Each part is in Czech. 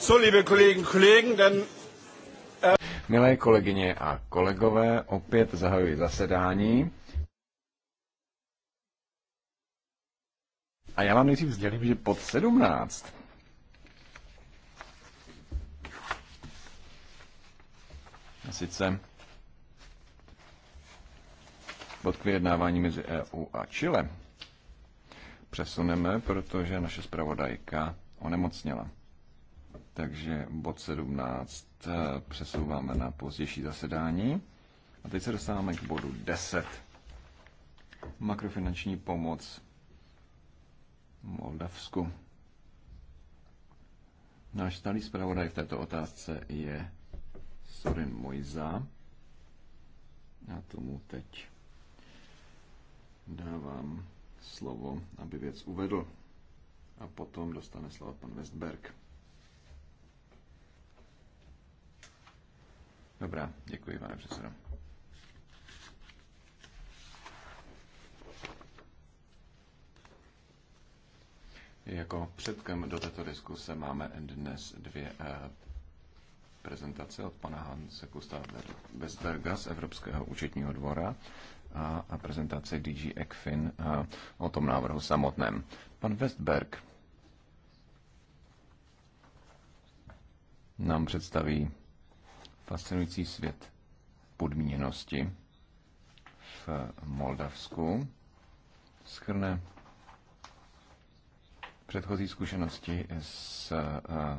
So, liebe Kollegen, dann... Äh, Milé kolegyně a kolegové, opět zahajuji zasedání. A já vám nejdřív sdělím, že pod 17 A sice pod vyjednávání mezi EU a Chile přesuneme, protože naše zpravodajka onemocněla takže bod 17 eh, přesouváme na pozdější zasedání. A teď se dostáváme k bodu 10. Makrofinanční pomoc Moldavsku. Náš stálý zpravodaj v této otázce je Sorin Mojza. Já tomu teď dávám slovo, aby věc uvedl. A potom dostane slovo pan Westberg. Dobrá, děkuji, pane předsedo. Jako předkem do této diskuse máme dnes dvě eh, prezentace od pana Hanse Gustava Westberga z Evropského účetního dvora a prezentace DG ECFIN eh, o tom návrhu samotném. Pan Westberg nám představí fascinující svět podmíněnosti v Moldavsku. Schrne předchozí zkušenosti s eh,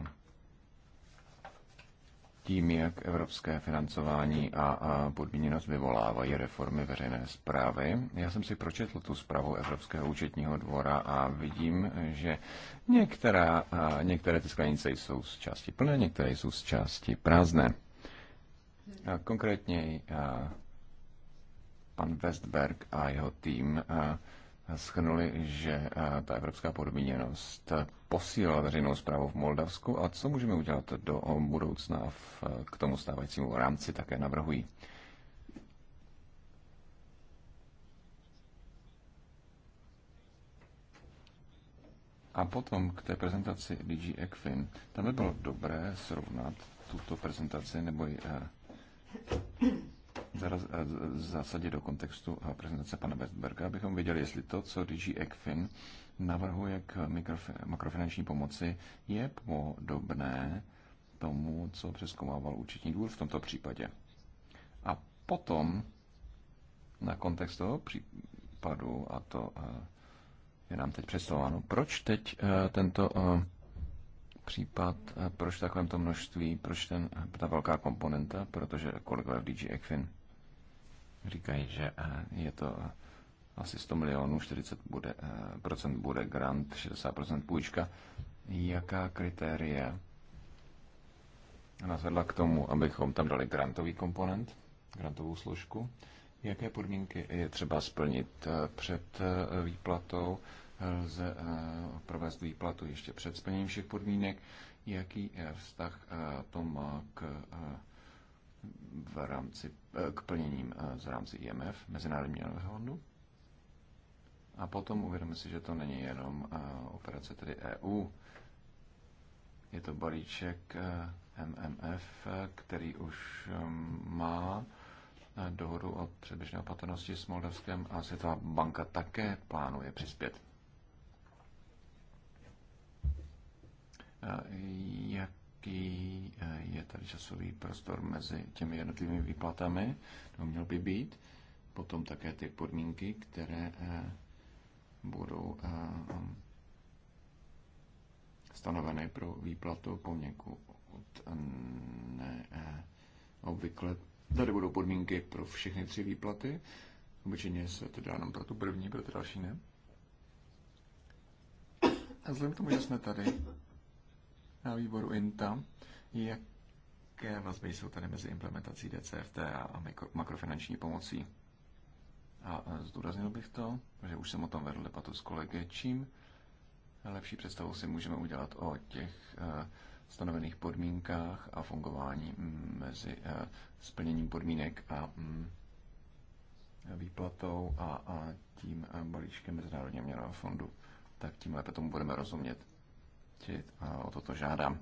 tím, jak evropské financování a podmíněnost vyvolávají reformy veřejné zprávy. Já jsem si pročetl tu zprávu Evropského účetního dvora a vidím, že některá, eh, některé ty sklenice jsou z části plné, některé jsou z části prázdné. Konkrétně eh, pan Westberg a jeho tým eh, schrnuli, že eh, ta evropská podmíněnost posílila veřejnou zprávu v Moldavsku a co můžeme udělat do budoucna v, k tomu stávajícímu rámci také navrhují. A potom k té prezentaci DG ECFIN. Tam by bylo dobré srovnat tuto prezentaci nebo ji Eh, v zásadě do kontextu eh, prezentace pana Westberga, abychom viděli, jestli to, co DG ECFIN navrhuje k makrofinanční pomoci, je podobné tomu, co přeskomával účetní dvůr v tomto případě. A potom na kontext toho případu, a to eh, je nám teď představováno, proč teď tento případ, eh, proč takovém to množství, proč ten, eh, ta velká komponenta, protože kolegové v DJ Ekfin říkají, že eh, je to asi 100 milionů, 40 bude, procent bude grant, 60% procent půjčka. Jaká kritéria nás vedla k tomu, abychom tam dali grantový komponent, grantovou složku? Jaké podmínky je třeba splnit před výplatou? lze eh, provést výplatu ještě před splněním všech podmínek, jaký eh, vztah eh, to má k, v rámci, k plněním z rámci IMF, Mezinárodní měnového fondu. A potom uvědomíme si, že to není jenom operace tedy EU, je to balíček MMF, který už má dohodu o předběžné opatrnosti s Moldavskem a Světová banka také plánuje přispět. jaký e, je tady časový prostor mezi těmi jednotlivými výplatami, To měl by být, potom také ty podmínky, které e, budou e, stanovené pro výplatu poněkud neobvykle. Tady budou podmínky pro všechny tři výplaty. Obyčejně se to dá jenom pro tu první, pro tu další ne. A vzhledem k tomu, že jsme tady, na výboru INTA, jaké vazby jsou tady mezi implementací DCFT a makrofinanční pomocí. A zdůraznil bych to, že už jsem o tom vedl debatu s kolegy, čím lepší představu si můžeme udělat o těch e, stanovených podmínkách a fungování mezi e, splněním podmínek a výplatou a, a tím e, balíčkem Mezinárodního měnového fondu, tak tím lépe tomu budeme rozumět zajistit a o toto žádám.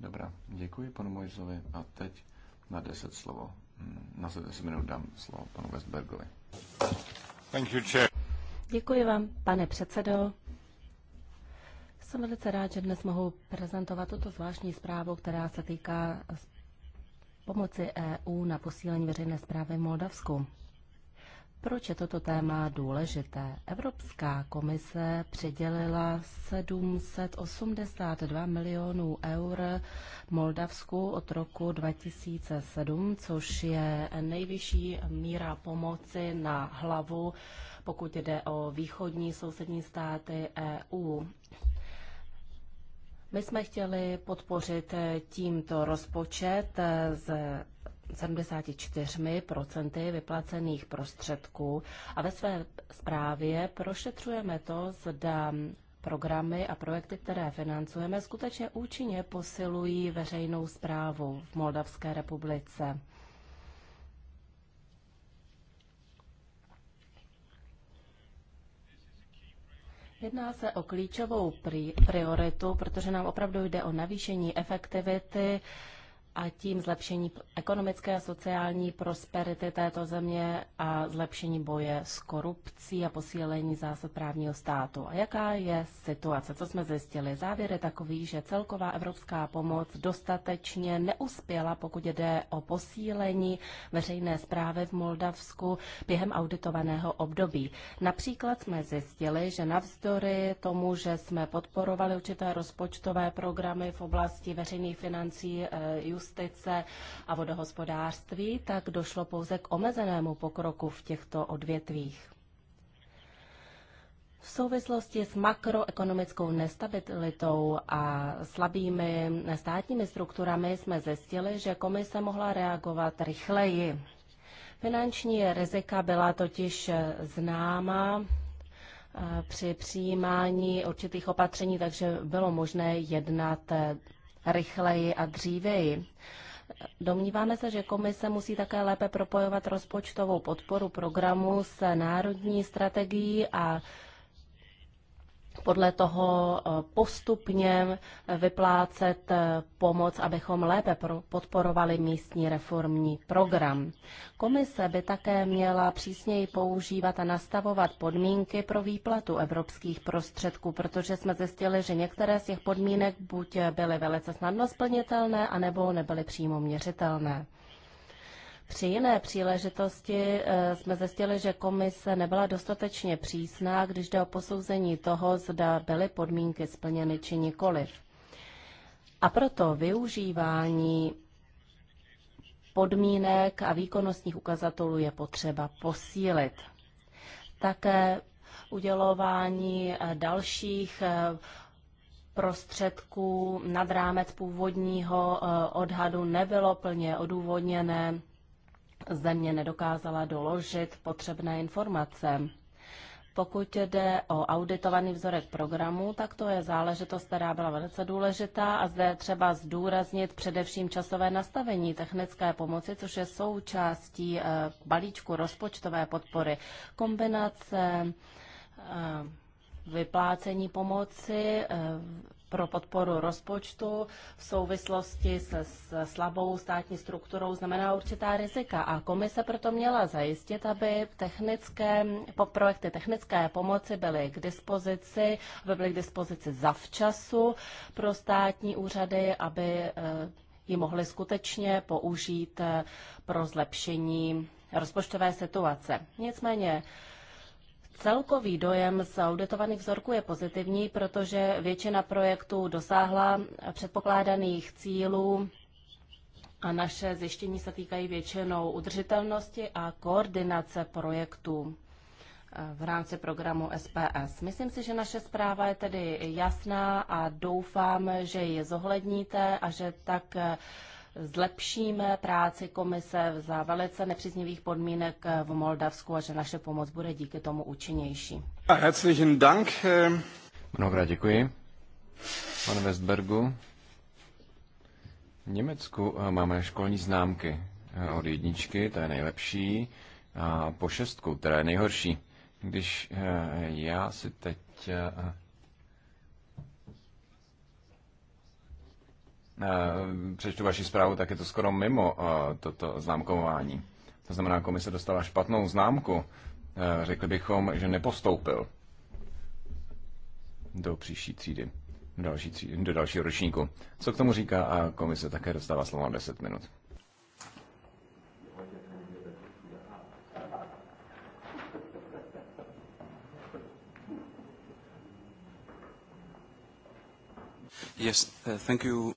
Dobrá, děkuji panu Mojzovi a teď na 10 slovo, hm, na 10 minut dám slovo panu Westbergovi. Thank you, chair. Děkuji vám, pane předsedo. Jsem velice rád, že dnes mohu prezentovat tuto zvláštní zprávu, která se týká pomoci EU na posílení veřejné zprávy v Moldavsku. Proč je toto téma důležité? Evropská komise přidělila 782 milionů eur Moldavsku od roku 2007, což je nejvyšší míra pomoci na hlavu, pokud jde o východní sousední státy EU. My jsme chtěli podpořit eh, tímto rozpočet eh, z 74% vyplacených prostředků a ve své zprávě prošetřujeme to, zda programy a projekty, které financujeme, skutečně účinně posilují veřejnou zprávu v Moldavské republice. Jedná se o klíčovou prioritu, protože nám opravdu jde o navýšení efektivity a tím zlepšení ekonomické a sociální prosperity této země a zlepšení boje s korupcí a posílení zásad právního státu. A jaká je situace? Co jsme zjistili? Závěr je takový, že celková evropská pomoc dostatečně neuspěla, pokud jde o posílení veřejné zprávy v Moldavsku během auditovaného období. Například jsme zjistili, že navzdory tomu, že jsme podporovali určité rozpočtové programy v oblasti veřejných financí, eh, justice a vodohospodářství, tak došlo pouze k omezenému pokroku v těchto odvětvích. V souvislosti s makroekonomickou nestabilitou a slabými státními strukturami jsme zjistili, že komise mohla reagovat rychleji. Finanční rizika byla totiž známa eh, při přijímání určitých opatření, takže bylo možné jednat eh, rychleji a dříveji. Domníváme se, že komise musí také lépe propojovat rozpočtovou podporu programu s národní strategií a podle toho eh, postupně vyplácet eh, pomoc, abychom lépe podporovali místní reformní program. Komise by také měla přísněji používat a nastavovat podmínky pro výplatu evropských prostředků, protože jsme zjistili, že některé z těch podmínek buď byly velice snadno splnitelné, anebo nebyly přímo měřitelné. Při jiné příležitosti eh, jsme zjistili, že komise nebyla dostatečně přísná, když jde o posouzení toho, zda byly podmínky splněny či nikoliv. A proto využívání podmínek a výkonnostních ukazatelů je potřeba posílit. Také udělování eh, dalších eh, prostředků nad rámec původního odhadu nebylo plně odůvodněné země nedokázala doložit potřebné informace. Pokud jde o auditovaný vzorek programu, tak to je záležitost, která byla velice důležitá a zde je třeba zdůraznit především časové nastavení technické pomoci, což je součástí eh, balíčku rozpočtové podpory. Kombinace eh, vyplácení pomoci eh, pro podporu rozpočtu v souvislosti se, se slabou státní strukturou znamená určitá rizika a komise proto měla zajistit, aby technické, po projekty technické pomoci byly k dispozici, aby byly k dispozici zavčasu pro státní úřady, aby eh, ji mohly skutečně použít eh, pro zlepšení rozpočtové situace. Nicméně Celkový dojem z auditovaných vzorků je pozitivní, protože většina projektů dosáhla předpokládaných cílů a naše zjištění se týkají většinou udržitelnosti a koordinace projektů eh, v rámci programu SPS. Myslím si, že naše zpráva je tedy jasná a doufám, že ji zohledníte a že tak eh, zlepšíme práci komise za velice nepříznivých podmínek v Moldavsku a že naše pomoc bude díky tomu účinnější. Herzlichen Dank. Eh. Mnohokrát děkuji. Pane Westbergu, v Německu eh, máme školní známky eh, od jedničky, to je nejlepší, a po šestku, to je nejhorší. Když já si teď Eh, přečtu vaši zprávu, tak je to skoro mimo eh, toto známkování. To znamená, komise dostala špatnou známku. Eh, řekli bychom, že nepostoupil do příští třídy, do, další třídy, do dalšího ročníku. Co k tomu říká a komise také dostává slovo na 10 minut. Yes, thank you.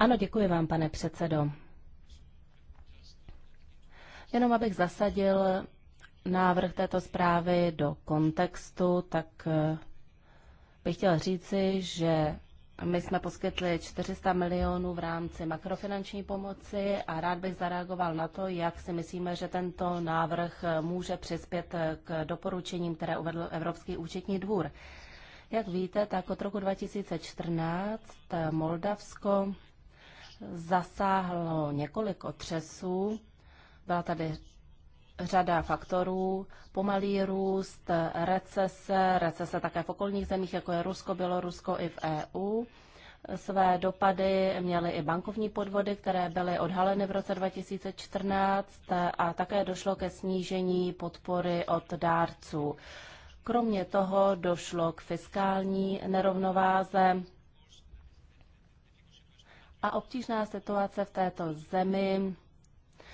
Ano, děkuji vám, pane předsedo. Jenom abych zasadil návrh této zprávy do kontextu, tak eh, bych chtěl říci, že my jsme poskytli 400 milionů v rámci makrofinanční pomoci a rád bych zareagoval na to, jak si myslíme, že tento návrh eh, může přispět eh, k doporučením, které uvedl Evropský účetní dvůr. Jak víte, tak od roku 2014 Moldavsko zasáhlo několik otřesů. Byla tady řada faktorů, pomalý růst, recese, recese také v okolních zemích, jako je Rusko, Bělorusko i v EU. Své dopady měly i bankovní podvody, které byly odhaleny v roce 2014 a také došlo ke snížení podpory od dárců. Kromě toho došlo k fiskální nerovnováze, a obtížná situace v této zemi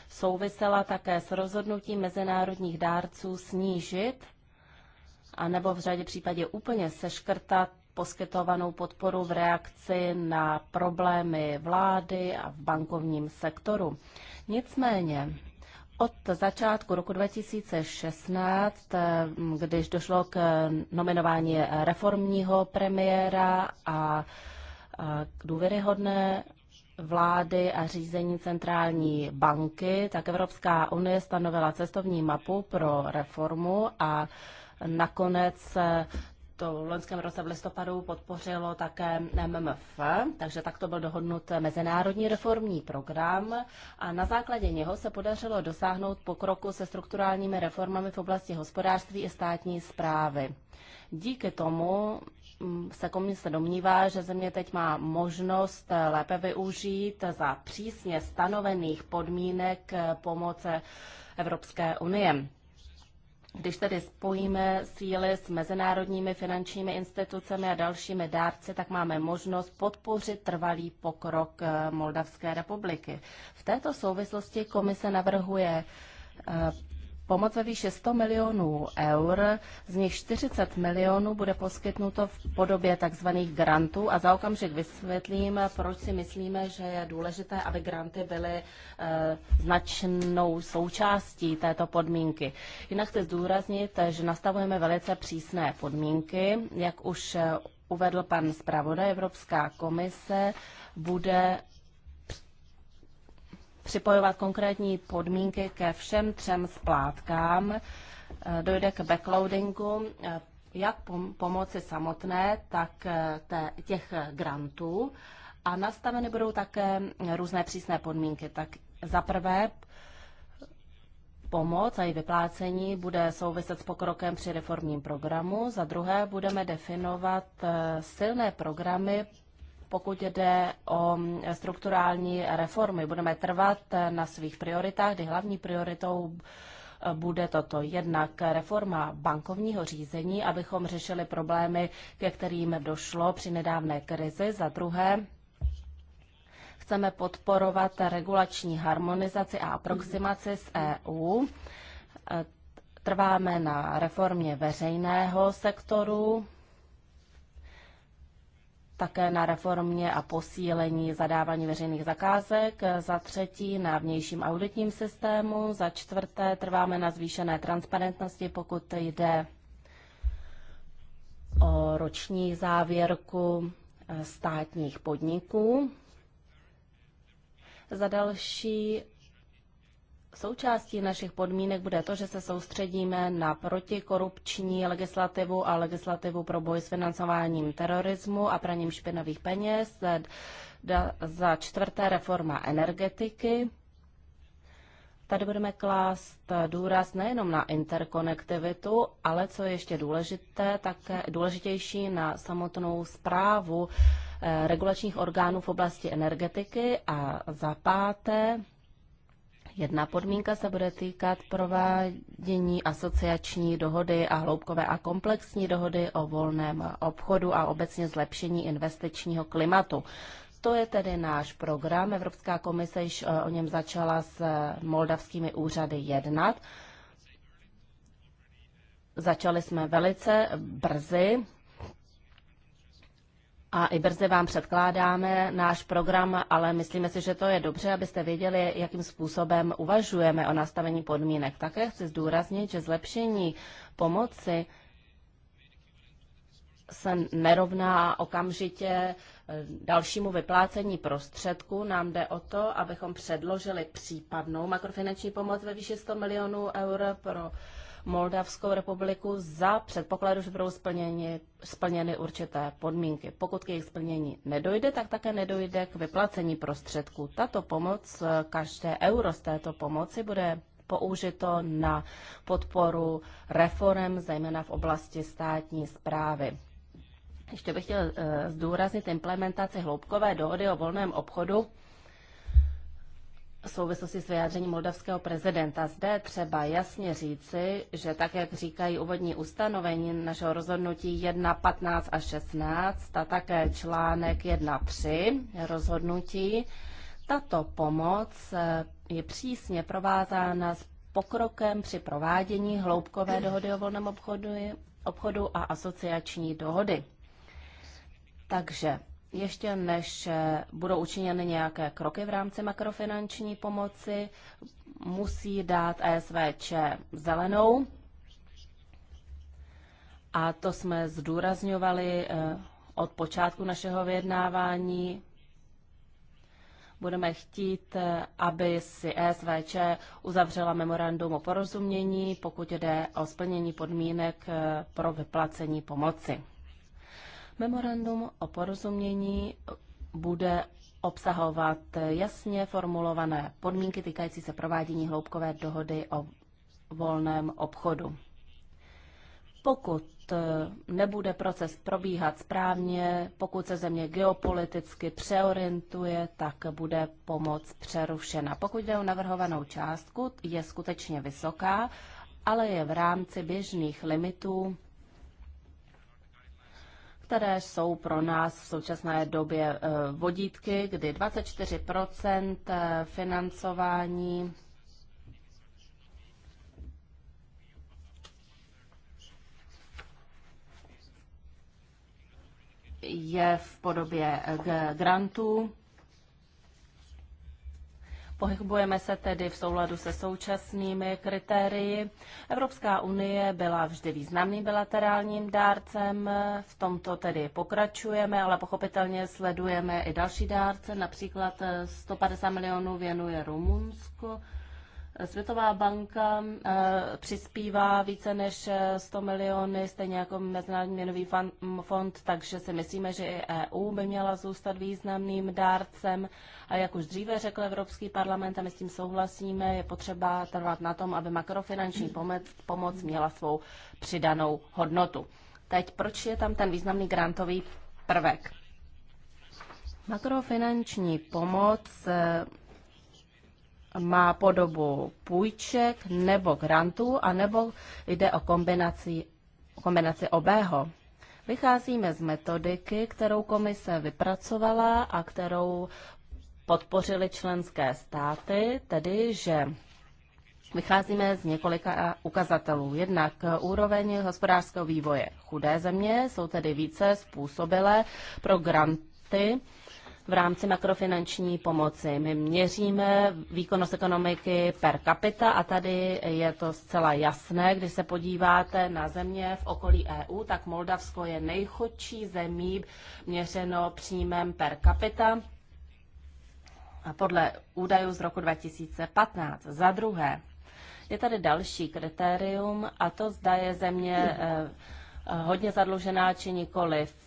souvisela také s rozhodnutím mezinárodních dárců snížit a nebo v řadě případě úplně seškrtat poskytovanou podporu v reakci na problémy vlády a v bankovním sektoru. Nicméně od začátku roku 2016, když došlo k nominování reformního premiéra a k důvěryhodné vlády a řízení centrální banky, tak Evropská unie stanovila cestovní mapu pro reformu a nakonec eh, to v loňském roce v listopadu podpořilo také MMF, takže takto byl dohodnut mezinárodní reformní program a na základě něho se podařilo dosáhnout pokroku se strukturálními reformami v oblasti hospodářství i státní zprávy. Díky tomu se komise domnívá, že země teď má možnost eh, lépe využít za přísně stanovených podmínek eh, pomoce Evropské unie. Když tedy spojíme síly s mezinárodními finančními institucemi a dalšími dárci, tak máme možnost podpořit trvalý pokrok eh, Moldavské republiky. V této souvislosti komise navrhuje pomoc ve výši 100 milionů eur, z nich 40 milionů bude poskytnuto v podobě tzv. grantů a za okamžik vysvětlím, proč si myslíme, že je důležité, aby granty byly e, značnou součástí této podmínky. Jinak chci zdůraznit, že nastavujeme velice přísné podmínky, jak už eh, uvedl pan zpravodaj, Evropská komise bude připojovat konkrétní podmínky ke všem třem splátkám. E, dojde k backloadingu e, jak pomoci samotné, tak e, těch grantů. A nastaveny budou také různé přísné podmínky. Tak za prvé pomoc a její vyplácení bude souviset s pokrokem při reformním programu. Za druhé budeme definovat silné programy pokud jde o mm, strukturální reformy. Budeme trvat eh, na svých prioritách, kdy hlavní prioritou eh, bude toto jednak reforma bankovního řízení, abychom řešili problémy, ke kterým došlo při nedávné krizi. Za druhé, chceme podporovat regulační harmonizaci a aproximaci s EU. Eh, trváme na reformě veřejného sektoru, také na reformě a posílení zadávání veřejných zakázek, za třetí na vnějším auditním systému, za čtvrté trváme na zvýšené transparentnosti, pokud jde o roční závěrku eh, státních podniků. Za další Součástí našich podmínek bude to, že se soustředíme na protikorupční legislativu a legislativu pro boj s financováním terorismu a praním špinavých peněz, za čtvrté reforma energetiky. Tady budeme klást důraz nejenom na interkonektivitu, ale co je ještě důležité, také důležitější na samotnou zprávu eh, regulačních orgánů v oblasti energetiky a za páté Jedna podmínka se bude týkat provádění asociační dohody a hloubkové a komplexní dohody o volném obchodu a obecně zlepšení investičního klimatu. To je tedy náš program. Evropská komise již eh, o něm začala s moldavskými úřady jednat. Začali jsme velice brzy a i brzy vám předkládáme náš program, ale myslíme si, že to je dobře, abyste věděli, jakým způsobem uvažujeme o nastavení podmínek. Také chci zdůraznit, že zlepšení pomoci se nerovná okamžitě eh, dalšímu vyplácení prostředku, Nám jde o to, abychom předložili případnou makrofinanční pomoc ve výši 100 milionů eur pro Moldavskou republiku za předpokladu, že budou splněni, splněny určité podmínky. Pokud k jejich splnění nedojde, tak také nedojde k vyplacení prostředků. Tato pomoc, každé euro z této pomoci bude použito na podporu reform, zejména v oblasti státní zprávy. Ještě bych chtěl eh, zdůraznit implementaci hloubkové dohody o volném obchodu souvislosti s vyjádřením moldavského prezidenta. Zde třeba jasně říci, že tak, jak říkají úvodní ustanovení našeho rozhodnutí 1, 15 a 16 a také článek 1, 3 rozhodnutí, tato pomoc eh, je přísně provázána s pokrokem při provádění hloubkové dohody o volném obchodu, obchodu a asociační dohody. Takže ještě než eh, budou učiněny nějaké kroky v rámci makrofinanční pomoci, musí dát ESVČ zelenou. A to jsme zdůrazňovali eh, od počátku našeho vyjednávání. Budeme chtít, eh, aby si ESVČ uzavřela memorandum o porozumění, pokud jde o splnění podmínek pro vyplacení pomoci. Memorandum o porozumění bude obsahovat jasně formulované podmínky týkající se provádění hloubkové dohody o volném obchodu. Pokud eh, nebude proces probíhat správně, pokud se země geopoliticky přeorientuje, tak bude pomoc přerušena. Pokud jde o navrhovanou částku, je skutečně vysoká, ale je v rámci běžných limitů které jsou pro nás v současné době eh, vodítky, kdy 24 eh, financování je v podobě eh, grantů. Pohybujeme se tedy v souladu se současnými kritérii. Evropská unie byla vždy významným bilaterálním dárcem, v tomto tedy pokračujeme, ale pochopitelně sledujeme i další dárce, například 150 milionů věnuje Rumunsko, Světová banka eh, přispívá více než 100 eh, miliony, stejně jako Mezinárodní měnový fond, takže si myslíme, že i EU by měla zůstat významným dárcem. A jak už dříve řekl Evropský parlament, a my s tím souhlasíme, je potřeba trvat na tom, aby makrofinanční pomoc, pomoc měla svou přidanou hodnotu. Teď, proč je tam ten významný grantový prvek? Makrofinanční pomoc eh, má podobu půjček nebo grantů, anebo jde o kombinaci, kombinaci obého. Vycházíme z metodiky, kterou komise vypracovala a kterou podpořili členské státy, tedy že Vycházíme z několika ukazatelů. Jednak úroveň hospodářského vývoje. Chudé země jsou tedy více způsobilé pro granty v rámci makrofinanční pomoci. My měříme výkonnost ekonomiky per capita a tady je to zcela jasné. Když se podíváte na země v okolí EU, tak Moldavsko je nejchodší zemí měřeno příjmem per capita. A podle údajů z roku 2015. Za druhé, je tady další kritérium a to zda je země eh, hodně zadlužená či nikoliv.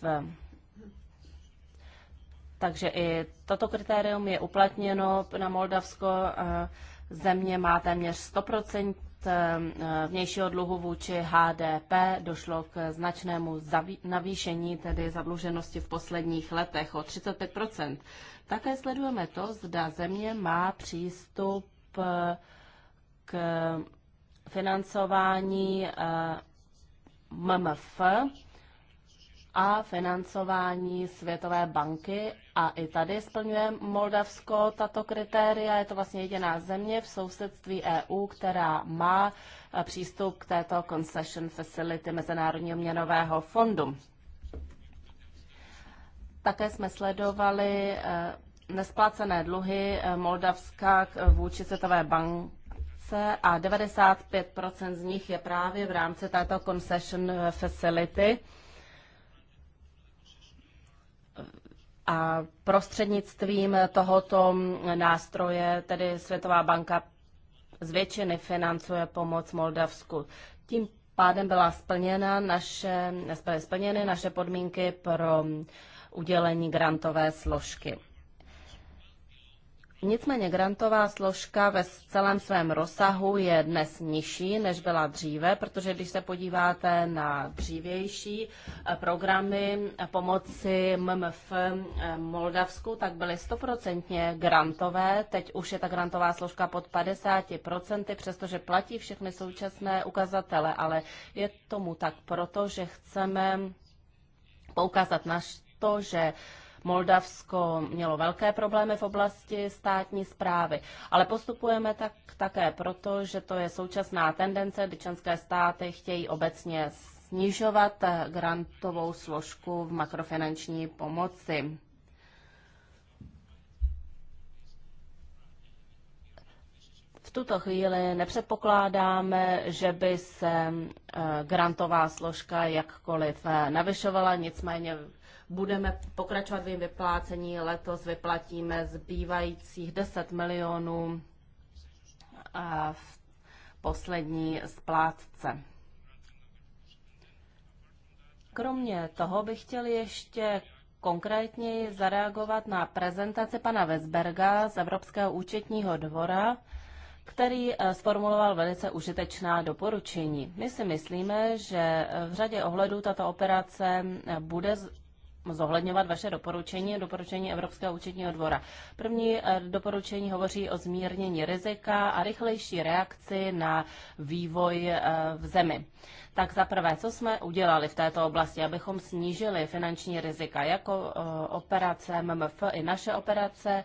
Takže i toto kritérium je uplatněno na Moldavsko. Eh, země má téměř 100% eh, vnějšího dluhu vůči HDP. Došlo k značnému navýšení tedy zadluženosti v posledních letech o 35%. Také sledujeme to, zda země má přístup eh, k financování MMF a financování Světové banky. A i tady splňuje Moldavsko tato kritéria. Je to vlastně jediná země v sousedství EU, která má eh, přístup k této concession facility Mezinárodního měnového fondu. Také jsme sledovali eh, nesplácené dluhy eh, Moldavska vůči Světové bance a 95 z nich je právě v rámci této concession facility. A prostřednictvím tohoto nástroje tedy Světová banka z většiny financuje pomoc Moldavsku. Tím pádem byla splněna naše, splněny naše podmínky pro udělení grantové složky. Nicméně grantová složka ve celém svém rozsahu je dnes nižší, než byla dříve, protože když se podíváte na dřívější eh, programy eh, pomoci MMF eh, Moldavsku, tak byly stoprocentně grantové. Teď už je ta grantová složka pod 50%, přestože platí všechny současné ukazatele, ale je tomu tak proto, že chceme poukázat na to, že Moldavsko mělo velké problémy v oblasti státní zprávy, ale postupujeme tak také proto, že to je současná tendence, kdy členské státy chtějí obecně snižovat grantovou složku v makrofinanční pomoci. V tuto chvíli nepředpokládáme, že by se eh, grantová složka jakkoliv eh, navyšovala, nicméně budeme pokračovat v jejím vyplácení. Letos vyplatíme zbývajících 10 milionů eh, v poslední splátce. Kromě toho bych chtěl ještě konkrétněji zareagovat na prezentaci pana Vesberga z Evropského účetního dvora, který eh, sformuloval velice užitečná doporučení. My si myslíme, že v řadě ohledů tato operace eh, bude zohledňovat vaše doporučení, doporučení Evropského účetního dvora. První eh, doporučení hovoří o zmírnění rizika a rychlejší reakci na vývoj eh, v zemi. Tak za prvé, co jsme udělali v této oblasti, abychom snížili finanční rizika jako eh, operace MMF i naše operace,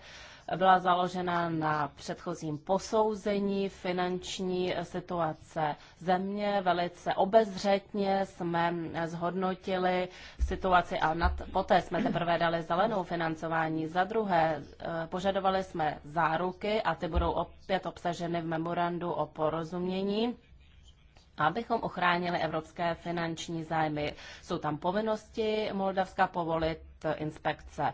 byla založena na předchozím posouzení finanční situace země. Velice obezřetně jsme zhodnotili situaci a nad, poté jsme teprve dali zelenou financování. Za druhé, eh, požadovali jsme záruky a ty budou opět obsaženy v memorandu o porozumění abychom ochránili evropské finanční zájmy. Jsou tam povinnosti Moldavska povolit Eh, inspekce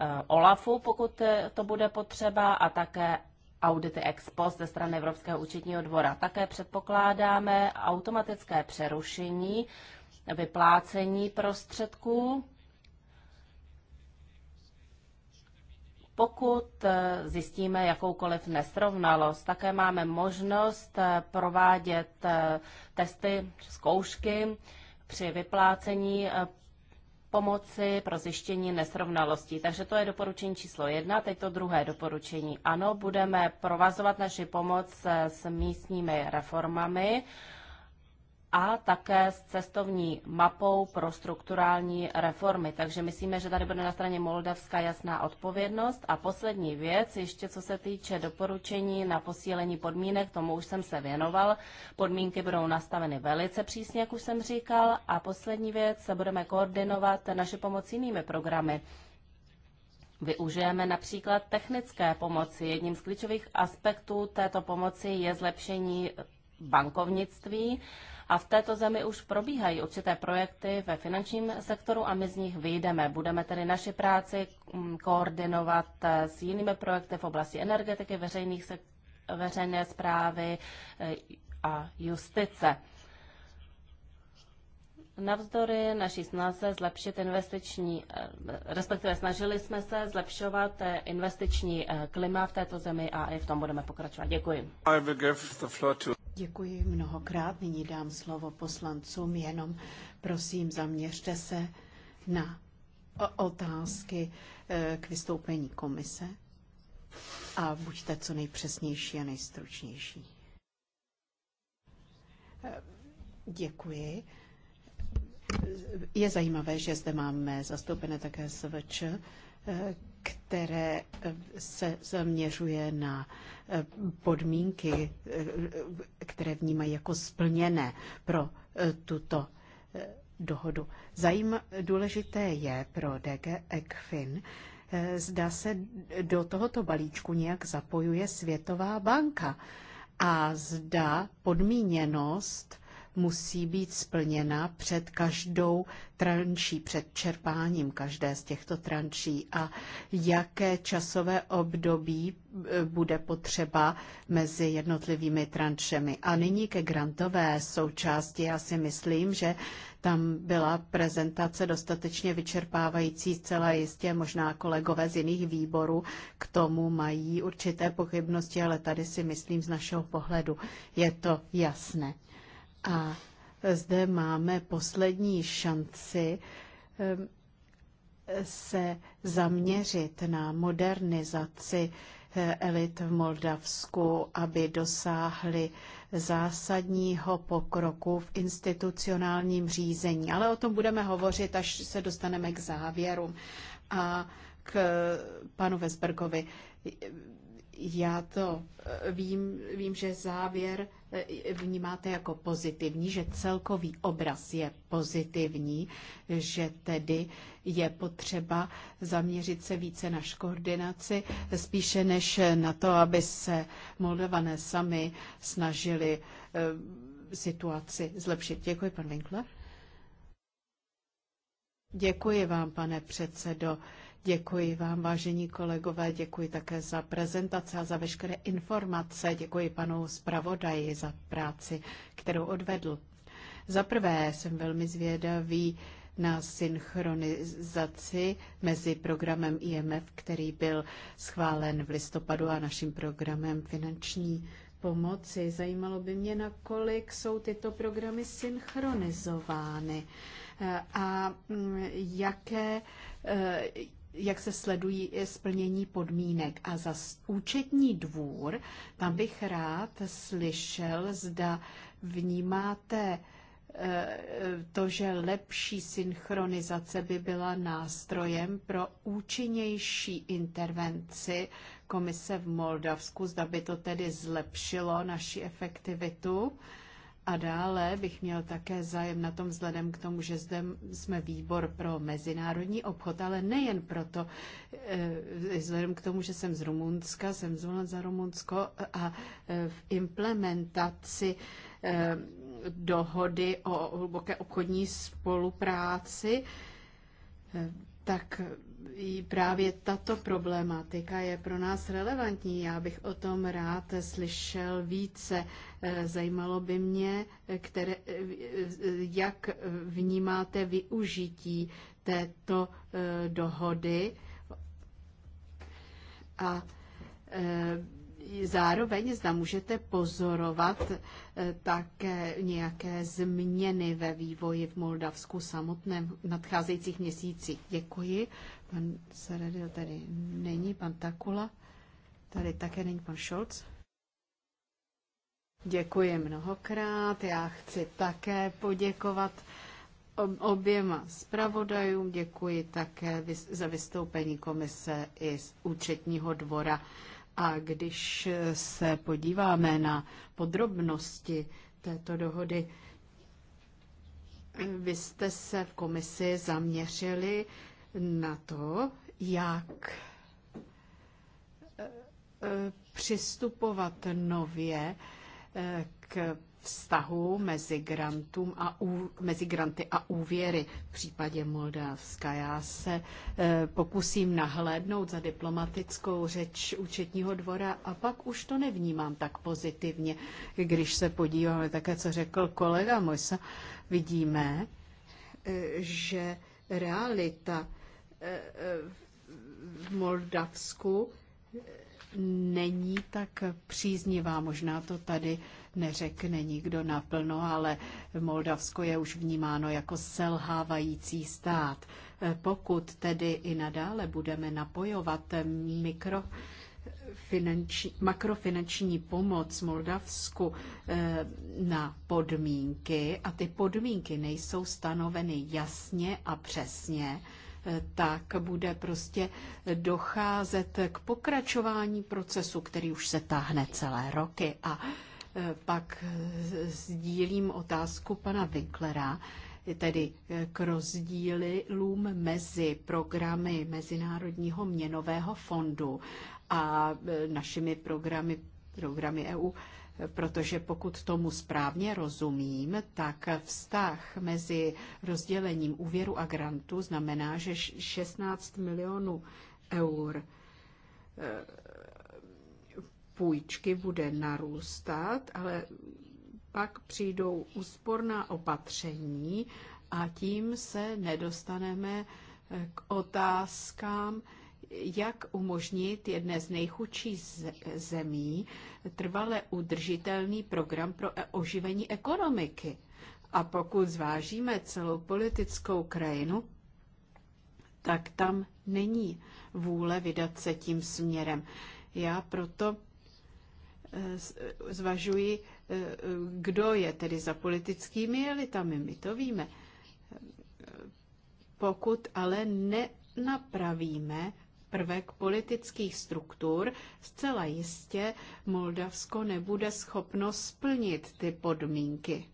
eh, OLAFu, pokud eh, to bude potřeba, a také audity ex post ze strany Evropského účetního dvora. Také předpokládáme automatické přerušení vyplácení prostředků, pokud zjistíme jakoukoliv nesrovnalost. Také máme možnost provádět testy, zkoušky při vyplácení pomoci pro zjištění nesrovnalostí. Takže to je doporučení číslo jedna. Teď to druhé doporučení. Ano, budeme provazovat naši pomoc s místními reformami a také s cestovní mapou pro strukturální reformy. Takže myslíme, že tady bude na straně Moldavska jasná odpovědnost. A poslední věc, ještě co se týče doporučení na posílení podmínek, tomu už jsem se věnoval. Podmínky budou nastaveny velice přísně, jak už jsem říkal. A poslední věc, se budeme koordinovat naše pomoc jinými programy. Využijeme například technické pomoci. Jedním z klíčových aspektů této pomoci je zlepšení bankovnictví a v této zemi už probíhají určité projekty ve finančním sektoru a my z nich vyjdeme. Budeme tedy naši práci mm, koordinovat eh, s jinými projekty v oblasti energetiky, veřejných se, veřejné zprávy eh, a justice. Navzdory naší snaze zlepšit investiční, eh, respektive snažili jsme se zlepšovat investiční klima v této zemi a i v tom budeme pokračovat. Děkuji. Děkuji mnohokrát. Nyní dám slovo poslancům, jenom prosím zaměřte se na otázky e, k vystoupení komise a buďte co nejpřesnější a nejstručnější. E, děkuji. E, je zajímavé, že zde máme zastoupené také SVČ, které eh, se zaměřuje na eh, podmínky, eh, které vnímají jako splněné pro tuto dohodu. Zajím důležité je pro DG ECFIN, zda se do tohoto balíčku nějak zapojuje Světová banka a zda podmíněnost musí být splněna před každou tranší, před čerpáním každé z těchto tranší a jaké časové období e, bude potřeba mezi jednotlivými tranšemi. A nyní ke grantové součásti. Já si myslím, že tam byla prezentace dostatečně vyčerpávající, zcela jistě možná kolegové z jiných výborů k tomu mají určité pochybnosti, ale tady si myslím z našeho pohledu je to jasné. A zde máme poslední šanci ehm, se zaměřit na modernizaci eh, elit v Moldavsku, aby dosáhly zásadního pokroku v institucionálním řízení. Ale o tom budeme hovořit, až se dostaneme k závěru. A k eh, panu Vesbergovi. Já to eh, vím, vím, že závěr E, vnímáte jako pozitivní, že celkový obraz je pozitivní, že tedy je potřeba zaměřit se více na koordinaci, spíše než na to, aby se Moldované sami snažili e, situaci zlepšit. Děkuji, pan Winkler. Děkuji vám, pane předsedo. Děkuji vám, vážení kolegové, děkuji také za prezentace a za veškeré informace. Děkuji panu zpravodaji za práci, kterou odvedl. Za prvé jsem velmi zvědavý na synchronizaci mezi programem IMF, který byl schválen v listopadu, a naším programem finanční pomoci. Zajímalo by mě, nakolik jsou tyto programy synchronizovány a jaké jak se sledují splnění podmínek. A za účetní dvůr, tam bych rád slyšel, zda vnímáte e, to, že lepší synchronizace by byla nástrojem pro účinnější intervenci komise v Moldavsku, zda by to tedy zlepšilo naši efektivitu. A dále bych měl také zájem na tom vzhledem k tomu, že zde jsme výbor pro mezinárodní obchod, ale nejen proto, eh, vzhledem k tomu, že jsem z Rumunska, jsem zvolen za Rumunsko eh, a eh, v implementaci dohody o hluboké obchodní spolupráci, tak právě tato problematika je pro nás relevantní. Já bych o tom rád slyšel více. Eh, zajímalo by mě, které, eh, jak vnímáte využití této eh, dohody a zároveň zda můžete pozorovat také nějaké změny ve vývoji v Moldavsku samotném v nadcházejících měsících. Děkuji. Pan Saradil tady není, pan Takula, tady také není pan Scholz. Děkuji mnohokrát, já chci také poděkovat oběma zpravodajům, děkuji také za vystoupení komise i z účetního dvora. A když se podíváme na podrobnosti této dohody, vy jste se v komisi zaměřili na to, jak eh, eh, přistupovat nově eh, k vztahu mezi, grantům a ú, mezi granty a úvěry. V případě Moldavska já se e, pokusím nahlédnout za diplomatickou řeč účetního dvora a pak už to nevnímám tak pozitivně. Když se podíváme také, co řekl kolega Mojsa, vidíme, e, že realita v Moldavsku není tak příznivá. Možná to tady neřekne nikdo naplno, ale Moldavsko je už vnímáno jako selhávající stát. Pokud tedy i nadále budeme napojovat mikro, finanční, makrofinanční pomoc Moldavsku eh, na podmínky a ty podmínky nejsou stanoveny jasně a přesně, tak bude prostě docházet k pokračování procesu, který už se táhne celé roky. A e, pak sdílím otázku pana Winklera, tedy e, k rozdílům mezi programy Mezinárodního měnového fondu a e, našimi programy, programy EU protože pokud tomu správně rozumím, tak vztah mezi rozdělením úvěru a grantu znamená, že 16 milionů eur eh, půjčky bude narůstat, ale pak přijdou úsporná opatření a tím se nedostaneme k otázkám, jak umožnit jedné z nejchudších zemí trvale udržitelný program pro e- oživení ekonomiky. A pokud zvážíme celou politickou krajinu, tak tam není vůle vydat se tím směrem. Já proto e, zvažuji, e, kdo je tedy za politickými elitami, my to víme. Pokud ale nenapravíme prvek politických struktur, zcela jistě Moldavsko nebude schopno splnit ty podmínky.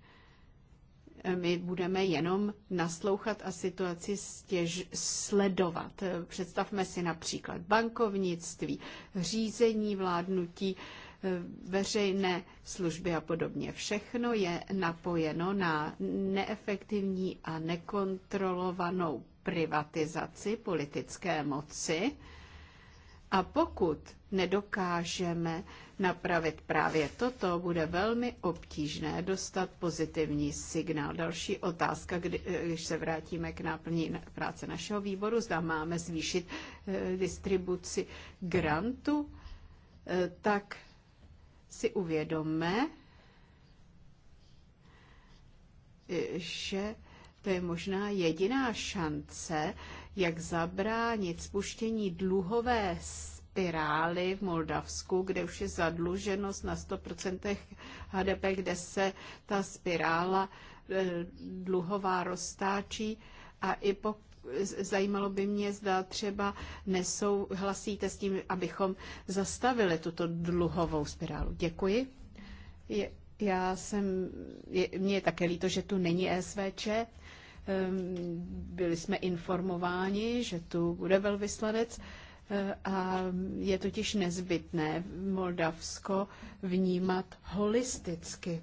My budeme jenom naslouchat a situaci stěž, sledovat. Představme si například bankovnictví, řízení vládnutí, veřejné služby a podobně. Všechno je napojeno na neefektivní a nekontrolovanou privatizaci politické moci. A pokud nedokážeme napravit právě toto, bude velmi obtížné dostat pozitivní signál. Další otázka, kdy, když se vrátíme k náplní práce našeho výboru, zda máme zvýšit eh, distribuci grantu, eh, tak si uvědomme, eh, že to je možná jediná šance, jak zabránit spuštění dluhové spirály v Moldavsku, kde už je zadluženost na 100% HDP, kde se ta spirála e, dluhová roztáčí a i po zajímalo by mě, zda třeba nesouhlasíte s tím, abychom zastavili tuto dluhovou spirálu. Děkuji. Je, já jsem, je, mně je také líto, že tu není SVČ. Ehm, byli jsme informováni, že tu bude velvyslanec eh, a je totiž nezbytné Moldavsko vnímat holisticky.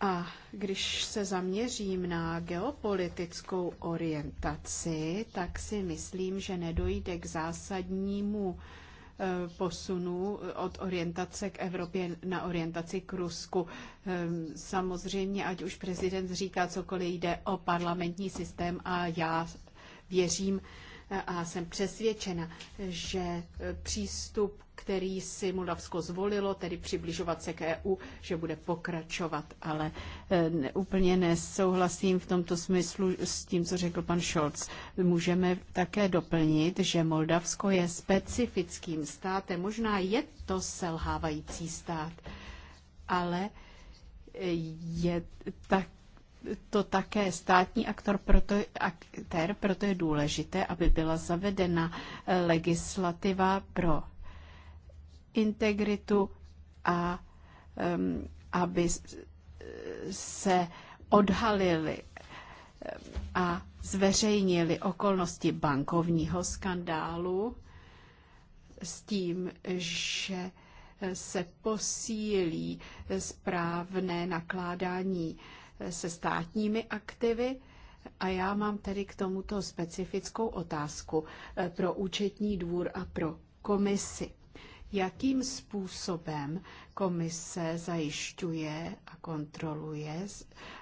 A když se zaměřím na geopolitickou orientaci, tak si myslím, že nedojde k zásadnímu Eh, posunu eh, od orientace k Evropě na orientaci k Rusku. Ehm, samozřejmě, ať už prezident říká cokoliv, jde o parlamentní systém a já věřím, a jsem přesvědčena, že přístup, který si Moldavsko zvolilo, tedy přibližovat se k EU, že bude pokračovat. Ale e, ne, úplně nesouhlasím v tomto smyslu s tím, co řekl pan Scholz. Můžeme také doplnit, že Moldavsko je specifickým státem. Možná je to selhávající stát, ale e, je tak to také státní aktor, proto, aktér, proto je důležité, aby byla zavedena eh, legislativa pro integritu a um, aby se odhalily eh, a zveřejnili okolnosti bankovního skandálu s tím, že eh, se posílí správné nakládání se státními aktivy. A já mám tedy k tomuto specifickou otázku eh, pro účetní dvůr a pro komisi. Jakým způsobem komise zajišťuje a kontroluje,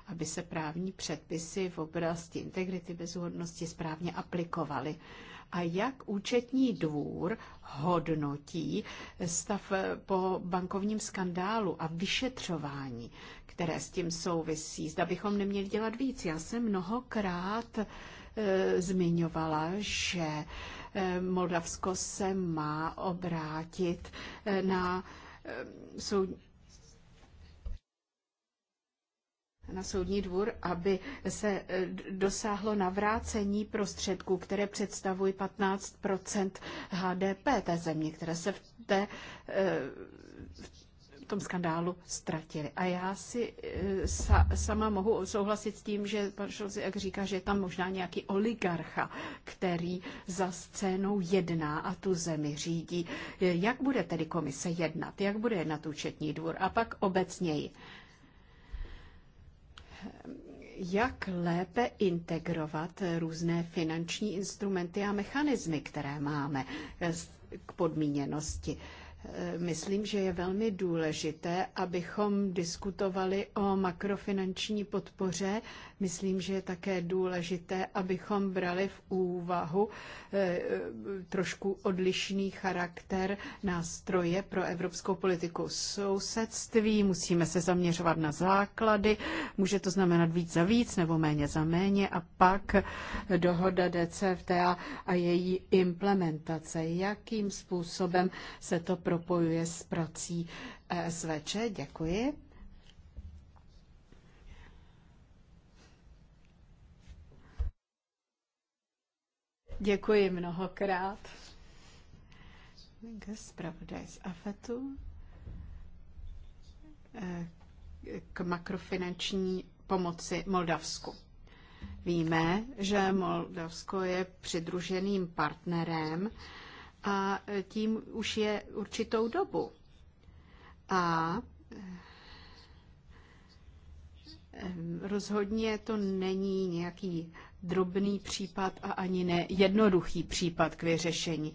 aby se právní předpisy v oblasti integrity bezhodnosti správně aplikovaly? a jak účetní dvůr hodnotí stav eh, po bankovním skandálu a vyšetřování, které s tím souvisí. Zda bychom neměli dělat víc. Já jsem mnohokrát e, zmiňovala, že e, Moldavsko se má obrátit e, na e, soud na soudní dvůr, aby se e, dosáhlo navrácení prostředků, které představují 15 HDP té země, které se v té e, tom skandálu ztratili. A já si e, sa, sama mohu souhlasit s tím, že pan Šolci, jak říká, že je tam možná nějaký oligarcha, který za scénou jedná a tu zemi řídí. E, jak bude tedy komise jednat? Jak bude jednat účetní dvůr? A pak obecněji jak lépe integrovat různé finanční instrumenty a mechanismy, které máme e, k podmíněnosti. Myslím, že je velmi důležité, abychom diskutovali o makrofinanční podpoře Myslím, že je také důležité, abychom brali v úvahu eh, eh, trošku odlišný charakter nástroje pro evropskou politiku sousedství. Musíme se zaměřovat na základy. Může to znamenat víc za víc nebo méně za méně. A pak dohoda DCFTA a její implementace. Jakým způsobem se to propojuje s prací e SVČ? Děkuji. Děkuji mnohokrát. Zpravodaj z AFETu eh, k makrofinanční pomoci Moldavsku. Víme, že Moldavsko je přidruženým partnerem a tím už je určitou dobu. A eh, rozhodně to není nějaký drobný případ a ani ne jednoduchý případ k vyřešení.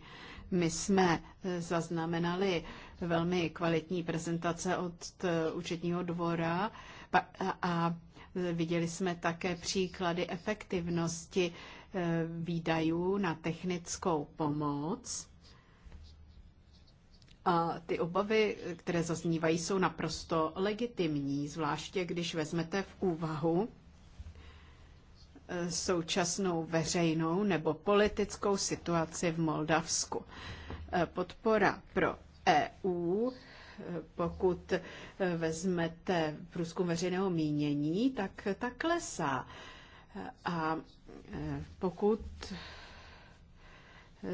My jsme eh, zaznamenali velmi kvalitní prezentace od eh, účetního dvora a eh, viděli jsme také příklady efektivnosti výdajů na technickou pomoc. A ty obavy, které zaznívají, jsou naprosto legitimní, zvláště když vezmete v úvahu, současnou veřejnou nebo politickou situaci v Moldavsku. Eh, podpora pro EU, eh, pokud eh, vezmete průzkum veřejného mínění, tak ta klesá. A pokud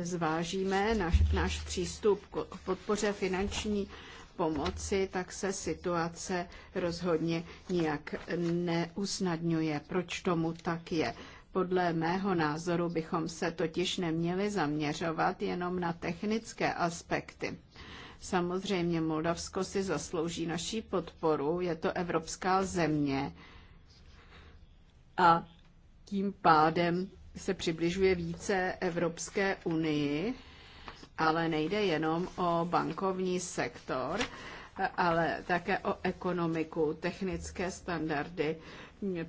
zvážíme náš, náš přístup k podpoře finanční pomoci, tak se situace rozhodně nijak neusnadňuje. Proč tomu tak je? Podle mého názoru bychom se totiž neměli zaměřovat jenom na technické aspekty. Samozřejmě Moldavsko si zaslouží naší podporu, je to evropská země a tím pádem se přibližuje více Evropské unii, ale nejde jenom o bankovní sektor, ale také o ekonomiku, technické standardy,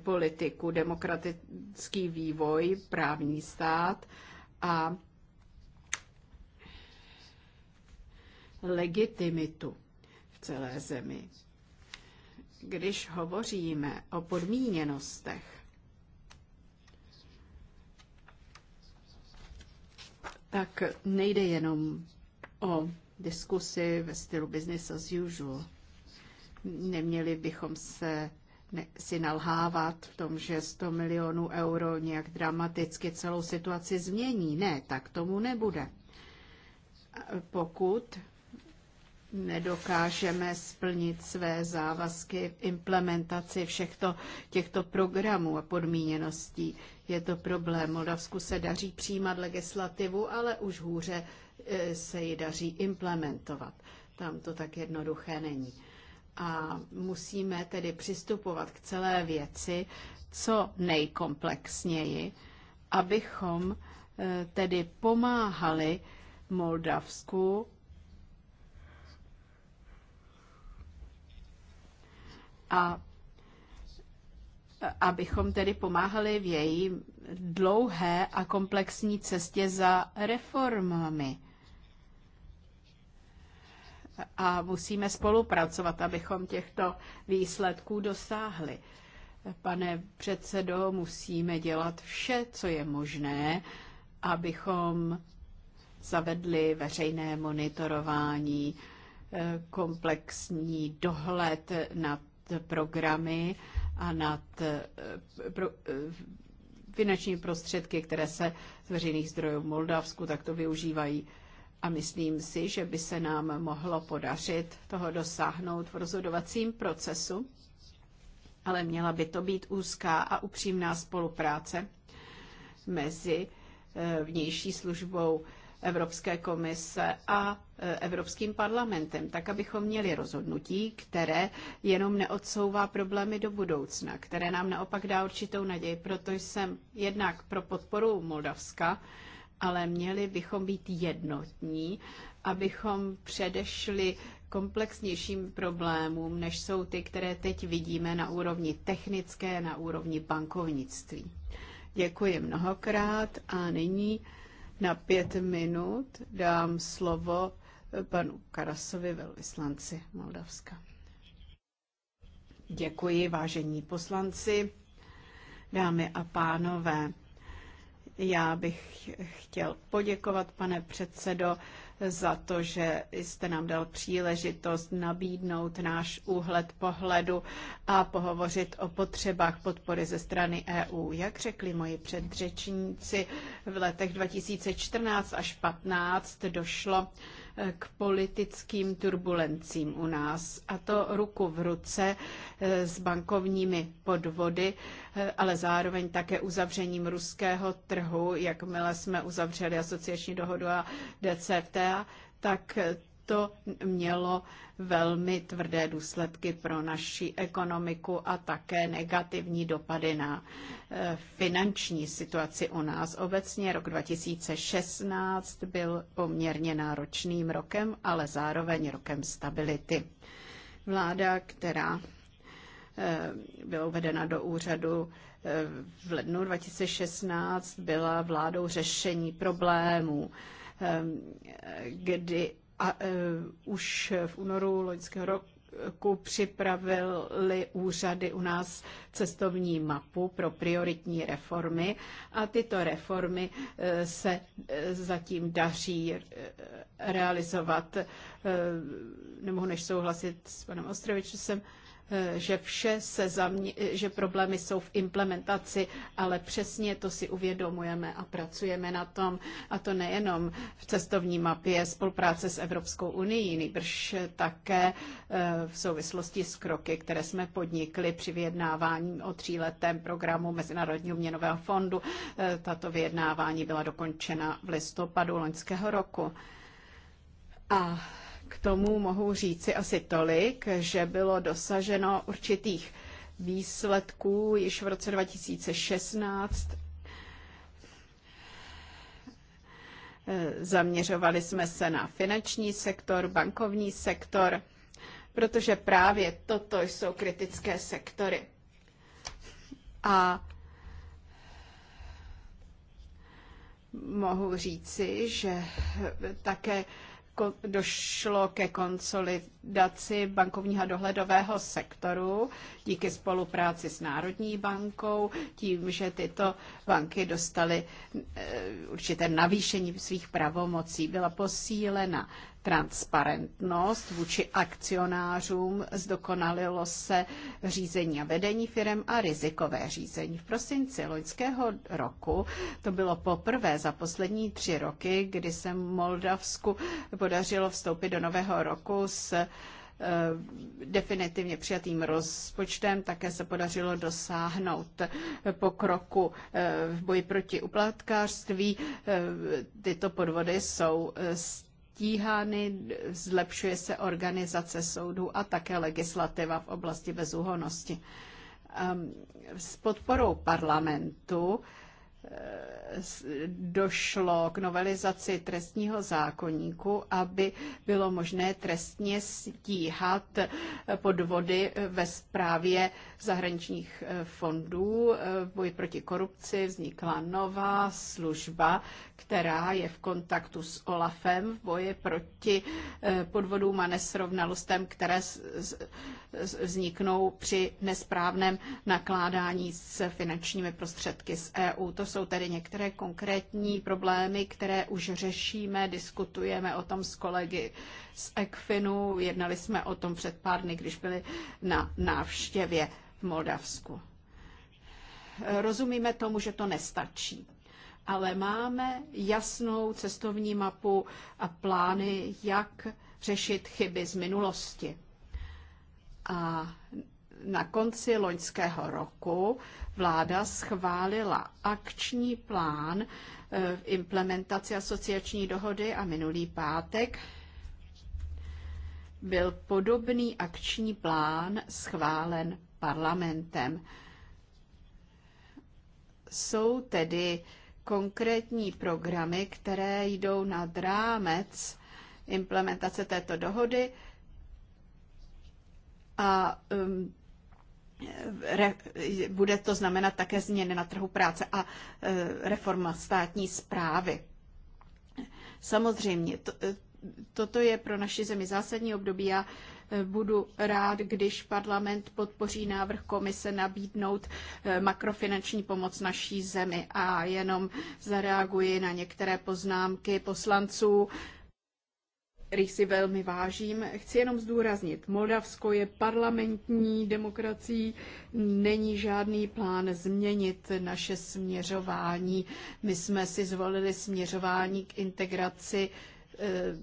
politiku, demokratický vývoj, právní stát a legitimitu v celé zemi. Když hovoříme o podmíněnostech, tak nejde jenom o diskusy ve stylu business as usual. Neměli bychom se ne, si nalhávat v tom, že 100 milionů euro nějak dramaticky celou situaci změní. Ne, tak tomu nebude. Pokud nedokážeme splnit své závazky v implementaci všech to, těchto programů a podmíněností. Je to problém. Moldavsku se daří přijímat legislativu, ale už hůře e, se ji daří implementovat. Tam to tak jednoduché není. A musíme tedy přistupovat k celé věci co nejkomplexněji, abychom e, tedy pomáhali Moldavsku a abychom tedy pomáhali v její dlouhé a komplexní cestě za reformami. A musíme spolupracovat, abychom těchto výsledků dosáhli. Pane předsedo, musíme dělat vše, co je možné, abychom zavedli veřejné monitorování, eh, komplexní dohled nad programy a nad eh, pro, eh, finanční prostředky, které se z veřejných zdrojů v Moldavsku takto využívají. A myslím si, že by se nám mohlo podařit toho dosáhnout v rozhodovacím procesu, ale měla by to být úzká a upřímná spolupráce mezi eh, vnější službou Evropské komise a e, Evropským parlamentem, tak abychom měli rozhodnutí, které jenom neodsouvá problémy do budoucna, které nám naopak dá určitou naději. Proto jsem jednak pro podporu Moldavska, ale měli bychom být jednotní, abychom předešli komplexnějším problémům, než jsou ty, které teď vidíme na úrovni technické, na úrovni bankovnictví. Děkuji mnohokrát a nyní na pět minut dám slovo panu Karasovi, velvyslanci Moldavska. Děkuji, vážení poslanci, dámy a pánové. Já bych chtěl poděkovat, pane předsedo, za to, že jste nám dal příležitost nabídnout náš úhled pohledu a pohovořit o potřebách podpory ze strany EU. Jak řekli moji předřečníci, v letech 2014 až 2015 došlo k politickým turbulencím u nás. A to ruku v ruce eh, s bankovními podvody, eh, ale zároveň také uzavřením ruského trhu, jakmile jsme uzavřeli asociační dohodu a DCFTA, tak to mělo velmi tvrdé důsledky pro naši ekonomiku a také negativní dopady na eh, finanční situaci u nás. Obecně rok 2016 byl poměrně náročným rokem, ale zároveň rokem stability. Vláda, která eh, byla uvedena do úřadu eh, v lednu 2016, byla vládou řešení problémů, kdy a, e, už v únoru loňského roku připravili úřady u nás cestovní mapu pro prioritní reformy a tyto reformy e, se e, zatím daří e, realizovat. E, nemohu než souhlasit s panem Ostrovičem, Eh, že, vše se zamě- eh, že problémy jsou v implementaci, ale přesně to si uvědomujeme a pracujeme na tom. A to nejenom v cestovní mapě spolupráce s Evropskou unii, nejbrž také eh, v souvislosti s kroky, které jsme podnikli při vyjednávání o tříletém programu Mezinárodního měnového fondu. Tato vyjednávání byla dokončena v listopadu loňského roku. A k tomu mohu říci asi tolik, že bylo dosaženo určitých výsledků již v roce 2016 Zaměřovali jsme se na finanční sektor, bankovní sektor, protože právě toto jsou kritické sektory. A mohu říci, že také došlo ke konsolidaci konsolidaci bankovního a dohledového sektoru díky spolupráci s Národní bankou, tím, že tyto banky dostaly eh, určité navýšení svých pravomocí. Byla posílena transparentnost vůči akcionářům, zdokonalilo se řízení a vedení firm a rizikové řízení. V prosinci loňského roku to bylo poprvé za poslední tři roky, kdy se Moldavsku podařilo vstoupit do nového roku s Eh, definitivně přijatým rozpočtem také se podařilo dosáhnout pokroku eh, v boji proti uplatkářství. Eh, tyto podvody jsou stíhány, zlepšuje se organizace soudů a také legislativa v oblasti bezúhonosti. Ehm, s podporou parlamentu došlo k novelizaci trestního zákoníku, aby bylo možné trestně stíhat podvody ve správě zahraničních eh, fondů eh, v boji proti korupci vznikla nová služba, která je v kontaktu s OLAFem v boji proti eh, podvodům a nesrovnalostem, které vzniknou při nesprávném nakládání s finančními prostředky z EU. To jsou tedy některé konkrétní problémy, které už řešíme, diskutujeme o tom s kolegy z ECFINu, jednali jsme o tom před pár dny, když byli na návštěvě v Moldavsku. Rozumíme tomu, že to nestačí, ale máme jasnou cestovní mapu a plány, jak řešit chyby z minulosti. A na konci loňského roku vláda schválila akční plán v e, implementaci asociační dohody a minulý pátek byl podobný akční plán schválen parlamentem. Jsou tedy konkrétní programy, které jdou nad rámec implementace této dohody a um, re, bude to znamenat také změny na trhu práce a uh, reforma státní zprávy. Samozřejmě, to, eh, toto je pro naši zemi zásadní období. Já Budu rád, když parlament podpoří návrh komise nabídnout eh, makrofinanční pomoc naší zemi. A jenom zareaguji na některé poznámky poslanců kterých si velmi vážím. Chci jenom zdůraznit, Moldavsko je parlamentní demokracií, není žádný plán změnit naše směřování. My jsme si zvolili směřování k integraci eh,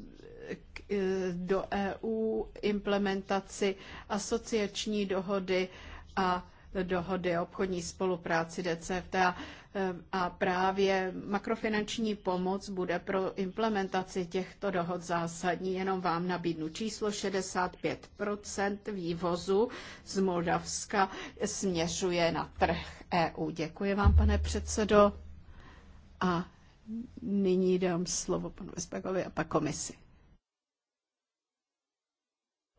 Eh, do EU, implementaci asociační dohody a dohody o obchodní spolupráci DCFTA eh, a právě makrofinanční pomoc bude pro implementaci těchto dohod zásadní. Jenom vám nabídnu číslo 65 vývozu z Moldavska směřuje na trh EU. Děkuji vám, pane předsedo. A nyní dám slovo panu Vesbekovi a pak komisi.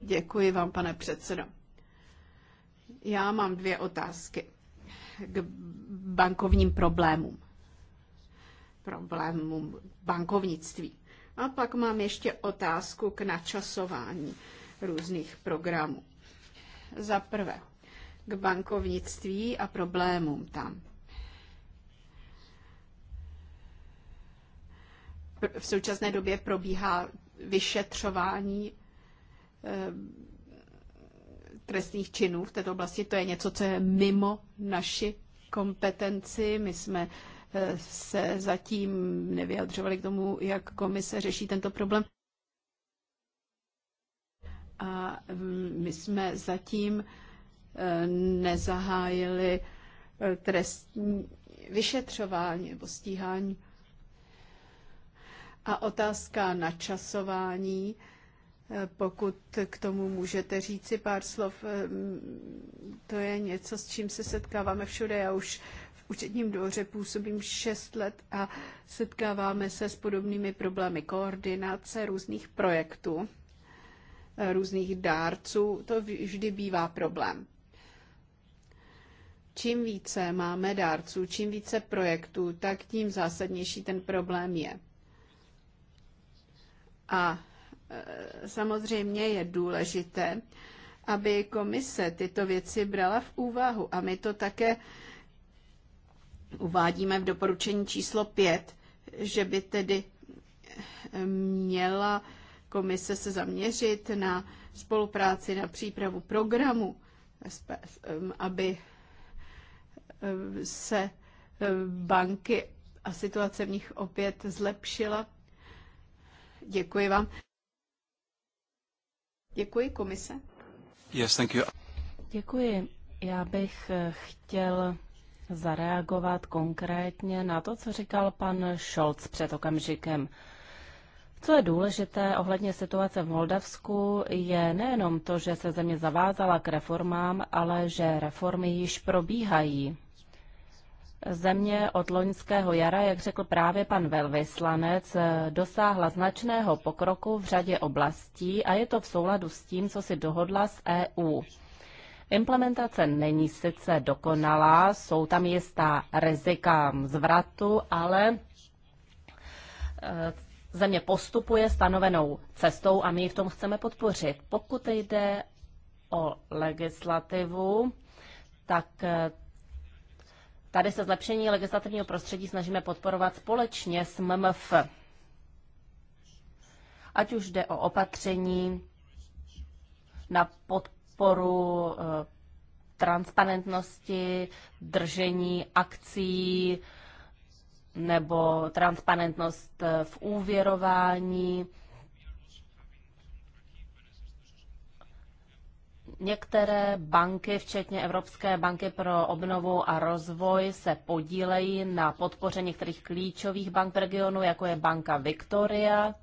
Děkuji vám, pane předsedo. Já mám dvě otázky k bankovním problémům. Problémům bankovnictví. A pak mám ještě otázku k načasování různých programů. Za prvé, k bankovnictví a problémům tam. V současné době probíhá vyšetřování Eh, trestných činů v této oblasti. To je něco, co je mimo naši kompetenci. My jsme eh, se zatím nevyjadřovali k tomu, jak komise řeší tento problém. A mm, my jsme zatím eh, nezahájili trestní vyšetřování nebo stíhání. A otázka načasování Eh, pokud k tomu můžete říci pár slov, eh, to je něco, s čím se setkáváme všude. Já už v účetním dvoře působím 6 let a setkáváme se s podobnými problémy koordinace různých projektů, eh, různých dárců. To vždy bývá problém. Čím více máme dárců, čím více projektů, tak tím zásadnější ten problém je. A Eh, samozřejmě je důležité, aby komise tyto věci brala v úvahu. A my to také uvádíme v doporučení číslo 5, že by tedy eh, měla komise se zaměřit na spolupráci, na přípravu programu, eh, aby se banky a situace v nich opět zlepšila. Děkuji vám. Děkuji, komise. Yes, thank you. Děkuji. Já bych eh, chtěl zareagovat konkrétně na to, co říkal pan Scholz před okamžikem. Co je důležité ohledně situace v Moldavsku, je nejenom to, že se země zavázala k reformám, ale že reformy již probíhají země od loňského jara, jak řekl právě pan velvyslanec, dosáhla značného pokroku v řadě oblastí a je to v souladu s tím, co si dohodla s EU. Implementace není sice dokonalá, jsou tam jistá rizika zvratu, ale eh, země postupuje stanovenou cestou a my ji v tom chceme podpořit. Pokud jde o legislativu, tak eh, Tady se zlepšení legislativního prostředí snažíme podporovat společně s MMF. Ať už jde o opatření na podporu eh, transparentnosti, držení akcí nebo transparentnost eh, v úvěrování Některé banky, včetně Evropské banky pro obnovu a rozvoj, se podílejí na podpoře některých klíčových bank v regionu, jako je banka Victoria,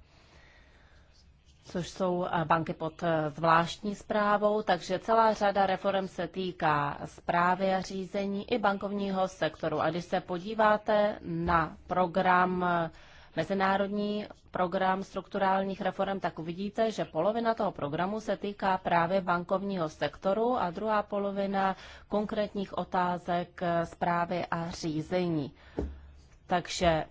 což jsou eh, banky pod eh, zvláštní zprávou, takže celá řada reform se týká zprávy a řízení i bankovního sektoru. A když se podíváte na program eh, mezinárodní program strukturálních reform, tak uvidíte, že polovina toho programu se týká právě bankovního sektoru a druhá polovina konkrétních otázek eh, zprávy a řízení. Takže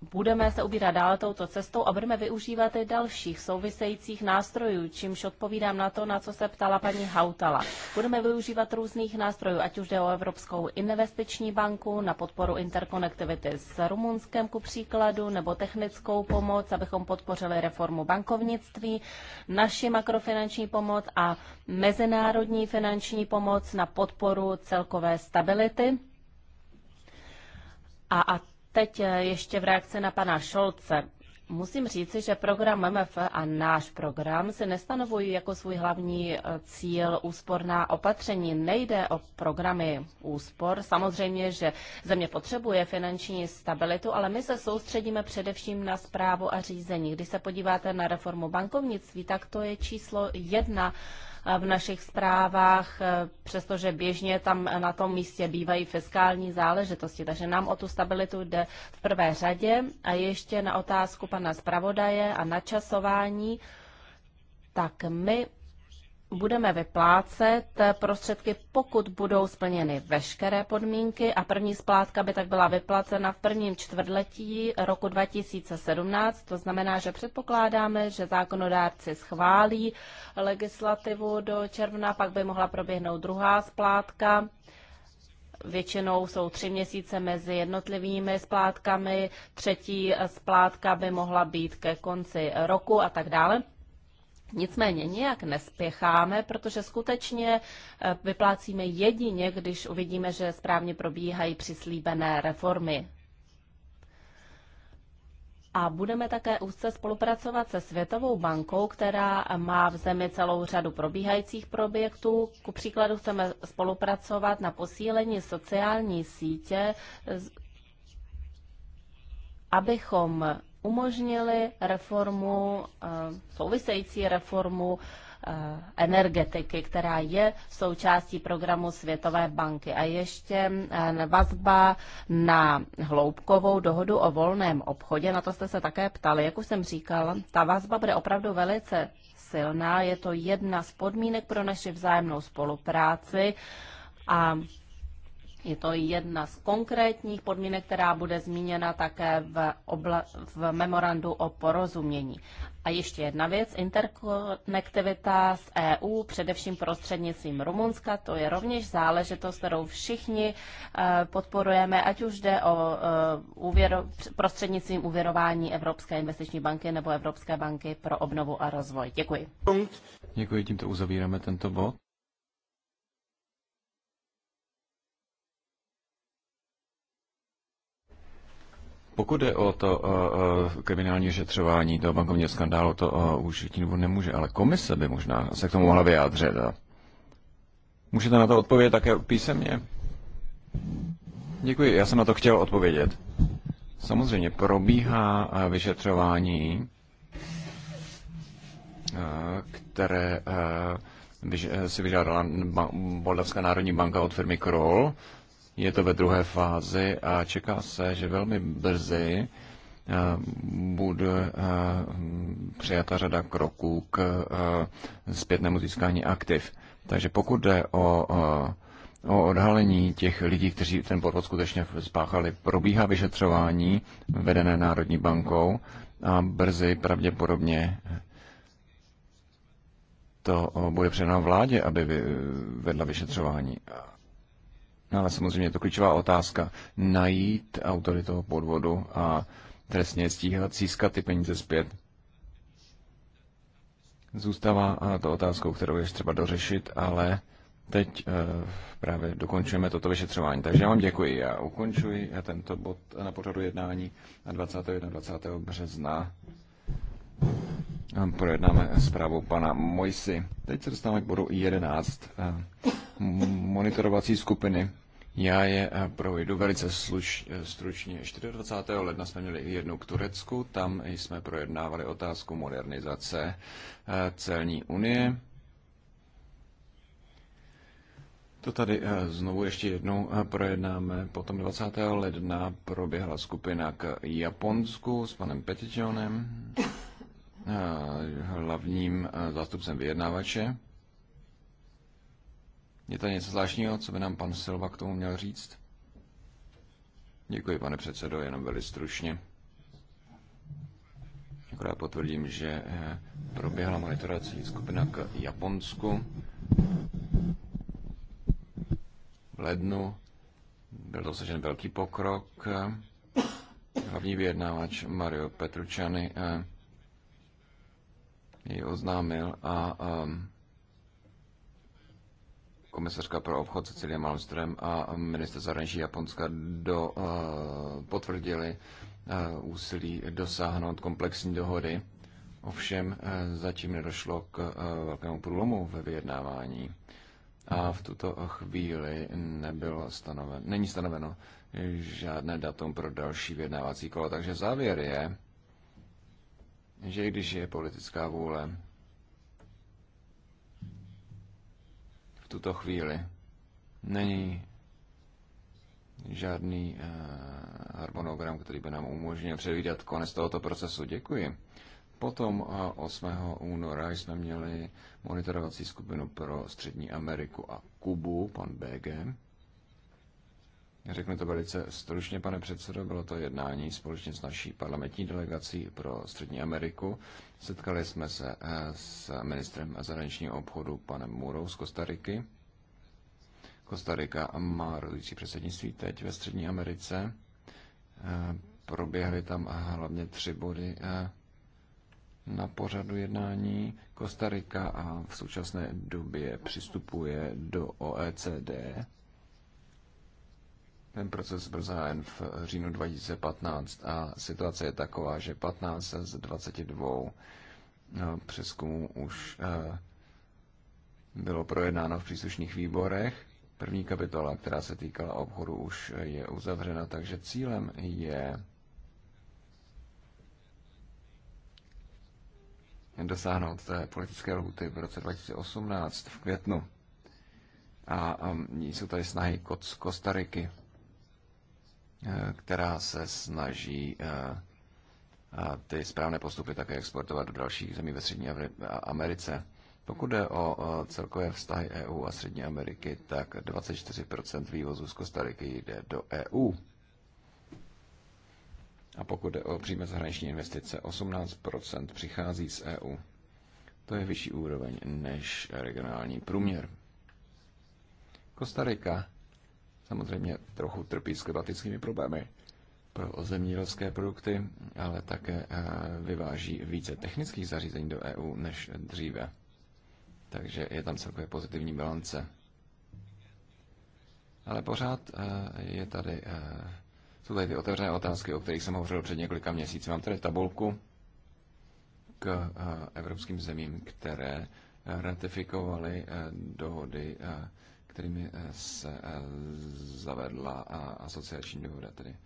budeme se ubírat dále touto cestou a budeme využívat i dalších souvisejících nástrojů, čímž odpovídám na to, na co se ptala paní Hautala. Budeme využívat různých nástrojů, ať už jde o Evropskou investiční banku na podporu interkonektivity s Rumunskem ku příkladu, nebo technickou pomoc, abychom podpořili reformu bankovnictví, naši makrofinanční pomoc a mezinárodní finanční pomoc na podporu celkové stability. A, a Teď eh, ještě v reakci na pana Šolce. Musím říci, že program MF a náš program se nestanovují jako svůj hlavní eh, cíl úsporná opatření. Nejde o programy úspor. Samozřejmě, že země potřebuje finanční stabilitu, ale my se soustředíme především na zprávu a řízení. Když se podíváte na reformu bankovnictví, tak to je číslo jedna v našich zprávách, eh, přestože běžně tam na tom místě bývají fiskální záležitosti. Takže nám o tu stabilitu jde v prvé řadě. A ještě na otázku pana zpravodaje a načasování, tak my budeme vyplácet prostředky, pokud budou splněny veškeré podmínky a první splátka by tak byla vyplacena v prvním čtvrtletí roku 2017. To znamená, že předpokládáme, že zákonodárci schválí legislativu do června, pak by mohla proběhnout druhá splátka. Většinou jsou tři měsíce mezi jednotlivými splátkami, třetí splátka by mohla být ke konci roku a tak dále. Nicméně nijak nespěcháme, protože skutečně eh, vyplácíme jedině, když uvidíme, že správně probíhají přislíbené reformy. A budeme také úzce spolupracovat se Světovou bankou, která má v zemi celou řadu probíhajících projektů. Ku příkladu chceme spolupracovat na posílení sociální sítě, abychom umožnili reformu, eh, související reformu eh, energetiky, která je součástí programu Světové banky. A ještě eh, vazba na hloubkovou dohodu o volném obchodě, na to jste se také ptali. Jak už jsem říkal, ta vazba bude opravdu velice silná, je to jedna z podmínek pro naši vzájemnou spolupráci a je to jedna z konkrétních podmínek, která bude zmíněna také v, obla- v memorandu o porozumění. A ještě jedna věc, interkonektivita s EU, především prostřednictvím Rumunska, to je rovněž záležitost, kterou všichni eh, podporujeme, ať už jde o eh, úvěro, prostřednictvím uvěrování Evropské investiční banky nebo Evropské banky pro obnovu a rozvoj. Děkuji. Děkuji, tímto uzavíráme tento bod. Pokud je o to uh, kriminální šetřování toho bankovního skandálu, to uh, už nebo nemůže, ale komise by možná se k tomu mohla vyjádřit. A... Můžete na to odpovědět také písemně? Děkuji, já jsem na to chtěl odpovědět. Samozřejmě probíhá vyšetřování, které si vyžádala Moldavská národní banka od firmy Kroll je to ve druhé fázi a čeká se, že velmi brzy eh, bude eh, přijata řada kroků k eh, zpětnému získání aktiv. Takže pokud jde o, o odhalení těch lidí, kteří ten podvod skutečně spáchali, probíhá vyšetřování vedené Národní bankou a brzy pravděpodobně to bude předáno vládě, aby vedla vyšetřování. No ale samozřejmě je to klíčová otázka. Najít autory toho podvodu a trestně stíhat, získat ty peníze zpět. Zůstává to otázkou, kterou je třeba dořešit, ale teď e, právě dokončujeme toto vyšetřování. Takže já vám děkuji. Já ukončuji tento bod na pořadu jednání na 21. 20. března projednáme zprávu pana Mojsi. Teď se dostáváme k bodu 11. Eh, monitorovací skupiny. Já je eh, projdu velice sluš, eh, stručně. 24. ledna jsme měli jednu k Turecku, tam jsme projednávali otázku modernizace celní unie. To tady znovu ještě jednou projednáme. Potom 20. ledna proběhla skupina k Japonsku s panem Petitionem. Eh, hlavním eh, zástupcem vyjednávače. Je to něco zvláštního, co by nám pan Silva k tomu měl říct? Děkuji, pane předsedo, jenom velmi stručně. Akorát potvrdím, že eh, proběhla monitorací skupina k Japonsku v lednu. Byl dosažen velký pokrok. Hlavní vyjednávač Mario Petručany ji oznámil a um, komisařka pro obchod Cecilia Malmström a minister zahraničí Japonska do, uh, potvrdili uh, úsilí dosáhnout komplexní dohody. Ovšem uh, zatím nedošlo k uh, velkému průlomu ve vyjednávání a v tuto chvíli nebylo stanoveno, není stanoveno žádné datum pro další vyjednávací kolo. Takže závěr je, že když je politická vůle v tuto chvíli, není žádný uh, harmonogram, který by nám umožnil předvídat konec tohoto procesu. Děkuji. Potom 8. Eh, února jsme měli monitorovací skupinu pro Střední Ameriku a Kubu, pan BG. Řeknu to velice stručně, pane předsedo, bylo to jednání společně s naší parlamentní delegací pro Střední Ameriku. Setkali jsme se eh, s ministrem zahraničního obchodu panem Murou z Kostariky. Kostarika má rodující předsednictví teď ve Střední Americe. Eh, proběhly tam hlavně tři body eh, na pořadu jednání. Kostarika a v současné době přistupuje do OECD ten proces byl zahájen v říjnu 2015 a situace je taková, že 15 z 22 no, přeskumů už eh, bylo projednáno v příslušných výborech. První kapitola, která se týkala obchodu, už je uzavřena, takže cílem je dosáhnout té politické lhuty v roce 2018 v květnu. A, a um, jsou tady snahy Kostariky. Eh, která se snaží eh, eh, ty správné postupy také exportovat do dalších zemí ve Střední Americe. Pokud jde o celkové vztahy EU a Střední Ameriky, tak 24% vývozu z Kostariky jde do EU. A pokud jde o přímé zahraniční investice, 18% přichází z EU. To je vyšší úroveň než regionální průměr. Kostarika samozřejmě trochu trpí s klimatickými problémy pro zemědělské produkty, ale také eh, vyváží více technických zařízení do EU než dříve. Takže je tam celkově pozitivní bilance. Ale pořád eh, je tady, eh, jsou tady ty otevřené otázky, o kterých jsem hovořil před několika měsíci. Mám tady tabulku k evropským zemím, které ratifikovaly dohody kterými eh, se eh, zavedla asociační dohoda, tedy,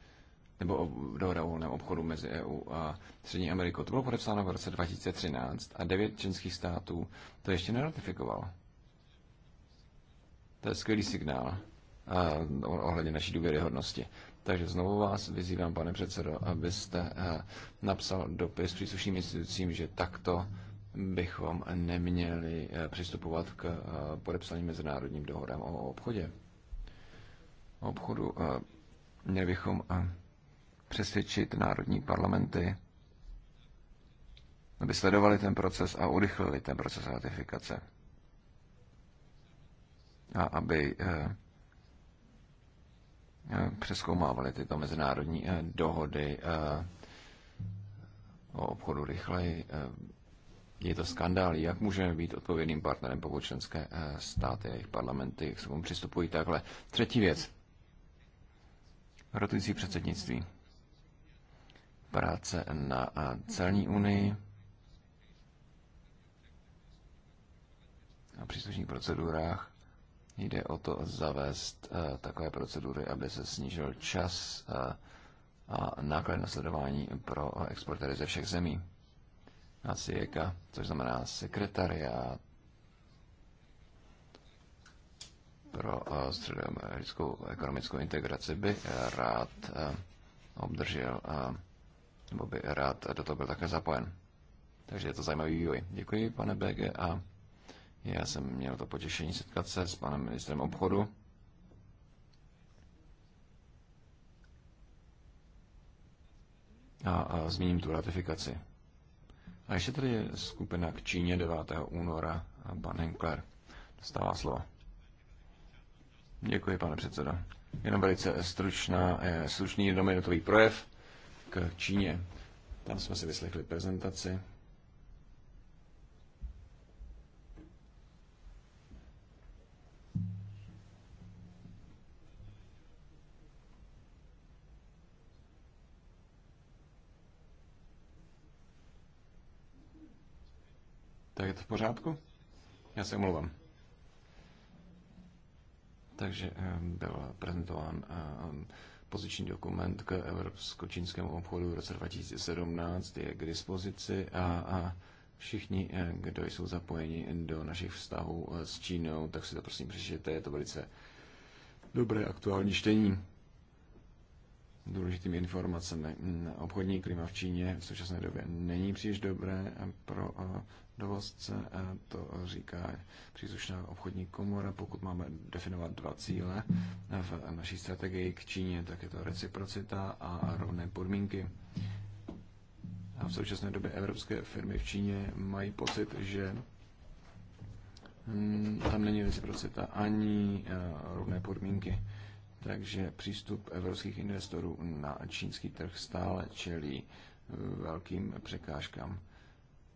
nebo dohoda o volném obchodu mezi EU a Střední Amerikou. To bylo podepsáno v roce 2013 a devět členských států to ještě neratifikovalo. To je skvělý signál eh, ohledně naší důvěryhodnosti. Takže znovu vás vyzývám, pane předsedo, abyste napsal dopis příslušným institucím, že takto bychom neměli eh, přistupovat k eh, podepsaným mezinárodním dohodám o obchodě. O obchodu eh, měli bychom přesvědčit národní parlamenty, aby sledovali ten proces a urychlili ten proces ratifikace. A aby přeskoumávali tyto mezinárodní dohody o obchodu rychleji, je to skandál, jak můžeme být odpovědným partnerem, pokud členské eh, státy a jejich parlamenty jak se tomu přistupují takhle. Třetí věc. Rotující předsednictví. Práce na eh, celní unii a příslušných procedurách. Jde o to zavést eh, takové procedury, aby se snížil čas a náklad na sledování pro exportéry ze všech zemí. ASIEGA, což znamená sekretariát pro eh, středoamerickou ekonomickou integraci, by rád eh, obdržel, eh, nebo by rád do toho byl také zapojen. Takže je to zajímavý vývoj. Děkuji, pane BG, a já jsem měl to potěšení setkat se s panem ministrem obchodu. A, a zmíním tu ratifikaci. A ještě tady je skupina k Číně 9. února a pan Henkler dostává slovo. Děkuji, pane předsedo. Jenom velice stručná, eh, stručný jednominutový projev k Číně. Tam jsme si vyslechli prezentaci Tak je to v pořádku? Já se omlouvám. Takže eh, byl prezentován eh, poziční dokument k evropsko-čínskému obchodu v roce 2017, je k dispozici a, a všichni, eh, kdo jsou zapojeni do našich vztahů s Čínou, tak si to prosím přečtěte, je to velice dobré aktuální čtení důležitými informacemi. Obchodní klima v Číně v současné době není příliš dobré pro dovozce, to říká příslušná obchodní komora. Pokud máme definovat dva cíle v naší strategii k Číně, tak je to reciprocita a rovné podmínky. A v současné době evropské firmy v Číně mají pocit, že mm, tam není reciprocita ani e, rovné podmínky. Takže přístup evropských investorů na čínský trh stále čelí velkým překážkám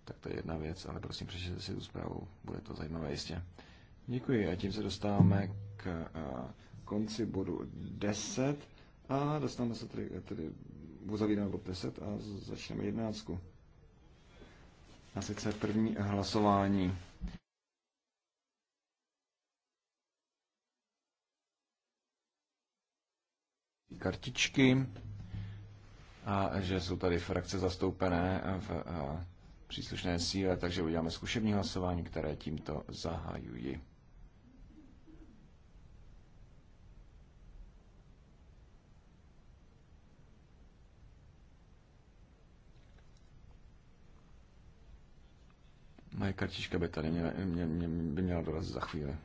tak to je jedna věc, ale prosím, přečtěte si tu zprávu, bude to zajímavé jistě. Děkuji a tím se dostáváme k eh, konci bodu 10 a dostáváme se tedy, tedy uzavíráme bod 10 a začneme jednácku. A sice první hlasování. Kartičky a že jsou tady frakce zastoupené v eh, příslušné síle, takže uděláme zkušební hlasování, které tímto zahajuji. Moje kartička by tady měla, mě, mě, by měla dorazit za chvíli.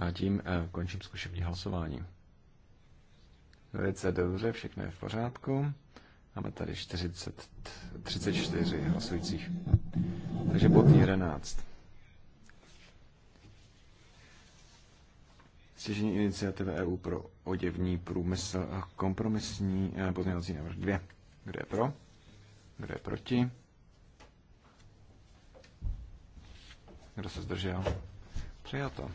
A tím eh, končím zkušební hlasování. Velice dobře, všechno je v pořádku. Máme tady 40, 34 hlasujících. Takže bod 11. Stěžení iniciativy EU pro oděvní průmysl a kompromisní eh, pozměňovací návrh 2. Kdo je pro? Kdo je proti? Kdo se zdržel? Přijato.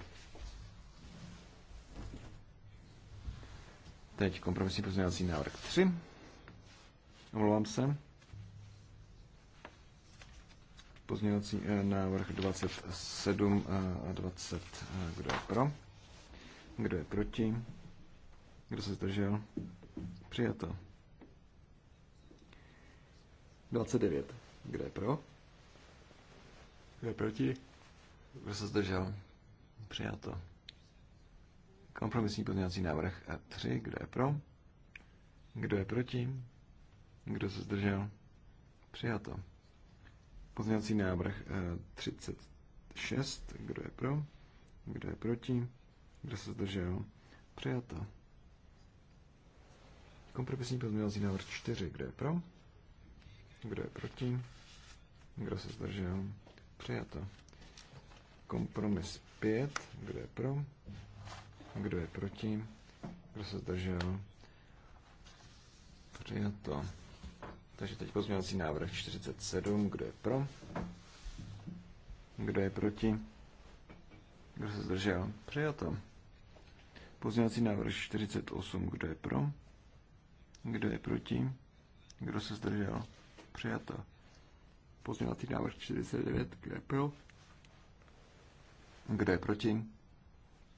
Teď kompromisní pozměňovací návrh 3. Omlouvám se. Pozměňovací eh, návrh 27 eh, a 20. Eh, kdo je pro? Kdo je proti? Kdo se zdržel? Přijato. 29. Kdo je pro? Kdo je proti? Kdo se zdržel? Přijato. Kompromisní pozměňovací návrh 3. E Kdo je pro? Kdo je proti? Kdo se zdržel? Přijato. Pozměňovací návrh 36. E Kdo je pro? Kdo je proti? Kdo se zdržel? Přijato. Kompromisní pozměňovací návrh 4. Kdo je pro? Kdo je proti? Kdo se zdržel? Přijato. Kompromis 5. Kdo je pro? Kdo je proti? Kdo se zdržel? Přijato. Takže teď pozměňovací návrh 47. Kdo je pro? Kdo je proti? Kdo se zdržel? Přijato. Pozměňovací návrh 48. Kdo je pro? Kdo je proti? Kdo se zdržel? Přijato. Pozměňovací návrh 49. Kdo je pro? Kdo je proti?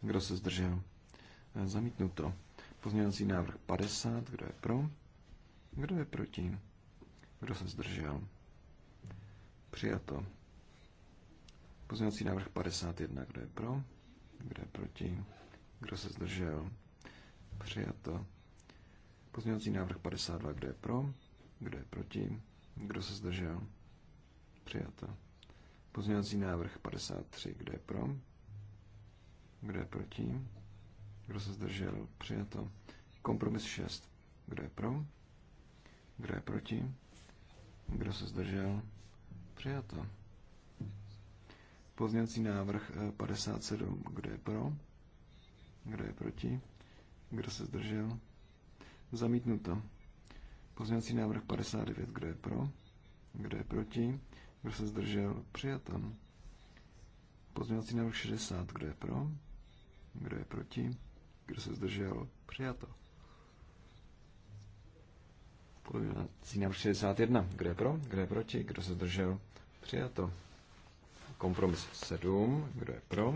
Kdo se zdržel? Zamítnuto. Pozměňovací návrh 50. Kdo je pro? Kdo je proti? Kdo se zdržel? Přijato. Pozměňovací návrh 51. Kdo je pro? Kdo je proti? Kdo se zdržel? Přijato. Pozměňovací návrh 52. Kdo je pro? Kdo je proti? Kdo se zdržel? Přijato. Pozměňovací návrh 53. Kdo je pro? Kdo je proti? Kdo se zdržel? Přijato. Kompromis 6. Kdo je pro? Kdo je proti? Kdo se zdržel? Přijato. Pozměňovací návrh 57. Eh, Kdo je pro? Kdo je proti? Kdo se zdržel? Zamítnuto. Pozměňovací návrh 59. Kdo je pro? Kdo je proti? Kdo se zdržel? Přijato. Pozměňovací návrh 60. Kdo je pro? Kdo je proti? Kdo se zdržel? Přijato. Pozměňovací návrh 61. Kdo je pro? Kdo je proti? Kdo se zdržel? Přijato. Kompromis 7. Kdo je pro?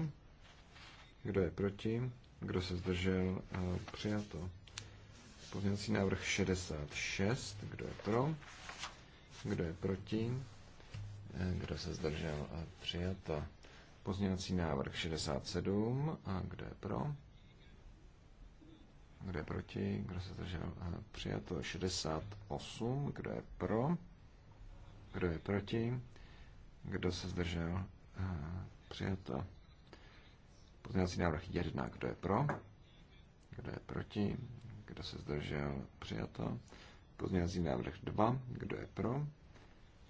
Kdo je proti? Kdo se zdržel? Eh, přijato. Pozměňovací návrh 66. Kdo je pro? Kdo je proti? Kdo se zdržel? Přijato. Pozměňovací návrh 67. A kdo je pro? Kdo je proti? Kdo se zdržel? Přijato. 68. Kdo je pro? Kdo je proti? Kdo se zdržel? Přijato. Pozměňovací návrh 1. Kdo je pro? Kdo je proti? Kdo se zdržel? Přijato. Pozměňovací návrh 2. Kdo je pro?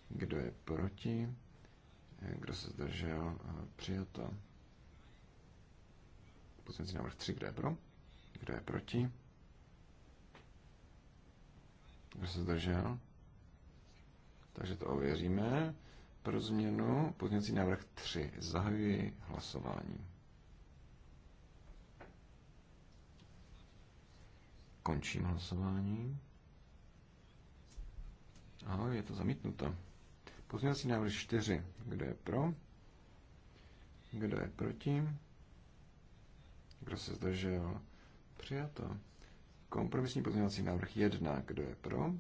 Kdo je proti? Kdo se zdržel? Přijato. Pozměňovací návrh 3. Kdo je pro? Kdo je proti? Kdo se zdržel? Takže to ověříme. Pro změnu pozměňovací návrh 3. Zahajuji hlasování. Končím hlasování. Aha, je to zamítnuto. Pozměňovací návrh 4. Kdo je pro? Kdo je proti? Kdo se zdržel? Přijato. Kompromisní pozměňovací návrh 1. Kdo je pro?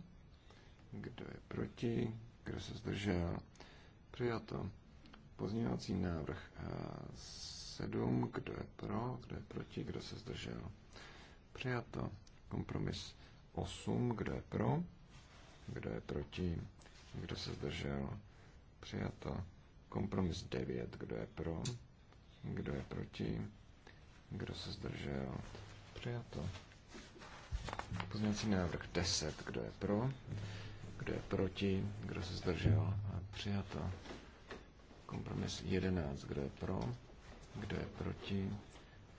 Kdo je proti? Kdo se zdržel? Přijato. Pozměňovací návrh 7. Eh, Kdo je pro? Kdo je proti? Kdo se zdržel? Přijato. Kompromis 8. Kdo je pro? Kdo je proti? Kdo se zdržel? Přijato. Kompromis 9. Kdo je pro? Kdo je proti? Kdo se zdržel? Přijato. Pozměňovací návrh 10. Kdo je pro? Kdo je proti? Kdo se zdržel? Přijato. Kompromis 11. Kdo je pro? Kdo je proti?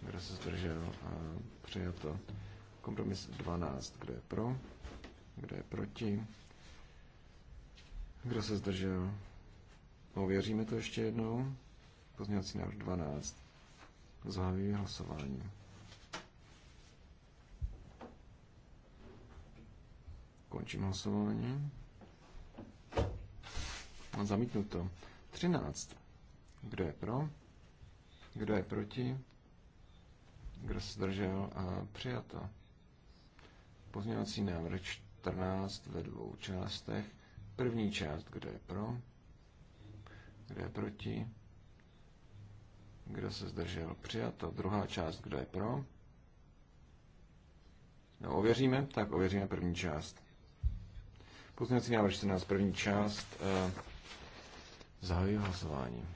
Kdo se zdržel? Přijato. Kompromis 12. Kdo je pro? Kdo je proti? Kdo se zdržel? Ověříme no, to ještě jednou. Pozměňovací návrh 12. Zahajuji hlasování. Končím hlasování. Zamítnuto. 13. Kdo je pro? Kdo je proti? Kdo se zdržel? A přijato. Pozměňovací návrh 14 ve dvou částech. První část, kdo je pro, kdo je proti, kdo se zdržel, přijato. Druhá část, kdo je pro. No, ověříme, tak ověříme první část. si návrh 14, první část. Eh, Zahajuji hlasování.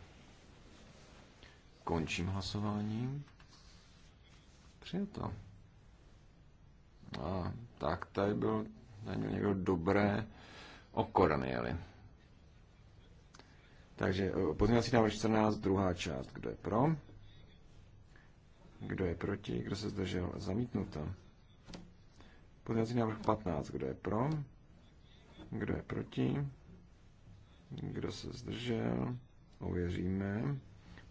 Končím hlasování. Přijato. A tak tady byl, tady měl někdo dobré o Koranieli. Takže eh, pozměňovací návrh 14, druhá část. Kdo je pro? Kdo je proti? Kdo se zdržel? Zamítnuto. Pozměňovací návrh 15. Kdo je pro? Kdo je proti? Kdo se zdržel? Ověříme.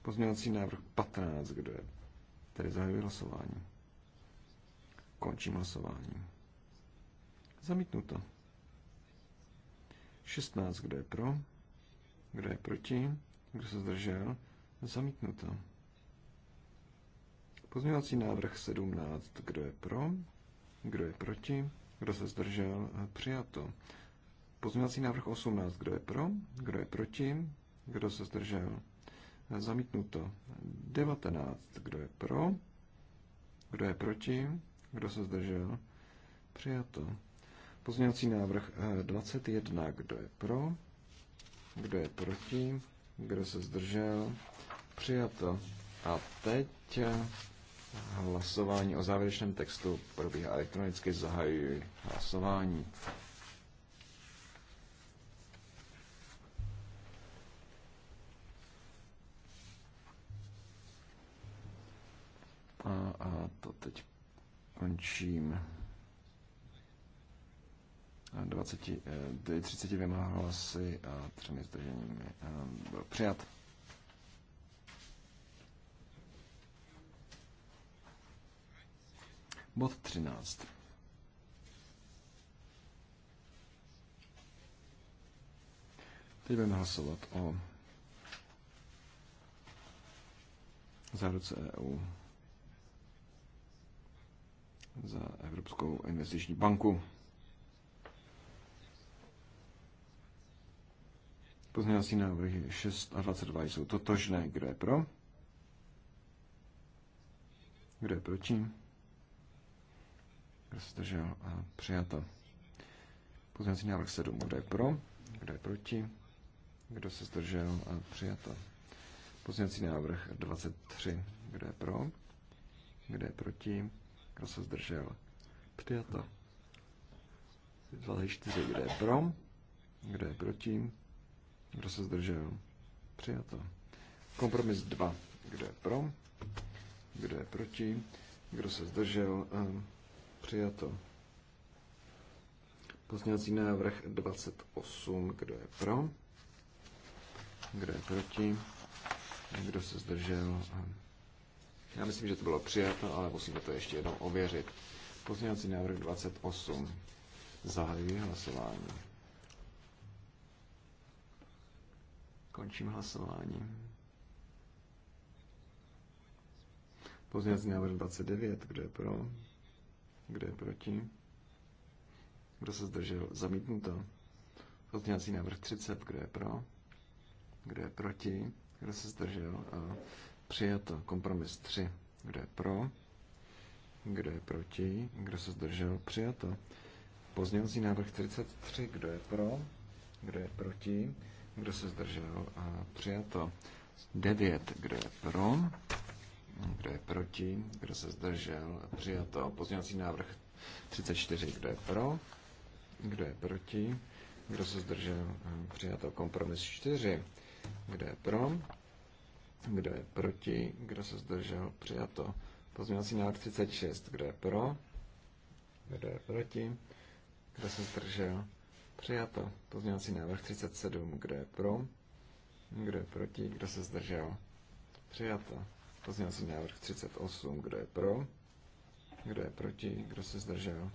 Pozměňovací návrh 15. Kdo je? Tady zahajuji hlasování. Končím hlasování. Zamítnuto. 16. Kdo je pro? Kdo je proti? Kdo se zdržel? Zamítnuto. Pozměňovací návrh 17. Kdo je pro? Kdo je proti? Kdo se zdržel? Přijato. Pozměňovací návrh 18. Kdo je pro? Kdo je proti? Kdo se zdržel? Zamítnuto. 19. Kdo je pro? Kdo je proti? Kdo se zdržel? Přijato. Pozměňovací návrh 21. Eh, Kdo je pro? Kdo je proti? Kdo se zdržel? Přijato. A teď eh, hlasování o závěrečném textu probíhá elektronicky. Zahajuji hlasování. A, a to teď končím. 20, 32 eh, hlasy a třemi zdrženími eh, byl přijat. Bod 13. Teď budeme hlasovat o záruce EU za Evropskou investiční banku. Pozměňovací návrhy 6 a 22 jsou totožné. Kdo je pro? Kdo je proti? Kdo se držel? A přijato. Pozměňovací návrh 7. Kdo je pro? Kdo je proti? Kdo se zdržel? A přijato. Pozměňovací návrh 23. Kdo je pro? Kdo je proti? Kdo se zdržel? Přijato. 24. Kdo je pro? Kdo je proti? Kdo se zdržel? Přijato. Kompromis 2. Kdo je pro? Kdo je proti? Kdo se zdržel? Eh, přijato. Pozměňovací návrh 28. Kdo je pro? Kdo je proti? Kdo se zdržel? Eh, já myslím, že to bylo přijato, ale musíme to ještě jednou ověřit. Pozměňovací návrh 28. Zahajuji hlasování. Končím hlasování. Pozměňovací návrh 29. Kdo je pro? Kdo je proti? Kdo se zdržel? Zamítnuto. Pozměňovací návrh 30. Kdo je pro? Kdo je proti? Kdo se zdržel? A přijato. Kompromis 3. Kdo je pro? Kdo je proti? Kdo se zdržel? Přijato. Pozměňovací návrh 33. Kdo je pro? Kdo je proti? Kdo se zdržel? Přijato. 9. Kdo je pro? Kdo je proti? Kdo se zdržel? Přijato. Pozměňovací návrh 34. Kdo je pro? Kdo je proti? Kdo se zdržel? Přijato. Kompromis 4. Kdo je pro? Kdo je proti? Kdo se zdržel? Přijato. Pozměňovací návrh 36. Kdo je pro? Kdo je proti? Kdo se zdržel? Přijato. Pozměňovací návrh 37. Kdo je pro? Kdo je proti? Kdo se zdržel? Přijato. Pozměňovací návrh 38. Kdo je pro? Kdo je proti? Kdo se zdržel?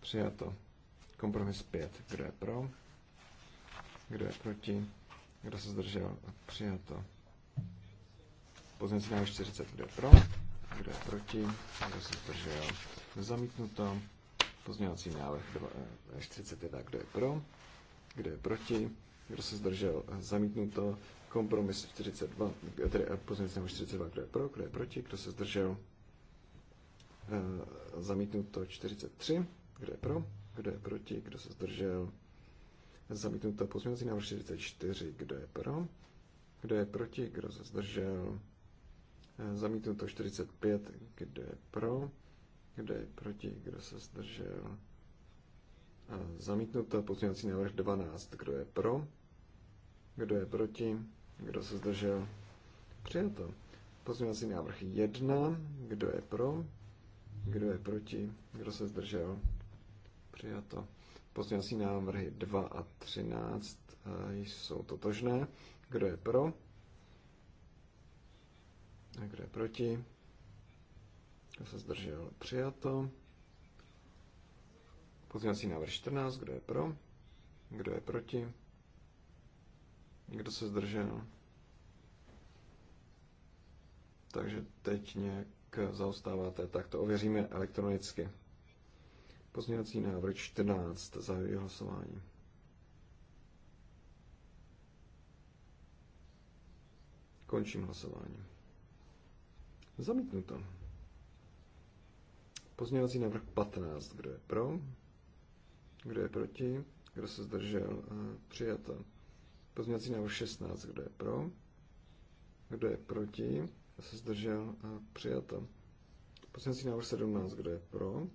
Přijato. Kompromis 5. Kdo je pro? Kdo je proti? Kdo se zdržel? Přijato. Pozměňovací návrh 40. Kdo je pro? Kdo je proti? Kdo se zdržel? Zamítnuto. Pozměňovací návrh 41. Eh, Kdo je pro? Kdo je proti? Kdo se zdržel? Zamítnuto. Kompromis 42, eh, tedy eh, pozměňovací návrh 42. Kdo je pro? Kdo je proti? Kdo se zdržel? Zamítnuto 43. Kdo je pro? Kdo je proti? Kdo se zdržel? Zamítnuto pozměňovací návrh 44. Kdo je pro? Kdo je proti? Kdo se zdržel? Zamítnuto 45. Kdo je pro? kdo je proti, kdo se zdržel. A zamítnuto pozměňovací návrh 12, kdo je pro, kdo je proti, kdo se zdržel. Přijato. Pozměňovací návrh 1, kdo je pro, kdo je proti, kdo se zdržel. Přijato. Pozměňovací návrhy 2 a 13 eh, jsou totožné. Kdo je pro? A kdo je proti? Kdo se zdržel? Přijato. Pozměňovací návrh 14. Kdo je pro? Kdo je proti? Kdo se zdržel? Takže teď nějak zaostáváte. Tak to ověříme elektronicky. Pozměňovací návrh 14. Zahajuji hlasování. Končím hlasování. Zamítnuto. Pozměňovací návrh 15. Kdo je pro? Kdo je proti? Kdo se zdržel? Přijato. Pozměňovací návrh 16. Kdo je pro? Kdo je proti? Kdo se zdržel? Přijato. Pozměňovací návrh 17. Kdo je pro?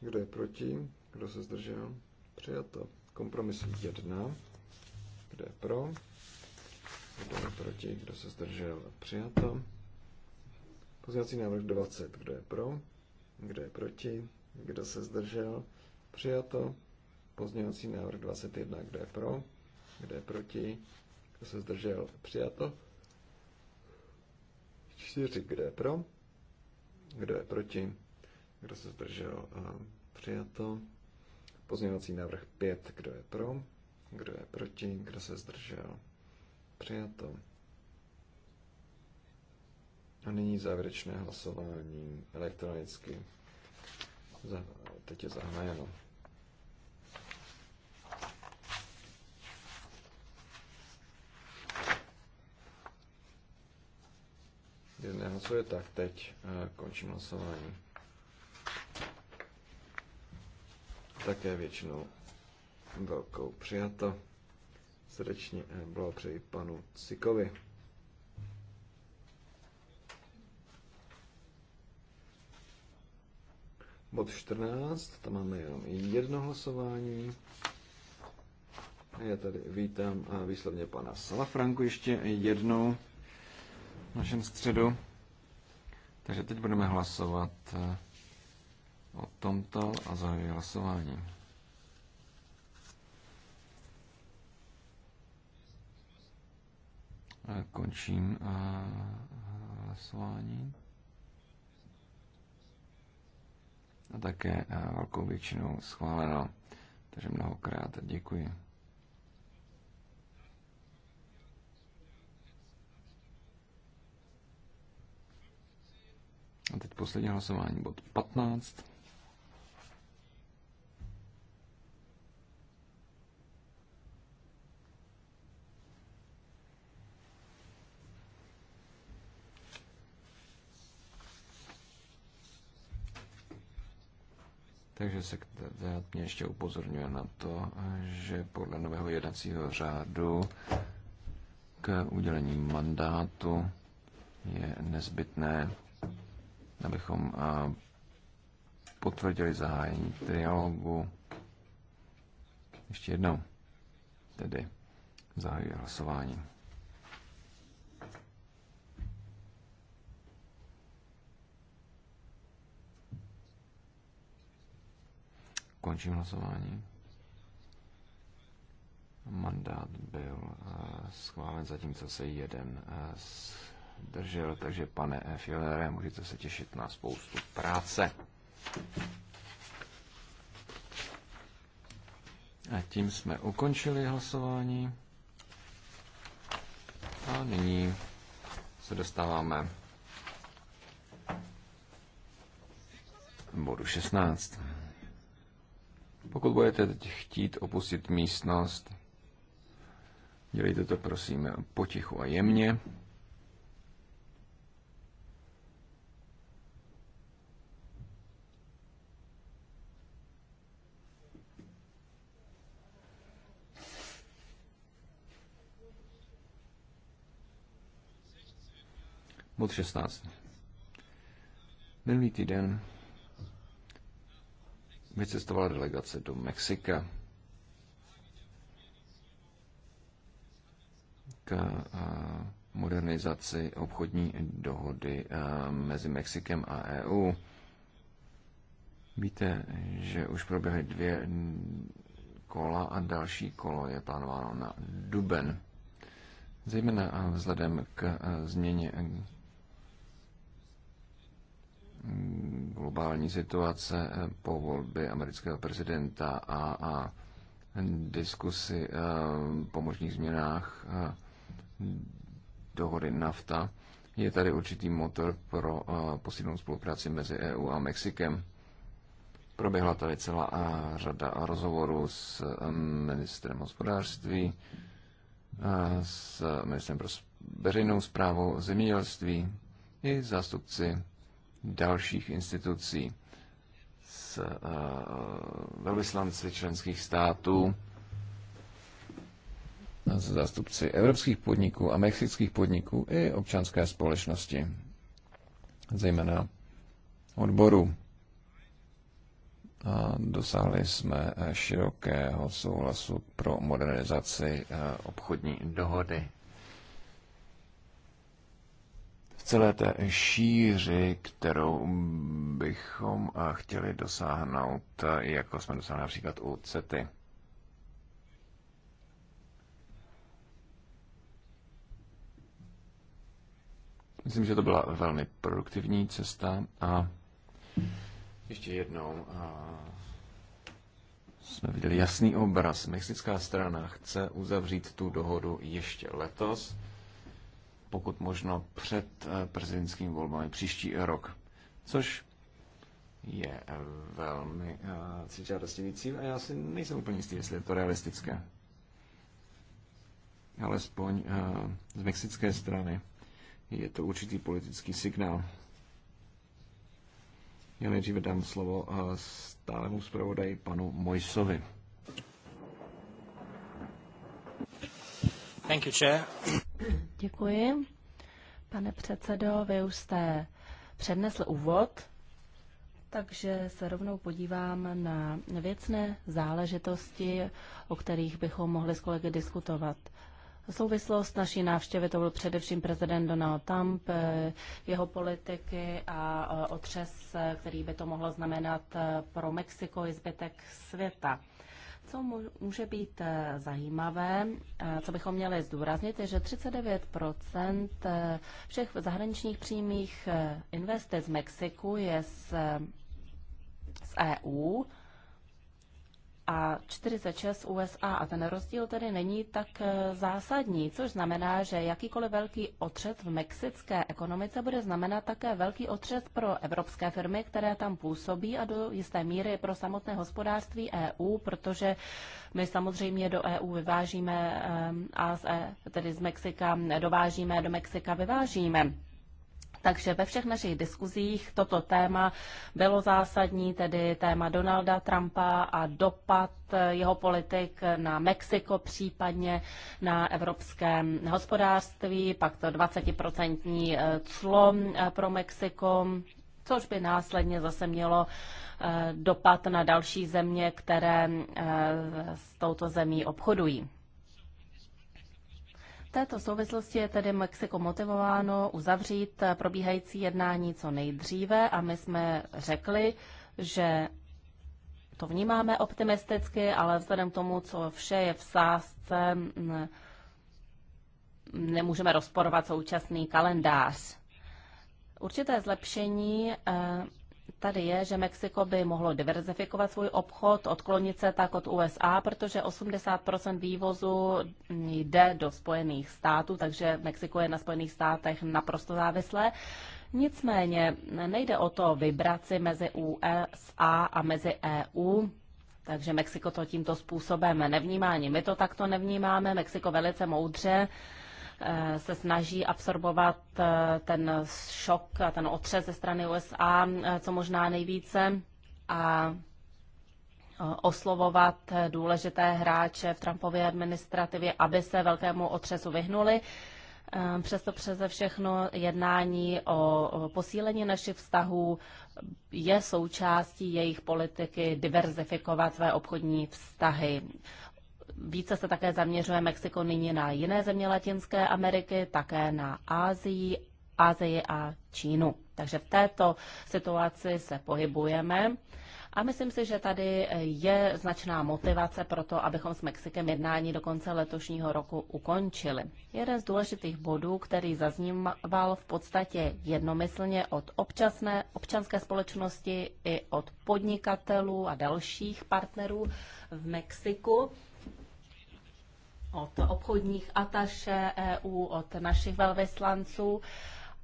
Kdo je proti? Kdo se zdržel? Přijato. Kompromis 1. Kdo je pro? Kdo je proti? Kdo se zdržel? Přijato. Pozměňovací návrh 20. Kdo je pro? Kdo je proti? Kdo se zdržel? Přijato. Pozměňovací návrh 21. Kdo je pro? Kdo je proti? Kdo se zdržel? Přijato. 4. Kdo je pro? Kdo je proti? Kdo se zdržel? Přijato. Pozměňovací návrh 5. Kdo je pro? Kdo je proti? Kdo se zdržel? Přijato. A nyní závěrečné hlasování elektronicky. teď je zahájeno. Jeden hlasuje, tak teď eh, končím hlasování. Také většinou velkou přijato. Srdečně eh, blahopřeji panu Cikovi. Bod 14, tam máme jenom jedno hlasování. Já tady vítám a výslovně pana Salafranku ještě jednou v našem středu. Takže teď budeme hlasovat eh, o tomto a zahajuji hlasování. A eh, Končím eh, hlasování. a také eh, velkou většinou schváleno. Takže mnohokrát děkuji. A teď poslední hlasování, bod 15. Takže se mě ještě upozorňuje na to, že podle nového jednacího řádu k udělení mandátu je nezbytné, abychom potvrdili zahájení trialogu. Ještě jednou tedy zahajuji hlasování. Končím hlasování. Mandát byl eh, schválen, zatímco se jeden eh, držel, takže pane Fjellere, můžete se těšit na spoustu práce. A tím jsme ukončili hlasování. A nyní se dostáváme bodu 16. Pokud budete teď chtít opustit místnost, dělejte to prosím potichu a jemně. Bod 16. Minulý týden vycestovala delegace do Mexika k eh, modernizaci obchodní dohody eh, mezi Mexikem a EU. Víte, že už proběhly dvě kola a další kolo je plánováno na duben. Zejména eh, vzhledem k změně globální situace eh, po volbě amerického prezidenta a, a diskusy eh, po možných změnách eh, dohody NAFTA, je tady určitý motor pro posílenou spolupráci mezi EU a Mexikem. Proběhla tady celá řada rozhovorů s ministrem hospodářství, s ministrem pro veřejnou zprávu zemědělství i zástupci dalších institucí s eh, velvyslanci členských států, s zástupci evropských podniků a mexických podniků i občanské společnosti, zejména odboru A dosáhli jsme eh, širokého souhlasu pro modernizaci eh, obchodní dohody celé té šíři, kterou bychom eh, chtěli dosáhnout, eh, jako jsme dosáhli například u CETY. Myslím, že to byla velmi produktivní cesta a ještě jednou a eh, jsme viděli jasný obraz. Mexická strana chce uzavřít tu dohodu ještě letos pokud možno před eh, prezidentskými volbami příští rok. Což je eh, velmi uh, cíl a já si nejsem úplně jistý, jestli je to realistické. Alespoň uh, z mexické strany je to určitý politický signál. Já nejdříve dám slovo stálemu zpravodaji panu Mojsovi. Thank you, chair. Děkuji. Pane předsedo, vy už jste přednesl úvod, takže se rovnou podívám na věcné záležitosti, o kterých bychom mohli s kolegy diskutovat. Souvislost naší návštěvy to byl především prezident Donald Trump, jeho politiky a otřes, který by to mohlo znamenat pro Mexiko i zbytek světa. Co může být eh, zajímavé, eh, co bychom měli zdůraznit, je, že 39 eh, všech zahraničních přímých investic z Mexiku je z, z EU a 46 USA. A ten rozdíl tedy není tak eh, zásadní, což znamená, že jakýkoliv velký otřes v mexické ekonomice bude znamenat také velký otřes pro evropské firmy, které tam působí a do jisté míry pro samotné hospodářství EU, protože my samozřejmě do EU vyvážíme eh, a z, e, tedy z Mexika dovážíme, do Mexika vyvážíme. Takže ve všech našich diskuzích toto téma bylo zásadní, tedy téma Donalda Trumpa a dopad jeho politik na Mexiko, případně na evropské hospodářství, pak to 20% eh, clo eh, pro Mexiko, což by následně zase mělo eh, dopad na další země, které s touto zemí obchodují této souvislosti je tedy Mexiko motivováno uzavřít probíhající jednání co nejdříve a my jsme řekli, že to vnímáme optimisticky, ale vzhledem k tomu, co vše je v sázce, mm, nemůžeme rozporovat současný kalendář. Určité zlepšení eh, tady je, že Mexiko by mohlo diverzifikovat svůj obchod, odklonit se tak od USA, protože 80 vývozu jde do Spojených států, takže Mexiko je na Spojených státech naprosto závislé. Nicméně nejde o to vybrat si mezi USA a mezi EU, takže Mexiko to tímto způsobem nevnímá. My to takto nevnímáme, Mexiko velice moudře Eh, se snaží absorbovat eh, ten šok a ten otřes ze strany USA eh, co možná nejvíce a oslovovat důležité hráče v Trumpově administrativě, aby se velkému otřesu vyhnuli. Přesto přeze všechno jednání o posílení našich vztahů je součástí jejich politiky diverzifikovat své obchodní vztahy. Více se také zaměřuje Mexiko nyní na jiné země Latinské Ameriky, také na Ázii, Ázii a Čínu. Takže v této situaci se pohybujeme. A myslím si, že tady je značná motivace pro to, abychom s Mexikem jednání do konce letošního roku ukončili. Jeden z důležitých bodů, který zazníval v podstatě jednomyslně od občasné, občanské společnosti i od podnikatelů a dalších partnerů v Mexiku, od obchodních ataše EU, od našich velvyslanců.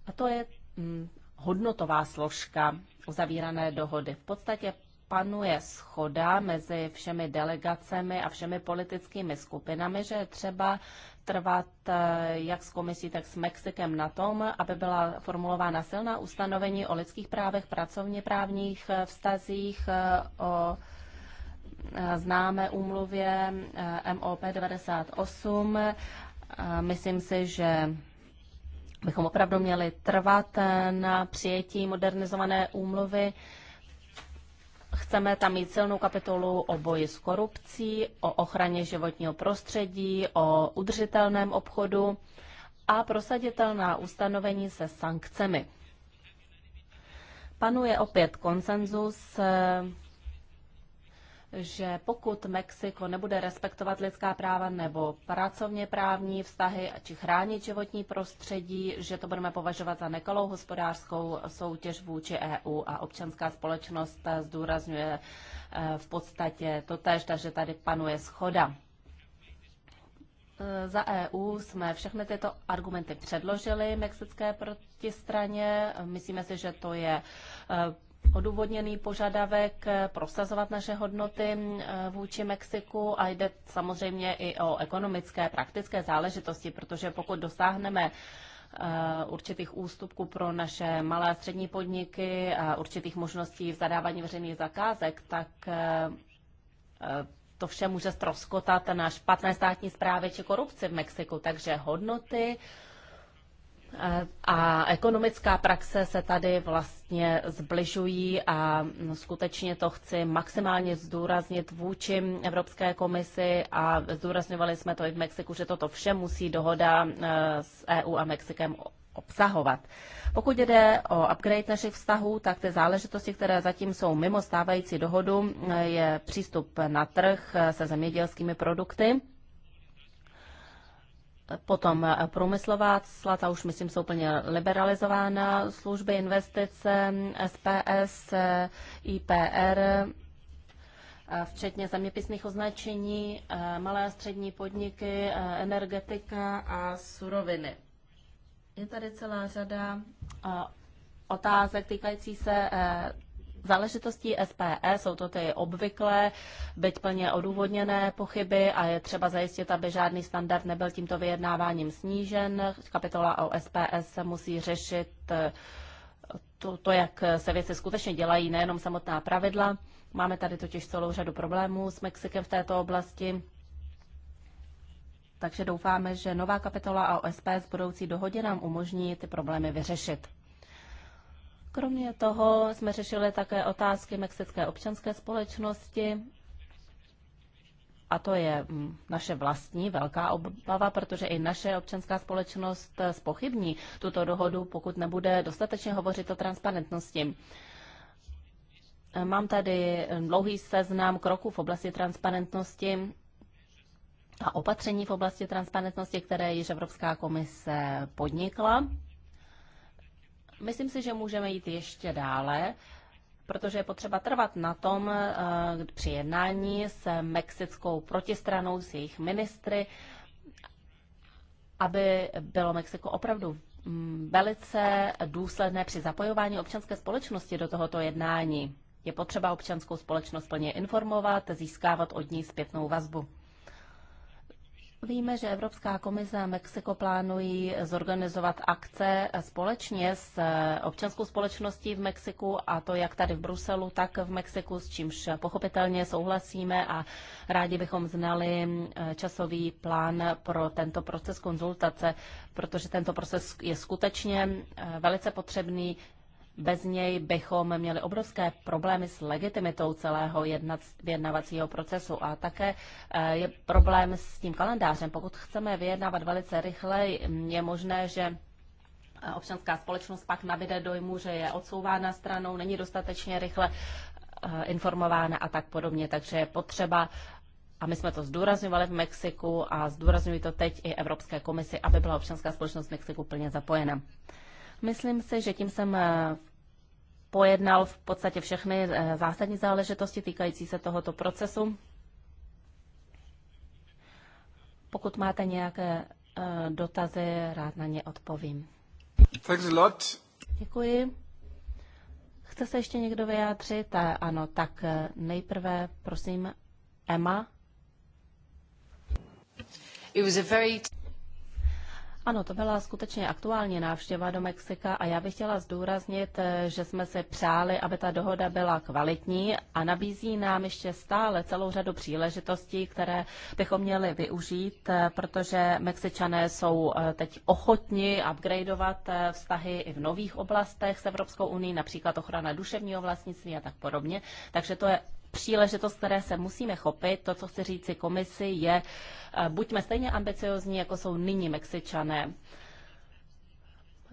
A to je mm, hodnotová složka uzavírané dohody. V podstatě panuje schoda mezi všemi delegacemi a všemi politickými skupinami, že třeba trvat e, jak s komisí, tak s Mexikem na tom, aby byla formulována silná ustanovení o lidských právech, pracovně právních e, vztazích, e, o Eh, známé úmluvě eh, MOP 98. Eh, myslím si, že bychom opravdu měli trvat na přijetí modernizované úmluvy. Chceme tam mít silnou kapitolu o boji s korupcí, o ochraně životního prostředí, o udržitelném obchodu a prosaditelná ustanovení se sankcemi. Panuje opět konsenzus že pokud Mexiko nebude respektovat lidská práva nebo pracovně právní vztahy či chránit životní prostředí, že to budeme považovat za nekalou hospodářskou soutěž vůči EU a občanská společnost eh, zdůrazňuje eh, v podstatě to tež, takže tady panuje schoda. Eh, za EU jsme všechny tyto argumenty předložili mexické protistraně. Myslíme si, že to je odůvodněný požadavek eh, prosazovat naše hodnoty eh, vůči Mexiku a jde samozřejmě i o ekonomické, praktické záležitosti, protože pokud dosáhneme eh, určitých ústupků pro naše malé a střední podniky a určitých možností v zadávání veřejných zakázek, tak to vše může stroskotat na špatné státní zprávy či korupci v Mexiku. Takže hodnoty, a ekonomická praxe se tady vlastně zbližují a skutečně to chci maximálně zdůraznit vůči Evropské komisi a zdůrazňovali jsme to i v Mexiku, že toto vše musí dohoda e, s EU a Mexikem obsahovat. Pokud jde o upgrade našich vztahů, tak ty záležitosti, které zatím jsou mimo stávající dohodu, e, je přístup na trh e, se zemědělskými produkty Potom eh, průmyslová cla, ta už myslím jsou úplně liberalizována, služby, investice, SPS, IPR, eh, včetně zeměpisných označení, eh, malé a střední podniky, energetika a suroviny. Je tady celá řada otázek týkající se záležitostí SPE jsou to ty obvyklé, byť plně odůvodněné pochyby a je třeba zajistit, aby žádný standard nebyl tímto vyjednáváním snížen. Kapitola o SPS e musí řešit to, to, jak se věci skutečně dělají, nejenom samotná pravidla. Máme tady totiž celou řadu problémů s Mexikem v této oblasti. Takže doufáme, že nová kapitola a OSP e s budoucí dohodě nám umožní ty problémy vyřešit. Kromě toho jsme řešili také otázky mexické občanské společnosti. A to je mm, naše vlastní velká obava, protože i naše občanská společnost eh, spochybní tuto dohodu, pokud nebude dostatečně hovořit o transparentnosti. Mám tady dlouhý seznam kroků v oblasti transparentnosti a opatření v oblasti transparentnosti, které již Evropská komise podnikla. Myslím si, že můžeme jít ještě dále, protože je potřeba trvat na tom eh, při jednání s mexickou protistranou, s jejich ministry, aby bylo Mexiko opravdu mm, velice důsledné při zapojování občanské společnosti do tohoto jednání. Je potřeba občanskou společnost plně informovat, získávat od ní zpětnou vazbu. Víme, že Evropská komise a Mexiko plánují zorganizovat akce společně s eh, občanskou společností v Mexiku a to jak tady v Bruselu, tak v Mexiku, s čímž pochopitelně souhlasíme a rádi bychom znali eh, časový plán pro tento proces konzultace, protože tento proces je skutečně eh, velice potřebný. Bez něj bychom měli obrovské problémy s legitimitou celého vyjednavacího procesu a také eh, je problém s tím kalendářem. Pokud chceme vyjednávat velice rychle, je možné, že eh, občanská společnost pak nabide dojmu, že je odsouvána stranou, není dostatečně rychle eh, informována a tak podobně. Takže je potřeba, a my jsme to zdůrazňovali v Mexiku a zdůrazňují to teď i Evropské komisi, aby byla občanská společnost v Mexiku plně zapojena. Myslím si, že tím jsem eh, pojednal v podstatě všechny eh, zásadní záležitosti týkající se tohoto procesu. Pokud máte nějaké eh, dotazy, rád na ně odpovím. Thanks a lot. Děkuji. Chce se ještě někdo vyjádřit? Ano, tak nejprve, prosím, Emma. It was a very... Ano, to byla skutečně aktuální návštěva do Mexika a já bych chtěla zdůraznit, eh, že jsme se přáli, aby ta dohoda byla kvalitní a nabízí nám ještě stále celou řadu příležitostí, které bychom měli využít, eh, protože Mexičané jsou eh, teď ochotni upgradeovat vztahy i v nových oblastech s Evropskou unii, například ochrana duševního vlastnictví a tak podobně. Takže to je příležitost, které se musíme chopit. To, co chci říci komisi, je eh, buďme stejně ambiciozní, jako jsou nyní Mexičané.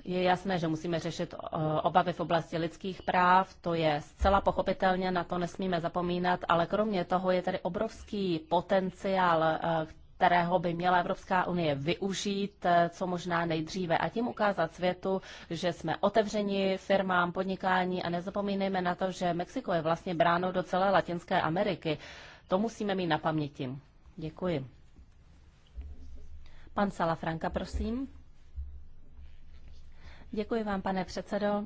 Je jasné, že musíme řešit eh, obavy v oblasti lidských práv, to je zcela pochopitelně, na to nesmíme zapomínat, ale kromě toho je tady obrovský potenciál, eh, kterého by měla Evropská unie využít eh, co možná nejdříve a tím ukázat světu, že jsme otevřeni firmám, podnikání a nezapomínejme na to, že Mexiko je vlastně bráno do celé Latinské Ameriky. To musíme mít na paměti. Děkuji. Pan Salafranka, prosím. Děkuji vám, pane předsedo.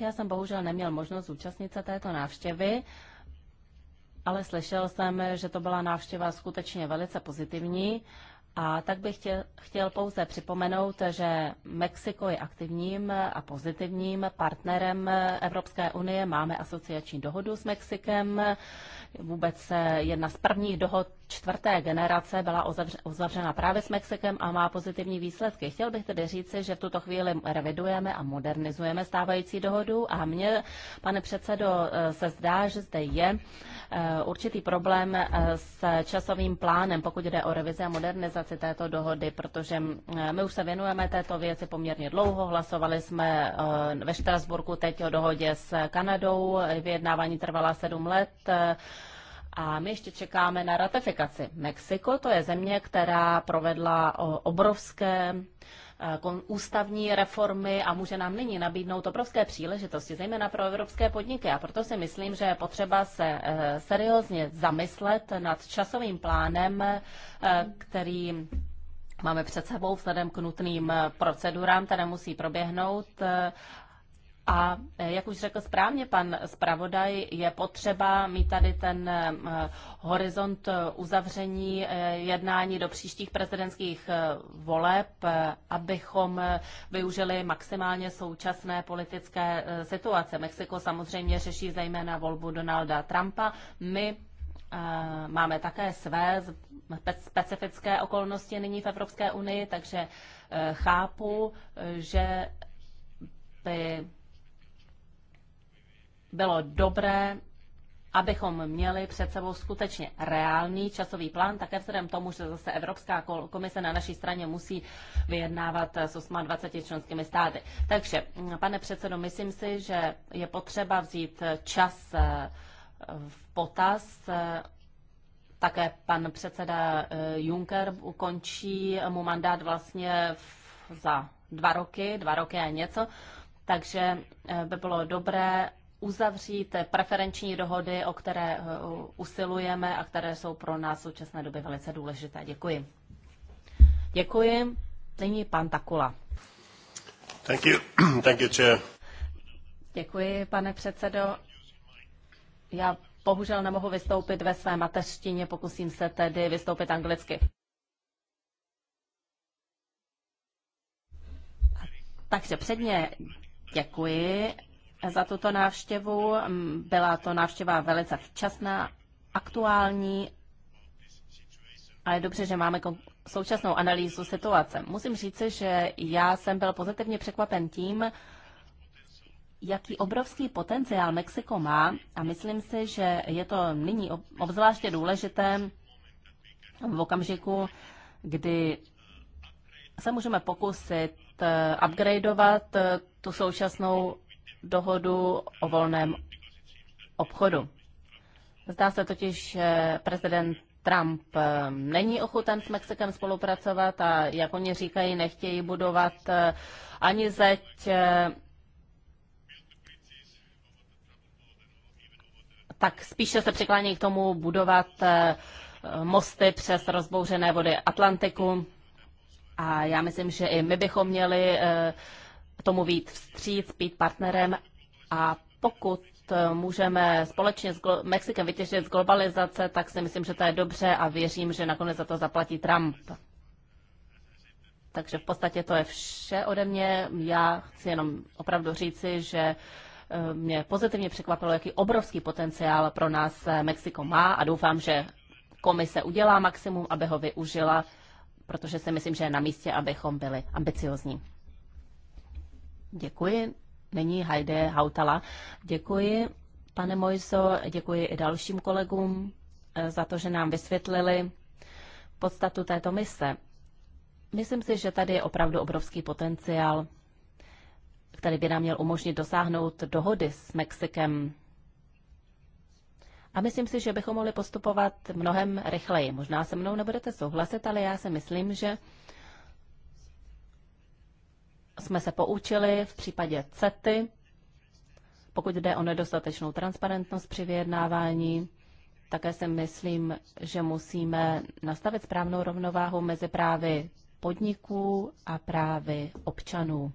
Já jsem bohužel neměl možnost zúčastnit se této návštěvy ale slyšel jsem, že to byla návštěva skutečně velice pozitivní. A tak bych chtěl, chtěl pouze připomenout, že Mexiko je aktivním a pozitivním partnerem Evropské unie. Máme asociační dohodu s Mexikem. Vůbec jedna z prvních dohod čtvrté generace byla uzavřena právě s Mexikem a má pozitivní výsledky. Chtěl bych tedy říci, že v tuto chvíli revidujeme a modernizujeme stávající dohodu a mně, pane předsedo, eh, se zdá, že zde je eh, určitý problém eh, s časovým plánem, pokud jde o revizi a modernizaci této dohody, protože mm, my už se věnujeme této věci poměrně dlouho. Hlasovali jsme ve Štrasburku teď o dohodě s Kanadou. Vyjednávání trvala sedm let a my ještě čekáme na ratifikaci. Mexiko to je země, která provedla obrovské eh, ústavní reformy a může nám nyní nabídnout obrovské příležitosti, zejména pro evropské podniky. A proto si myslím, že je potřeba se eh, seriózně zamyslet nad časovým plánem, eh, který máme před sebou vzhledem k nutným procedurám, které musí proběhnout a eh, jak už řekl správně pan zpravodaj, je potřeba mít tady ten eh, horizont eh, uzavření jednání do příštích prezidentských voleb, abychom využili maximálně současné politické situace. Mexiko samozřejmě řeší zejména volbu Donalda Trumpa. My máme také své specifické okolnosti nyní v Evropské unii, takže chápu, že by bylo dobré, abychom měli před sebou skutečně reálný časový plán, také vzhledem tomu, že zase Evropská komise na naší straně musí vyjednávat s 28 členskými státy. Takže, pane předsedo, myslím si, že je potřeba vzít čas eh, v potaz. Také pan předseda eh, Juncker ukončí mu mandát vlastně za dva roky, dva roky a něco, takže eh, by bylo dobré uzavřít preferenční dohody, o které eh, usilujeme a které jsou pro nás v současné době velice důležité. Děkuji. Děkuji. Nyní pan Takula. Thank you. Thank you, chair. Děkuji, pane předsedo. Já bohužel nemohu vystoupit ve své mateřštině, pokusím se tedy vystoupit anglicky. Takže předně děkuji za tuto návštěvu. Mm, byla to návštěva velice včasná, aktuální a je dobře, že máme současnou analýzu situace. Musím říci, že já jsem byl pozitivně překvapen tím, jaký obrovský potenciál Mexiko má a myslím si, že je to nyní obzvláště důležité v okamžiku, kdy se můžeme pokusit eh, upgradeovat eh, tu současnou dohodu o volném obchodu. Zdá se totiž, že prezident Trump eh, není ochoten s Mexikem spolupracovat a, jak oni říkají, nechtějí budovat eh, ani zeď eh, tak spíše se přiklání k tomu budovat mosty přes rozbouřené vody Atlantiku. A já myslím, že i my bychom měli tomu být vstříc, být partnerem a pokud eh, můžeme společně s Mexikem vytěžit z globalizace, tak si myslím, že to je dobře a věřím, že nakonec za to zaplatí Trump. Takže v podstatě to je vše ode mě. Já chci jenom opravdu říci, že eh, mě pozitivně překvapilo, jaký obrovský potenciál pro nás eh, Mexiko má a doufám, že komise udělá maximum, aby ho využila, protože si myslím, že je na místě, abychom byli ambiciozní. Děkuji. Není Hajde Hautala. Děkuji, pane Mojso, děkuji i dalším kolegům eh, za to, že nám vysvětlili podstatu této mise. Myslím si, že tady je opravdu obrovský potenciál, který by nám měl umožnit dosáhnout dohody s Mexikem. A myslím si, že bychom mohli postupovat mnohem rychleji. Možná se mnou nebudete souhlasit, ale já si myslím, že jsme se poučili v případě CETY, pokud jde o nedostatečnou transparentnost při vyjednávání, také si myslím, že musíme nastavit správnou rovnováhu mezi právy podniků a právy občanů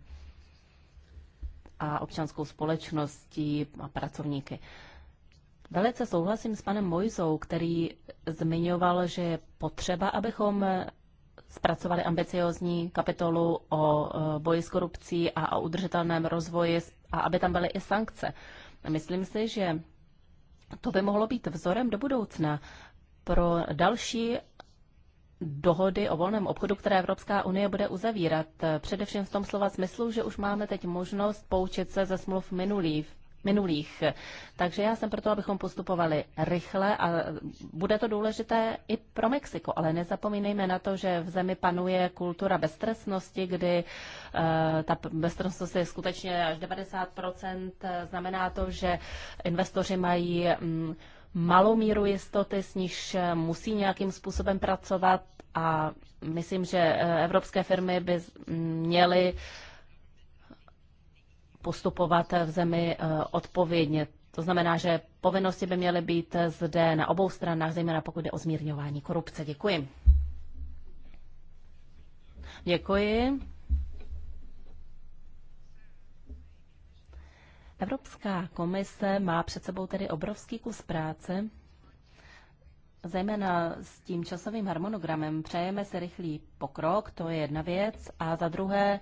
a občanskou společností a pracovníky. Velice souhlasím s panem Mojzou, který zmiňoval, že je potřeba, abychom zpracovali ambiciozní kapitolu o e, boji s korupcí a o udržitelném rozvoji a aby tam byly i sankce. Myslím si, že to by mohlo být vzorem do budoucna pro další dohody o volném obchodu, které Evropská unie bude uzavírat. Především v tom slova smyslu, že už máme teď možnost poučit se ze smluv minulých minulých. Takže já jsem proto, abychom postupovali rychle a bude to důležité i pro Mexiko, ale nezapomínejme na to, že v zemi panuje kultura beztrestnosti, kdy eh, ta beztrestnost je skutečně až 90%. Znamená to, že investoři mají mm, malou míru jistoty, s níž musí nějakým způsobem pracovat a myslím, že eh, evropské firmy by měly postupovat v zemi eh, odpovědně. To znamená, že povinnosti by měly být zde na obou stranách, zejména pokud jde o zmírňování korupce. Děkuji. Děkuji. Evropská komise má před sebou tedy obrovský kus práce, zejména s tím časovým harmonogramem. Přejeme se rychlý pokrok, to je jedna věc, a za druhé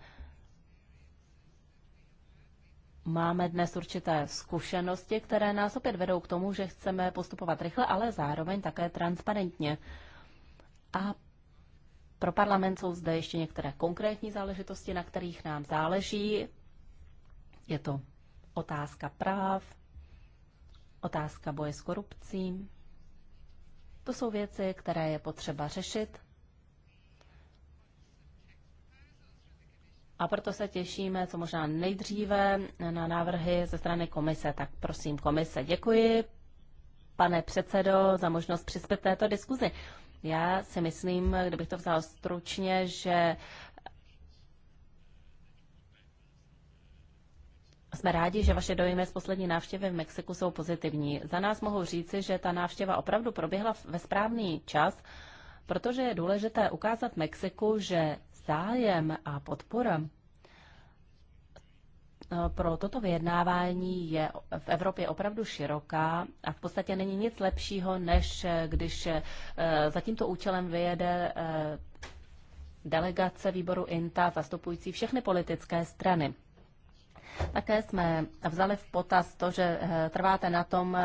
máme dnes určité zkušenosti, které nás opět vedou k tomu, že chceme postupovat rychle, ale zároveň také transparentně. A pro parlament jsou zde ještě některé konkrétní záležitosti, na kterých nám záleží. Je to otázka práv, otázka boje s korupcí. To jsou věci, které je potřeba řešit A proto se těšíme, co možná nejdříve, na návrhy ze strany komise. Tak prosím, komise, děkuji, pane předsedo, za možnost přispět této diskuzi. Já si myslím, kdybych to vzal stručně, že Jsme rádi, že vaše dojmy z poslední návštěvy v Mexiku jsou pozitivní. Za nás mohu říci, že ta návštěva opravdu proběhla ve správný čas, protože je důležité ukázat Mexiku, že zájem a podpora eh, pro toto vyjednávání je v Evropě opravdu široká a v podstatě není nic lepšího, než když eh, za tímto účelem vyjede eh, delegace výboru INTA zastupující všechny politické strany. Také jsme vzali v potaz to, že trváte na tom,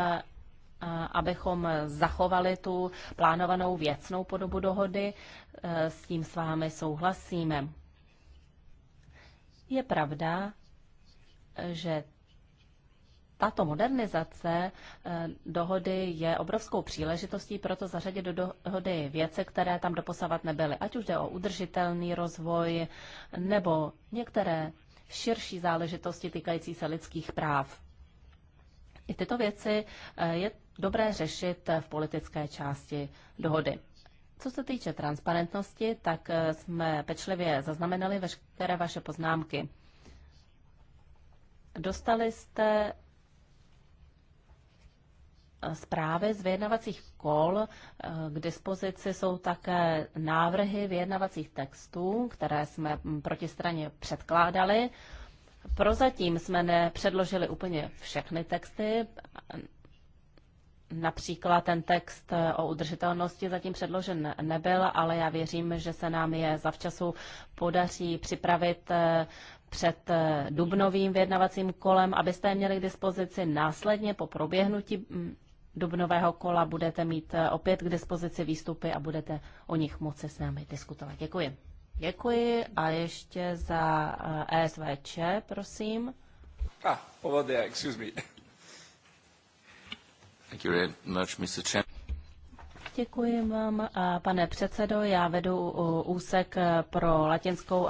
abychom zachovali tu plánovanou věcnou podobu dohody. E, s tím s vámi souhlasíme. Je pravda, že tato modernizace e, dohody je obrovskou příležitostí pro to zařadit do dohody věce, které tam doposavat nebyly. Ať už jde o udržitelný rozvoj nebo některé širší záležitosti týkající se lidských práv. I tyto věci e, je dobré řešit v politické části dohody. Co se týče transparentnosti, tak eh, jsme pečlivě zaznamenali veškeré vaše poznámky. Dostali jste eh, zprávy z vyjednavacích kol. Eh, k dispozici jsou také návrhy vyjednavacích textů, které jsme mm, protistraně předkládali. Prozatím jsme nepředložili úplně všechny texty, Například ten text eh, o udržitelnosti zatím předložen nebyl, ale já věřím, že se nám je zavčasu podaří připravit eh, před eh, dubnovým vyjednavacím kolem, abyste je měli k dispozici následně po proběhnutí mm, dubnového kola budete mít opět k dispozici výstupy a budete o nich moci s námi diskutovat. Děkuji. Děkuji a ještě za ESVČ, prosím. Ah, over there, excuse me. Děkuji vám, pane předsedo. Já vedu úsek eh, pro Latinskou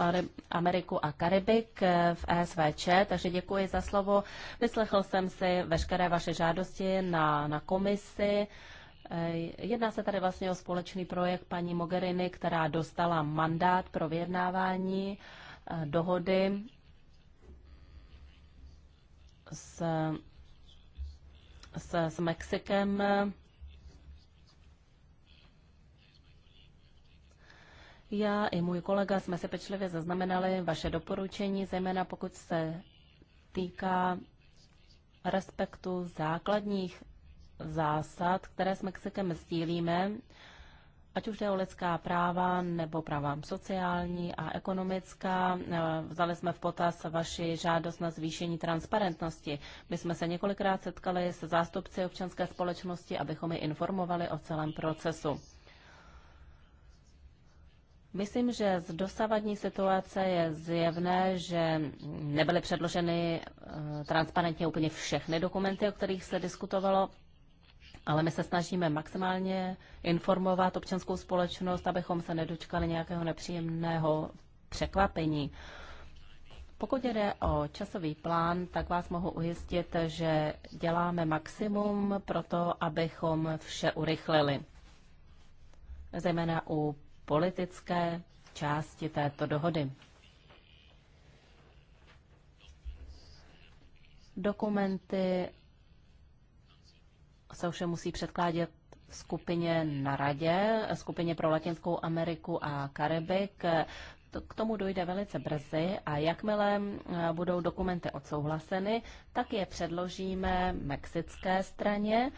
Ameriku a Karibik eh, v ESVČ, takže děkuji za slovo. Vyslechl jsem si veškeré vaše žádosti na, na komisi. Eh, jedná se tady vlastně o společný projekt paní Mogherini, která dostala mandát pro vyjednávání dohody s s, s Mexikem. Já i můj kolega jsme se pečlivě zaznamenali vaše doporučení, zejména pokud se týká respektu základních zásad, které s Mexikem sdílíme ať už jde o lidská práva nebo práva sociální a ekonomická. Eh, vzali jsme v potaz vaši žádost na zvýšení transparentnosti. My jsme se několikrát setkali se zástupci občanské společnosti, abychom je informovali o celém procesu. Myslím, že z dosavadní situace je zjevné, že nebyly předloženy eh, transparentně úplně všechny dokumenty, o kterých se diskutovalo ale my se snažíme maximálně informovat občanskou společnost, abychom se nedočkali nějakého nepříjemného překvapení. Pokud jde o časový plán, tak vás mohu ujistit, že děláme maximum pro to, abychom vše urychlili. Zejména u politické části této dohody. Dokumenty se ovšem musí předkládět skupině na radě, skupině pro Latinskou Ameriku a Karibik. K tomu dojde velice brzy a jakmile budou dokumenty odsouhlaseny, tak je předložíme mexické straně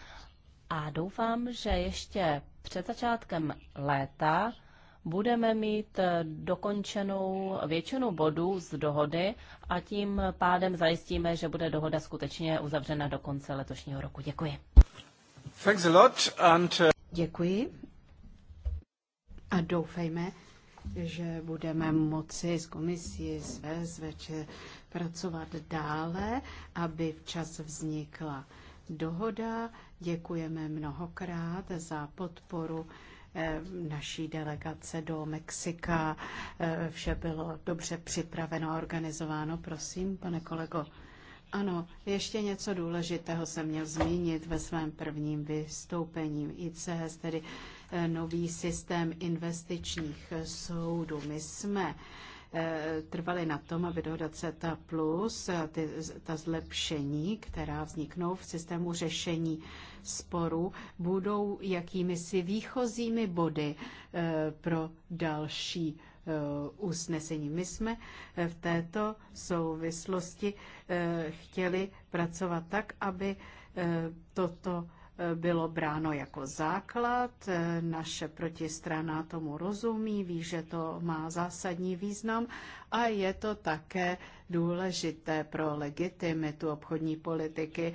a doufám, že ještě před začátkem léta budeme mít eh, dokončenou většinu bodů z dohody a tím pádem zajistíme, že bude dohoda skutečně uzavřena do konce letošního roku. Děkuji. Thanks a lot and, eh, Děkuji a doufejme, že budeme moci s komisí zveče pracovat dále, aby včas vznikla dohoda. Děkujeme mnohokrát za podporu Eh, naší delegace do Mexika. Eh, vše bylo dobře připraveno a organizováno. Prosím, pane kolego. Ano, ještě něco důležitého jsem měl zmínit ve svém prvním vystoupení ICS, tedy eh, nový systém investičních soudů. My jsme trvali na tom, aby dohoda CETA plus, ty, ta zlepšení, která vzniknou v systému řešení sporů, budou jakými si výchozími body eh, pro další eh, usnesení. My jsme eh, v této souvislosti chtěli pracovat tak, aby toto bylo bráno jako základ. Naše protistrana tomu rozumí, ví, že to má zásadní význam a je to také důležité pro legitimitu obchodní politiky.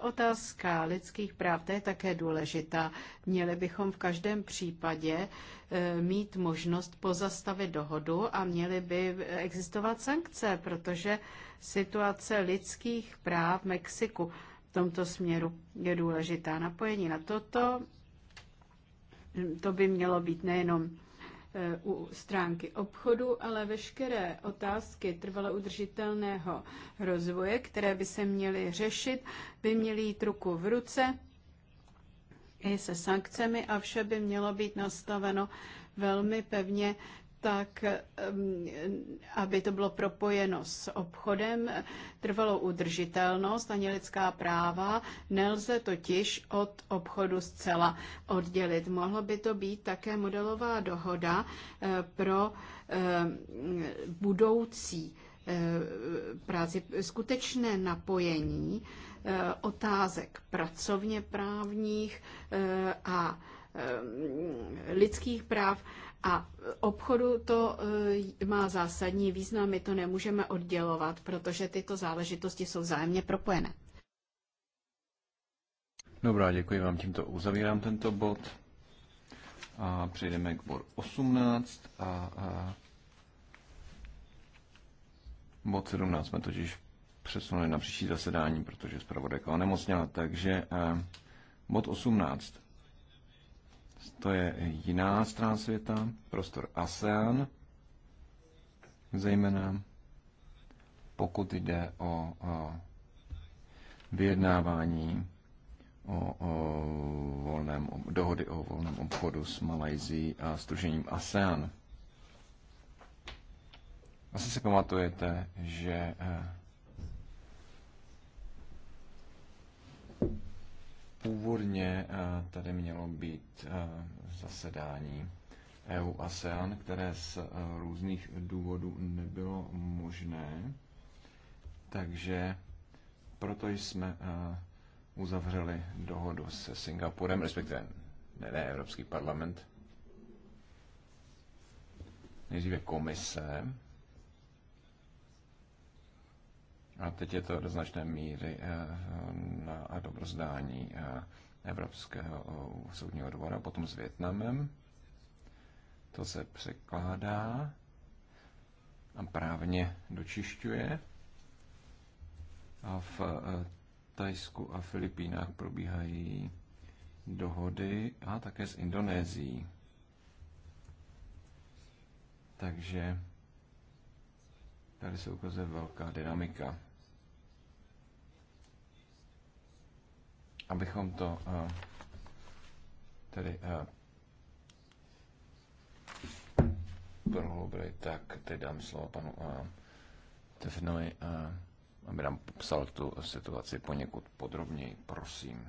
Otázka lidských práv, to je také důležitá. Měli bychom v každém případě eh, mít možnost pozastavit dohodu a měly by existovat sankce, protože situace lidských práv v Mexiku tomto směru je důležitá. Napojení na toto, to by mělo být nejenom eh, u stránky obchodu, ale veškeré otázky trvalo udržitelného rozvoje, které by se měly řešit, by měly jít ruku v ruce i se sankcemi a vše by mělo být nastaveno velmi pevně tak aby to bylo propojeno s obchodem, trvalou udržitelnost ani lidská práva nelze totiž od obchodu zcela oddělit. Mohlo by to být také modelová dohoda eh, pro eh, budoucí eh, práci, skutečné napojení otázek pracovně právních a lidských práv a obchodu to e, má zásadní význam, my to nemůžeme oddělovat, protože tyto záležitosti jsou vzájemně propojené. Dobrá, děkuji vám, tímto uzavírám tento bod a přejdeme k bodu 18 a, a bod 17 jsme totiž přesunuli na příští zasedání, protože zpravodajka onemocněla, takže a, e, bod 18 to je jiná strana světa, prostor ASEAN, zejména pokud jde o, o vyjednávání o, o volném, dohody o volném obchodu s Malajzí a stružením ASEAN. Asi si pamatujete, že eh, Původně eh, tady mělo být eh, zasedání EU-ASEAN, které z eh, různých důvodů nebylo možné, takže proto jsme uzavřeli dohodu se Singapurem, respektive ne, ne Evropský parlament, nejdříve komise A teď je to do značné míry eh, na dobrozdání eh, Evropského eh, soudního dvora, potom s Větnamem. To se překládá a právně dočišťuje. A v Tajsku a Filipínách probíhají dohody a také s Indonézií. Takže tady se ukazuje velká dynamika. abychom to eh, tedy eh, prohloubili, tak teď dám slovo panu eh, Tefnovi, aby nám popsal tu situaci poněkud podrobněji, prosím.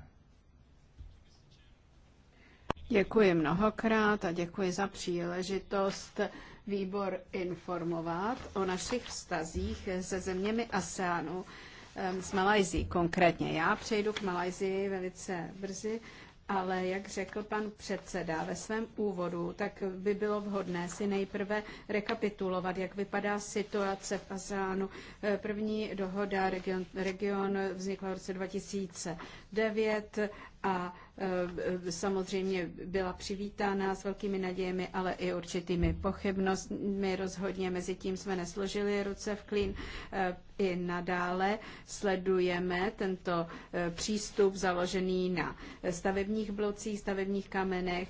Děkuji mnohokrát a děkuji za příležitost výbor informovat o našich vztazích se zeměmi ASEANu. Ehm, z Malajzí konkrétně. Já přejdu k Malajzii velice brzy, ale jak řekl pan předseda ve svém úvodu, tak by bylo vhodné si nejprve rekapitulovat, jak vypadá situace v ASEANu. Ehm, první dohoda region, region vznikla v roce 2009 a Eh, samozřejmě byla přivítána s velkými nadějemi, ale i určitými pochybnostmi. Rozhodně mezi tím jsme nesložili ruce v klín. Eh, I nadále sledujeme tento eh, přístup založený na stavebních blocích, stavebních kamenech.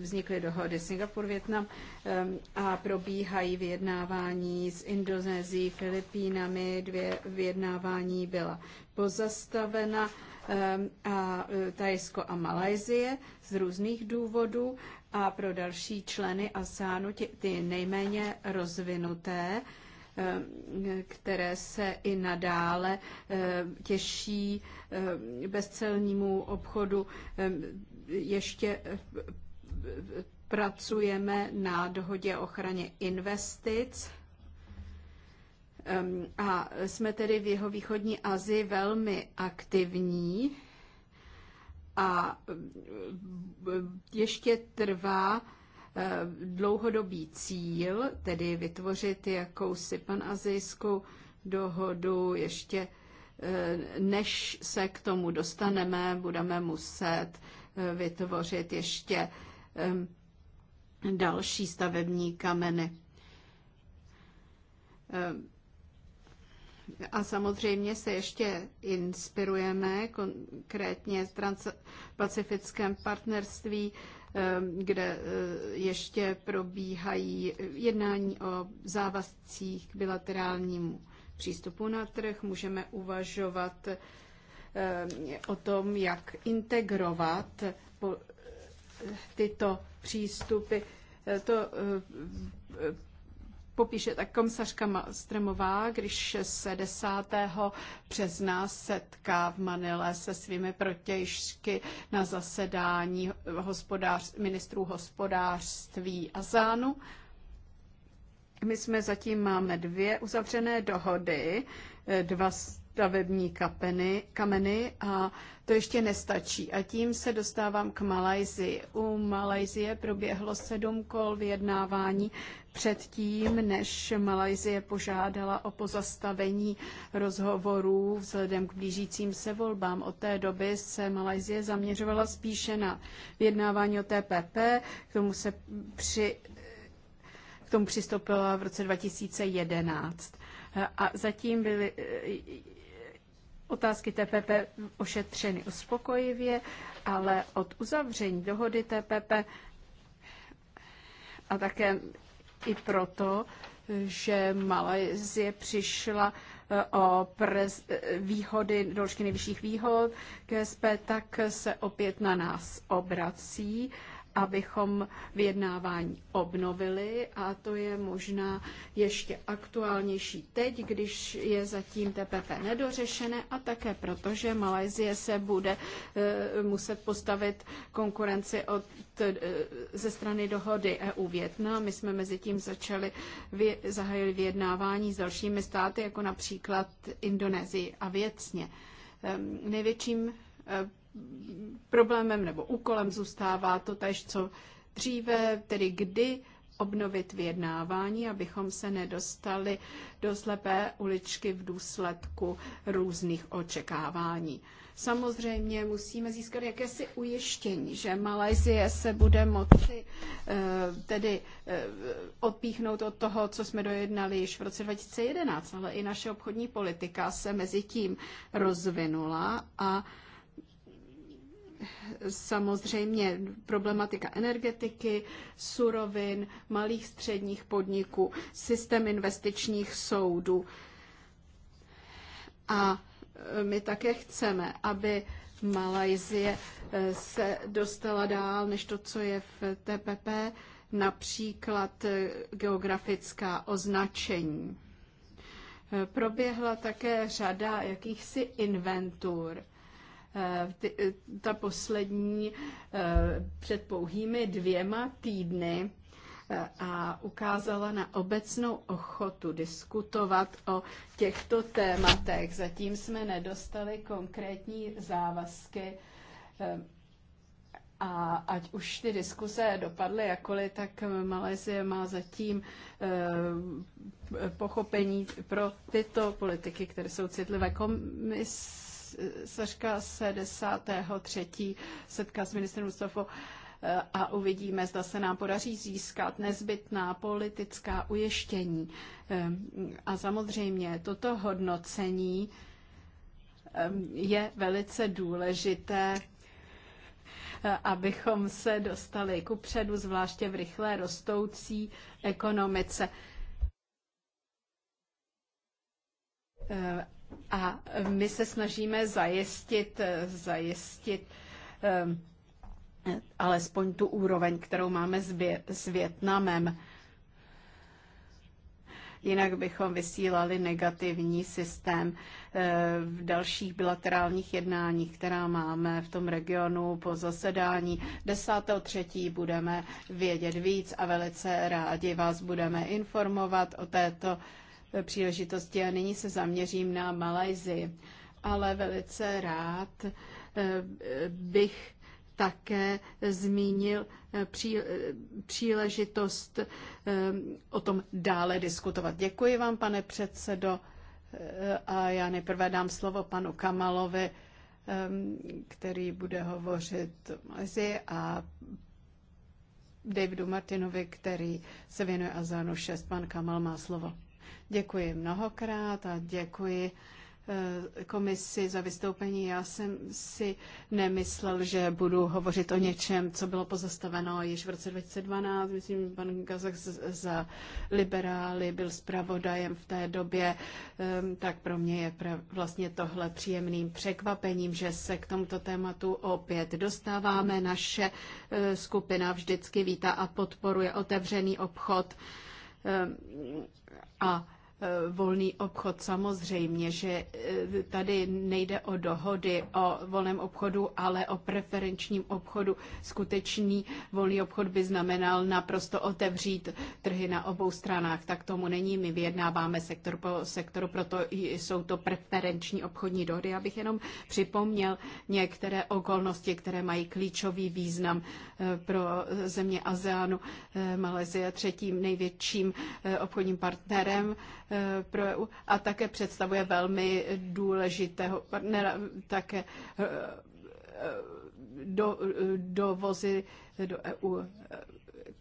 Vznikly dohody Singapur, Větnam a probíhají vyjednávání s Indonésií, Filipínami. Dvě vyjednávání byla pozastavena Ehm, a e, Tajsko a Malajzie z různých důvodů a pro další členy ASEANu ty, nejméně rozvinuté, ehm, které se i nadále ehm, těší bezcelnímu obchodu. Ještě e, e, pracujeme na dohodě o ochraně investic a jsme tedy v jeho východní Azii velmi aktivní a e, ještě trvá e, dlouhodobý cíl, tedy vytvořit jakousi panazijskou dohodu ještě e, než se k tomu dostaneme, budeme muset vytvořit ještě další stavební kameny. A samozřejmě se ještě inspirujeme, konkrétně v transpacifickém partnerství, kde eh, ještě probíhají jednání o závazcích k bilaterálnímu přístupu na trh. Můžeme uvažovat o tom, jak integrovat tyto přístupy. To eh, popíše tak komisařka Malstromová, když se 10. března setká v Manile se svými protěžky na zasedání hospodář, ministrů hospodářství a zánu. My jsme zatím máme dvě uzavřené dohody, eh, dva stavební kapeny, kameny a to ještě nestačí. A tím se dostávám k Malajzii. U Malajzie proběhlo sedm kol vyjednávání předtím, než Malajzie požádala o pozastavení rozhovorů vzhledem k blížícím se volbám. Od té doby se Malajzie zaměřovala spíše na vyjednávání o TPP, k tomu se při k tomu přistoupila v roce 2011. A zatím byly, otázky TPP ošetřeny uspokojivě, ale od uzavření dohody TPP a také i proto, že Malajzie přišla eh, o prez, eh, výhody, doložky nejvyšších výhod KSP, tak se opět na nás obrací abychom vyjednávání obnovili a to je možná ještě aktuálnější teď, když je zatím TPP nedořešené a také proto, že Malajzie se bude eh, muset postavit konkurenci od, eh, ze strany dohody EU Větna. My jsme mezi tím začali, vy, zahajili vyjednávání s dalšími státy, jako například Indonésii a věcně. Ehm, největším eh, problémem nebo úkolem zůstává to tež, co dříve, tedy kdy obnovit vyjednávání, abychom se nedostali do slepé uličky v důsledku různých očekávání. Samozřejmě musíme získat jakési ujištění, že Malajzie se bude moci eh, tedy eh, odpíchnout od toho, co jsme dojednali již v roce 2011, ale i naše obchodní politika se mezi tím rozvinula a samozřejmě problematika energetiky, surovin, malých středních podniků, systém investičních soudů. A e, my také chceme, aby Malajzie e, se dostala dál než to, co je v TPP, například e, geografická označení. Proběhla také řada jakýchsi inventur Eh, eh, ta poslední eh, před pouhými dvěma týdny a ukázala na obecnou ochotu diskutovat o těchto tématech. Zatím jsme nedostali konkrétní závazky a ať už ty diskuse dopadly jakoli, tak Malezie má zatím pochopení pro tyto politiky, které jsou citlivé. Komis Sařka se třetí setká s ministrem Mustafou eh, a uvidíme, zda se nám podaří získat nezbytná politická ujištění. Eh, a samozřejmě toto hodnocení eh, je velice důležité, abychom se dostali ku předu, zvláště v rychle rostoucí ekonomice a my se snažíme zajistit, zajistit um, alespoň tu úroveň, kterou máme s, Vě- s Větnamem. Jinak bychom vysílali negativní systém ehm, v dalších bilaterálních jednáních, která máme v tom regionu po zasedání. 10.3. budeme vědět víc a velice rádi vás budeme informovat o této příležitosti a nyní se zaměřím na Malajzi. Ale velice rád eh, bych také zmínil eh, eh, příležitost o tom dále diskutovat. Děkuji vám, pane předsedo, a já nejprve dám slovo panu Kamalovi, který bude hovořit o Malajzi a Davidu Martinovi, který se věnuje Azánu 6. Pan Kamal má slovo. Děkuji mnohokrát a děkuji eh, komisi za vystoupení. Já jsem si nemyslel, že budu hovořit o něčem, co bylo pozastaveno již v roce 2012. Myslím, že pan Gazak za liberály byl zpravodajem v té době, ehm, tak pro mě je vlastně tohle příjemným překvapením, že se k tomuto tématu opět dostáváme. Naše eh, skupina vždycky vítá a podporuje otevřený obchod Ehm, a Eh, volný obchod. Samozřejmě, že eh, tady nejde o dohody o volném obchodu, ale o preferenčním obchodu. Skutečný volný obchod by znamenal naprosto otevřít trhy na obou stranách. Tak tomu není. My vyjednáváme sektor po sektoru, proto jsou to preferenční obchodní dohody. Já bych jenom připomněl některé okolnosti, které mají klíčový význam eh, pro země ASEANu. Malezie třetím největším obchodním partnerem Eh, pro EU a také představuje velmi důležitého partnera, také eh, eh, do, dovozy do EU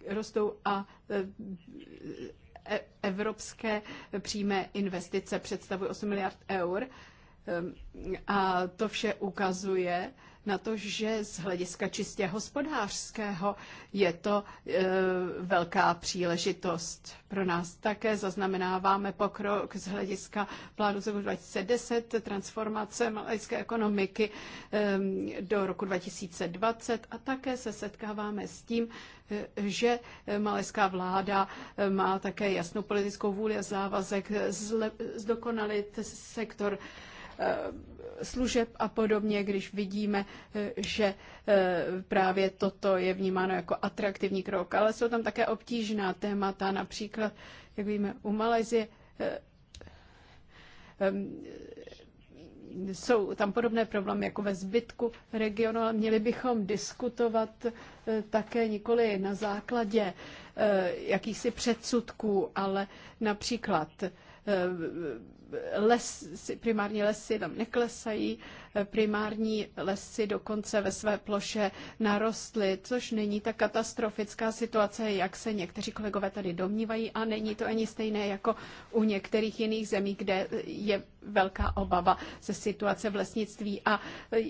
rostou a e, evropské přímé investice představují 8 miliard eur. A to vše ukazuje, na to, že z hlediska čistě hospodářského je to e, velká příležitost pro nás. Také zaznamenáváme pokrok z hlediska plánu z roku 2010, transformace malajské ekonomiky e, do roku 2020 a také se setkáváme s tím, e, že malajská vláda e, má také jasnou politickou vůli a závazek zdokonalit sektor e, Eh, služeb a podobně, když vidíme, eh, že eh, právě toto je vnímáno jako atraktivní krok. Ale jsou tam také obtížná témata, například, jak víme, u Malezie jsou tam podobné problémy jako ve zbytku regionu, ale měli bychom diskutovat také nikoli na základě jakýchsi předsudků, ale například lesy, primární lesy tam neklesají, eh, primární lesy dokonce ve své ploše narostly, což není ta katastrofická situace, jak se někteří kolegové tady domnívají a není to ani stejné jako u některých jiných zemí, kde je velká obava ze situace v lesnictví a eh,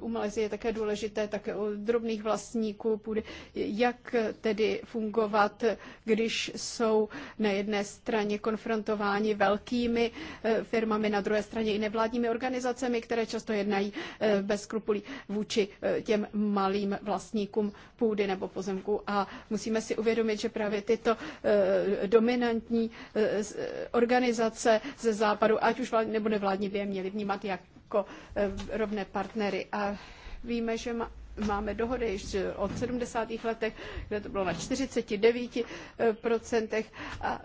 u Malezie je také důležité také u drobných vlastníků půdy, jak tedy fungovat, když jsou na jedné straně konfrontováni velkými Eh, firmami, na druhé straně i nevládními organizacemi, které často jednají eh, bez skrupulí vůči eh, těm malým vlastníkům půdy nebo pozemku. A musíme si uvědomit, že právě tyto dominantní organizace ze západu, ať už vládní nebo nevládní, by je měly vnímat jako rovné partnery. A víme, že má máme dohody již od 70. letech, kde to bylo na 49% a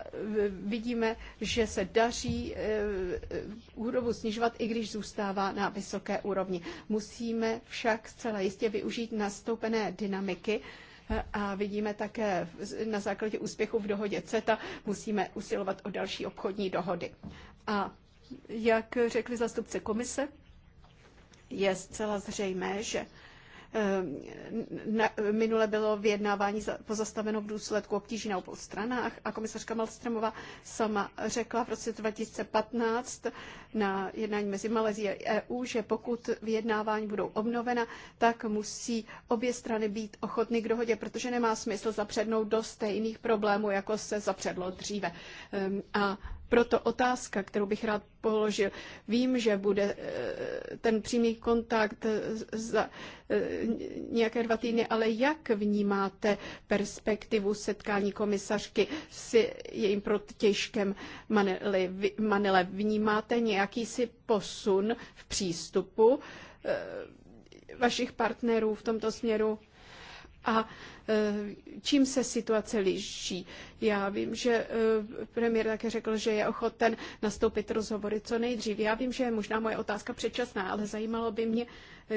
vidíme, že se daří eh, úrovu snižovat, i když zůstává na vysoké úrovni. Musíme však zcela jistě využít nastoupené dynamiky, eh, a vidíme také na základě úspěchu v dohodě CETA, musíme usilovat o další obchodní dohody. A jak řekli zastupce komise, je zcela zřejmé, že Ehm, minule bylo vyjednávání pozastaveno v důsledku obtíží na obou stranách a komisařka Malstromová sama řekla v roce 2015 na jednání mezi Malezí a EU, že pokud vyjednávání budou obnovena, tak musí obě strany být ochotny k dohodě, protože nemá smysl zapřednout do stejných problémů, jako se zapředlo dříve. Ehm, a proto otázka, kterou bych rád položil. Vím, že bude eh, ten přímý kontakt eh, za eh, nějaké dva týdny, ale jak vnímáte perspektivu setkání komisařky s jejím protěžkem Manile? Manile vnímáte nějaký si posun v přístupu vašich partnerů v tomto směru? a e, čím se situace liší. Já vím, že e, premiér také řekl, že je ochoten nastoupit rozhovory co nejdřív. Já vím, že je možná moje otázka předčasná, ale zajímalo by mě,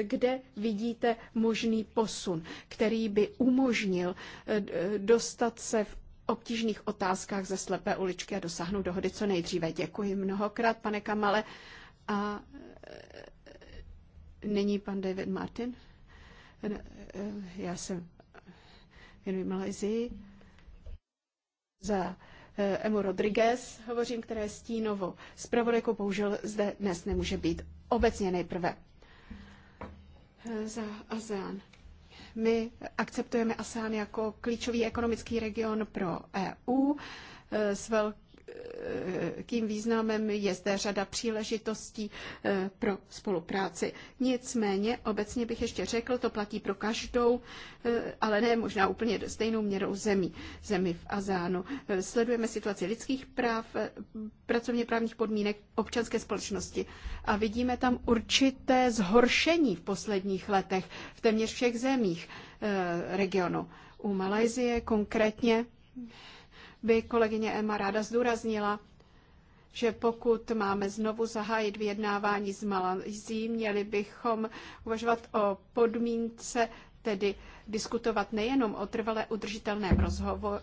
kde vidíte možný posun, který by umožnil e, dostat se v obtížných otázkách ze slepé uličky a dosáhnout dohody co nejdříve. Děkuji mnohokrát, pane Kamale. A nyní pan David Martin. Já jsem věnuji Malajzii. Za eh, Emu Rodriguez hovořím, které je stínovo. Spravodajkou bohužel zde dnes nemůže být. Obecně nejprve eh, za ASEAN. My akceptujeme ASEAN jako klíčový ekonomický region pro EU eh, s velkým jakým významem, je zde řada příležitostí eh, pro spolupráci. Nicméně, obecně bych ještě řekl, to platí pro každou, eh, ale ne možná úplně stejnou měrou zemí, zemi v Azánu. Eh, sledujeme situaci lidských práv, pracovně právních podmínek občanské společnosti a vidíme tam určité zhoršení v posledních letech v téměř všech zemích regionu. U Malajzie konkrétně by kolegyně Emma ráda zdůraznila, že pokud máme znovu zahájit vyjednávání s Malazí, měli bychom uvažovat o podmínce, tedy diskutovat nejenom o trvalé udržitelném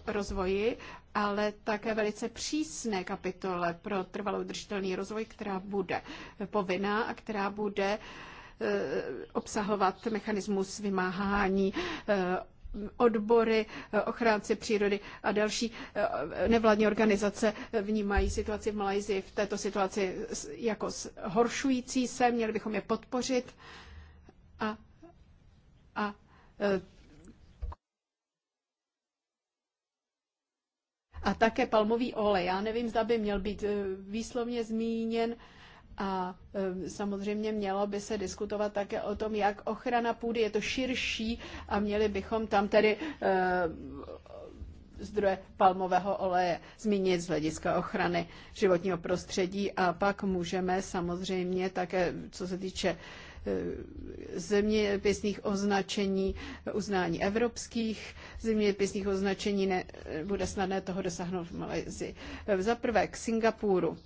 rozvoji, ale také velice přísné kapitole pro trvalou udržitelný rozvoj, která bude povinná a která bude eh, obsahovat mechanismus vymáhání eh, odbory, eh, ochránci přírody a další eh, nevládní organizace vnímají situaci v Malajsii v této situaci jako horšující se, měli bychom je podpořit a, a eh, a také palmový olej. Já nevím, zda by měl být výslovně zmíněn a e, samozřejmě mělo by se diskutovat také o tom, jak ochrana půdy je to širší a měli bychom tam tedy e, zdroje palmového oleje zmínit z hlediska ochrany životního prostředí a pak můžeme samozřejmě také, co se týče e, zeměpisných označení, uznání evropských zeměpisných označení, ne, bude snadné toho dosáhnout v Malajzi. Za prvé k Singapuru.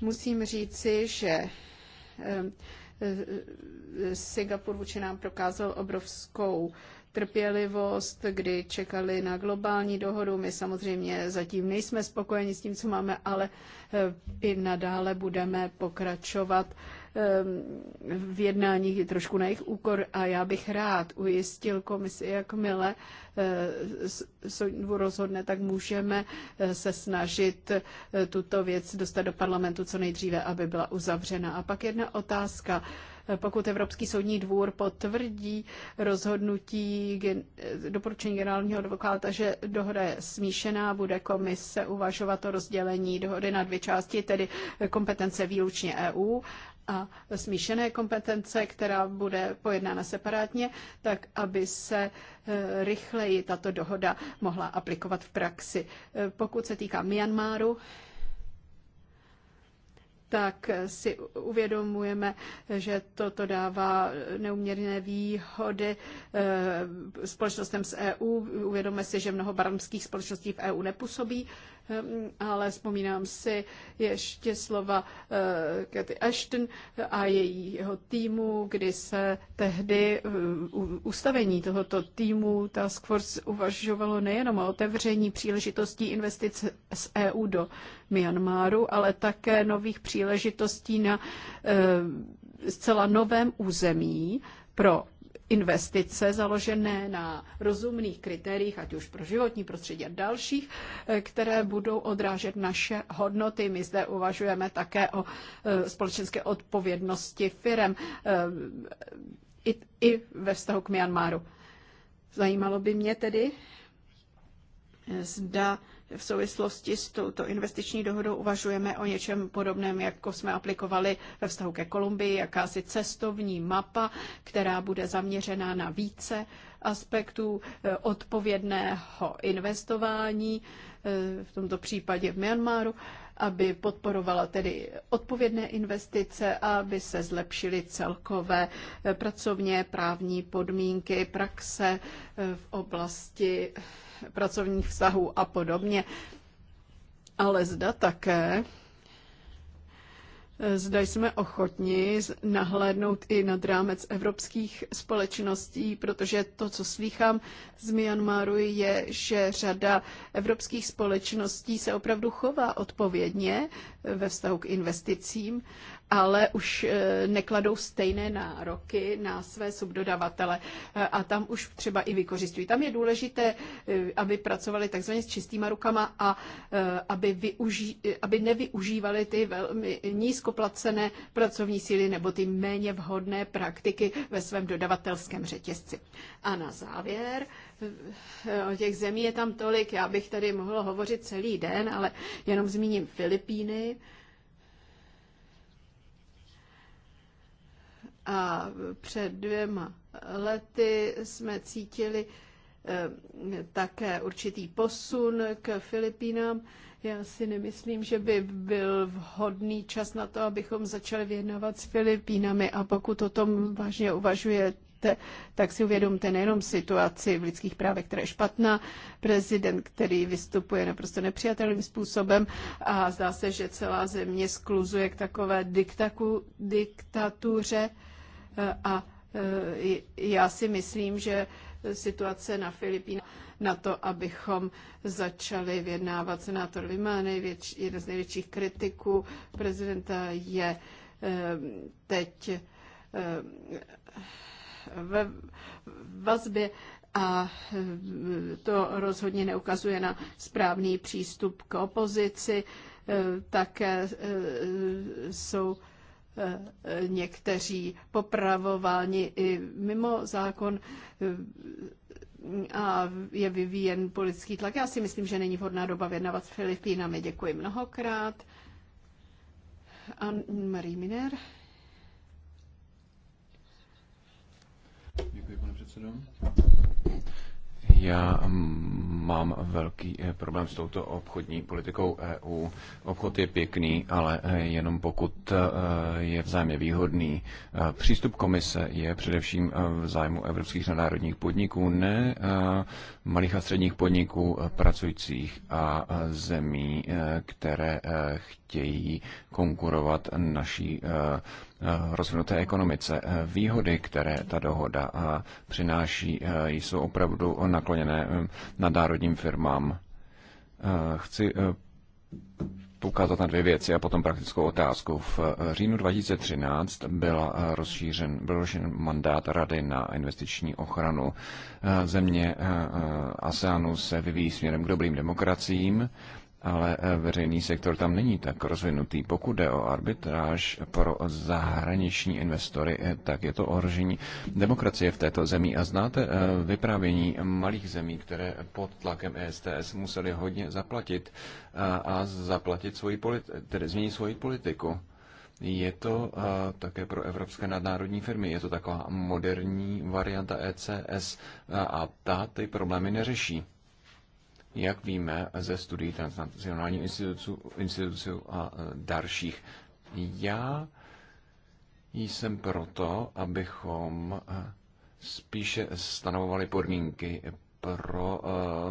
Musím říci, že ehm, e, e, Singapur vůči nám prokázal obrovskou trpělivost, kdy čekali na globální dohodu. My samozřejmě zatím nejsme spokojeni s tím, co máme, ale e, i nadále budeme pokračovat Ehm, v jednáních trošku na jejich úkor a já bych rád ujistil komisi, jakmile eh, soudnu rozhodne, tak můžeme eh, se snažit eh, tuto věc dostat do parlamentu co nejdříve, aby byla uzavřena. A pak jedna otázka pokud Evropský soudní dvůr potvrdí rozhodnutí doporučení generálního advokáta, že dohoda je smíšená, bude komise uvažovat o rozdělení dohody na dvě části, tedy kompetence výlučně EU a smíšené kompetence, která bude pojednána separátně, tak aby se e, rychleji tato dohoda mohla aplikovat v praxi. E, pokud se týká Myanmaru, tak si uvědomujeme, že toto dává neuměrné výhody e, společnostem z EU. Uvědomujeme si, že mnoho barmských společností v EU nepůsobí Eh, ale vzpomínám si ještě slova eh, Cathy Ashton a jejího týmu, kdy se tehdy eh, ustavení tohoto týmu Task Force uvažovalo nejenom o otevření příležitostí investic z EU do Myanmaru, ale také nových příležitostí na zcela novém území pro investice založené na rozumných kritériích, ať už pro životní prostředí a dalších, eh, které budou odrážet naše hodnoty. My zde uvažujeme také o eh, společenské odpovědnosti firem eh, i, i ve vztahu k Myanmaru. Zajímalo by mě tedy, zda v souvislosti s touto investiční dohodou uvažujeme o něčem podobném, jako jsme aplikovali ve vztahu ke Kolumbii, jakási cestovní mapa, která bude zaměřená na více aspektů eh, odpovědného investování, eh, v tomto případě v Myanmaru, aby podporovala tedy odpovědné investice a aby se zlepšily celkové eh, pracovně právní podmínky, praxe v oblasti pracovních vztahů a podobně. Ale zda také, zda jsme ochotni nahlédnout i nad rámec evropských společností, protože to, co slýchám z Myanmaru, je, že řada evropských společností se opravdu chová odpovědně ve vztahu k investicím ale už eh, nekladou stejné nároky na své subdodavatele eh, a tam už třeba i vykořistují. Tam je důležité, eh, aby pracovali takzvaně s čistýma rukama a aby, využí, aby nevyužívali ty velmi nízkoplacené pracovní síly nebo ty méně vhodné praktiky ve svém dodavatelském řetězci. A na závěr, o těch zemí je tam tolik, já bych tady mohla hovořit celý den, ale jenom zmíním Filipíny, A před dvěma lety jsme cítili eh, také určitý posun k Filipínám. Já si nemyslím, že by byl vhodný čas na to, abychom začali vyjednávat s Filipínami. A pokud o tom vážně uvažujete, tak si uvědomte nejenom situaci v lidských právech, která je špatná, prezident, který vystupuje naprosto nepřijatelným způsobem a zdá se, že celá země skluzuje k takové diktaku, diktatuře a e, já si myslím, že situace na Filipínách na to, abychom začali vyjednávat senátor Lima, největší, jeden z největších kritiků prezidenta je e, teď e, ve vazbě a to rozhodně neukazuje na správný přístup k opozici. Také jsou Eh, někteří popravováni i mimo zákon eh, a je vyvíjen politický tlak. Já si myslím, že není vhodná doba vědnavat s Filipínami. Děkuji mnohokrát. A marie Miner. Děkuji, pane předsedo. Já mm, mám velký eh, problém s touto obchodní politikou EU. Obchod je pěkný, ale eh, jenom pokud eh, je vzájemně výhodný. Přístup komise je především v zájmu evropských nadárodních podniků, ne malých a středních podniků eh, pracujících a eh, zemí, eh, které chtějí konkurovat naší rozvinuté ekonomice. Výhody, které ta dohoda přináší, jsou opravdu nakloněné nadárodním firmám. Chci poukázat na dvě věci a potom praktickou otázku. V eh, říjnu 2013 byl eh, rozšířen, byl rozšířen mandát Rady na investiční ochranu. Eh, země ASEANu se vyvíjí směrem k dobrým demokraciím ale eh, veřejný sektor tam není tak rozvinutý. Pokud jde o arbitráž pro zahraniční investory, eh, tak je to ohrožení demokracie v této zemi. A znáte eh, vyprávění malých zemí, které pod tlakem ESTS museli hodně zaplatit a zaplatit svoji politi- tedy změnit svoji politiku. Je to uh, také pro evropské nadnárodní firmy, je to taková moderní varianta ECS a, a ta ty problémy neřeší jak víme ze studií Transnacionálního institucu, institucu a e, dalších. Já jsem proto, abychom e, spíše stanovovali podmínky pro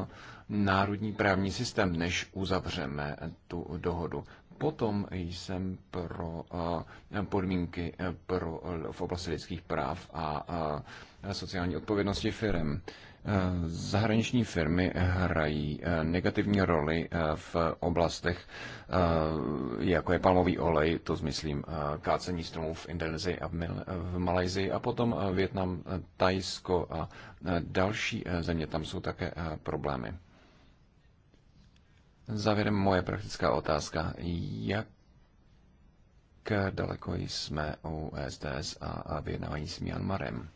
e, národní právní systém, než uzavřeme tu dohodu. Potom jsem pro podmínky pro, v oblasti lidských práv a sociální odpovědnosti firm. Eh, zahraniční firmy hrají eh, negativní roli eh, v oblastech, jako je palmový olej, to zmyslím kácení stromů v Indonésii a v Malajzii a potom Větnam, Tajsko a další země, tam jsou také problémy. Závěrem moje praktická otázka. Jak daleko jsme u SDS a vyjednávání s Myanmarem?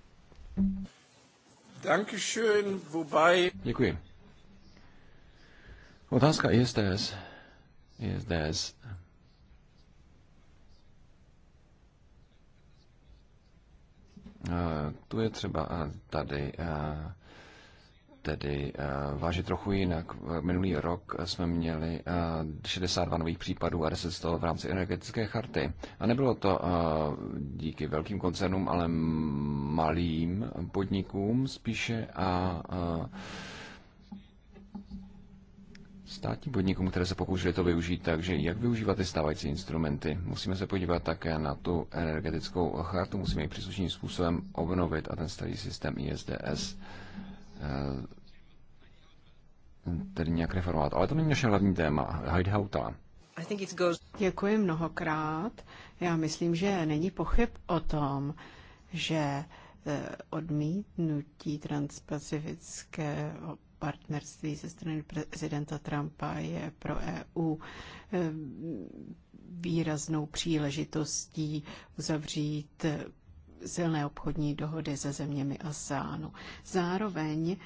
Dankeschön, wobei... Děkuji. Otázka ISDS. ISDS. Eh, tu je třeba eh, tady eh, tedy eh, vážit trochu jinak. Minulý rok jsme měli 62 eh, nových případů a 10 z toho v rámci energetické charty. A nebylo to eh, díky velkým koncernům, ale malým podnikům spíše a státním podnikům, které se pokoušely to využít, takže jak využívat ty stávající instrumenty. Musíme se podívat také na tu energetickou chartu, musíme ji příslušným způsobem obnovit a ten starý systém ISDS. Eh, tedy nějak reformovat. Ale to není naše hlavní téma. Heidhauta. Děkuji mnohokrát. Já myslím, že není pochyb o tom, že eh, odmítnutí transpacifického partnerství ze strany prezidenta Trumpa je pro EU eh, výraznou příležitostí uzavřít silné obchodní dohody se zeměmi ASEANu. Zároveň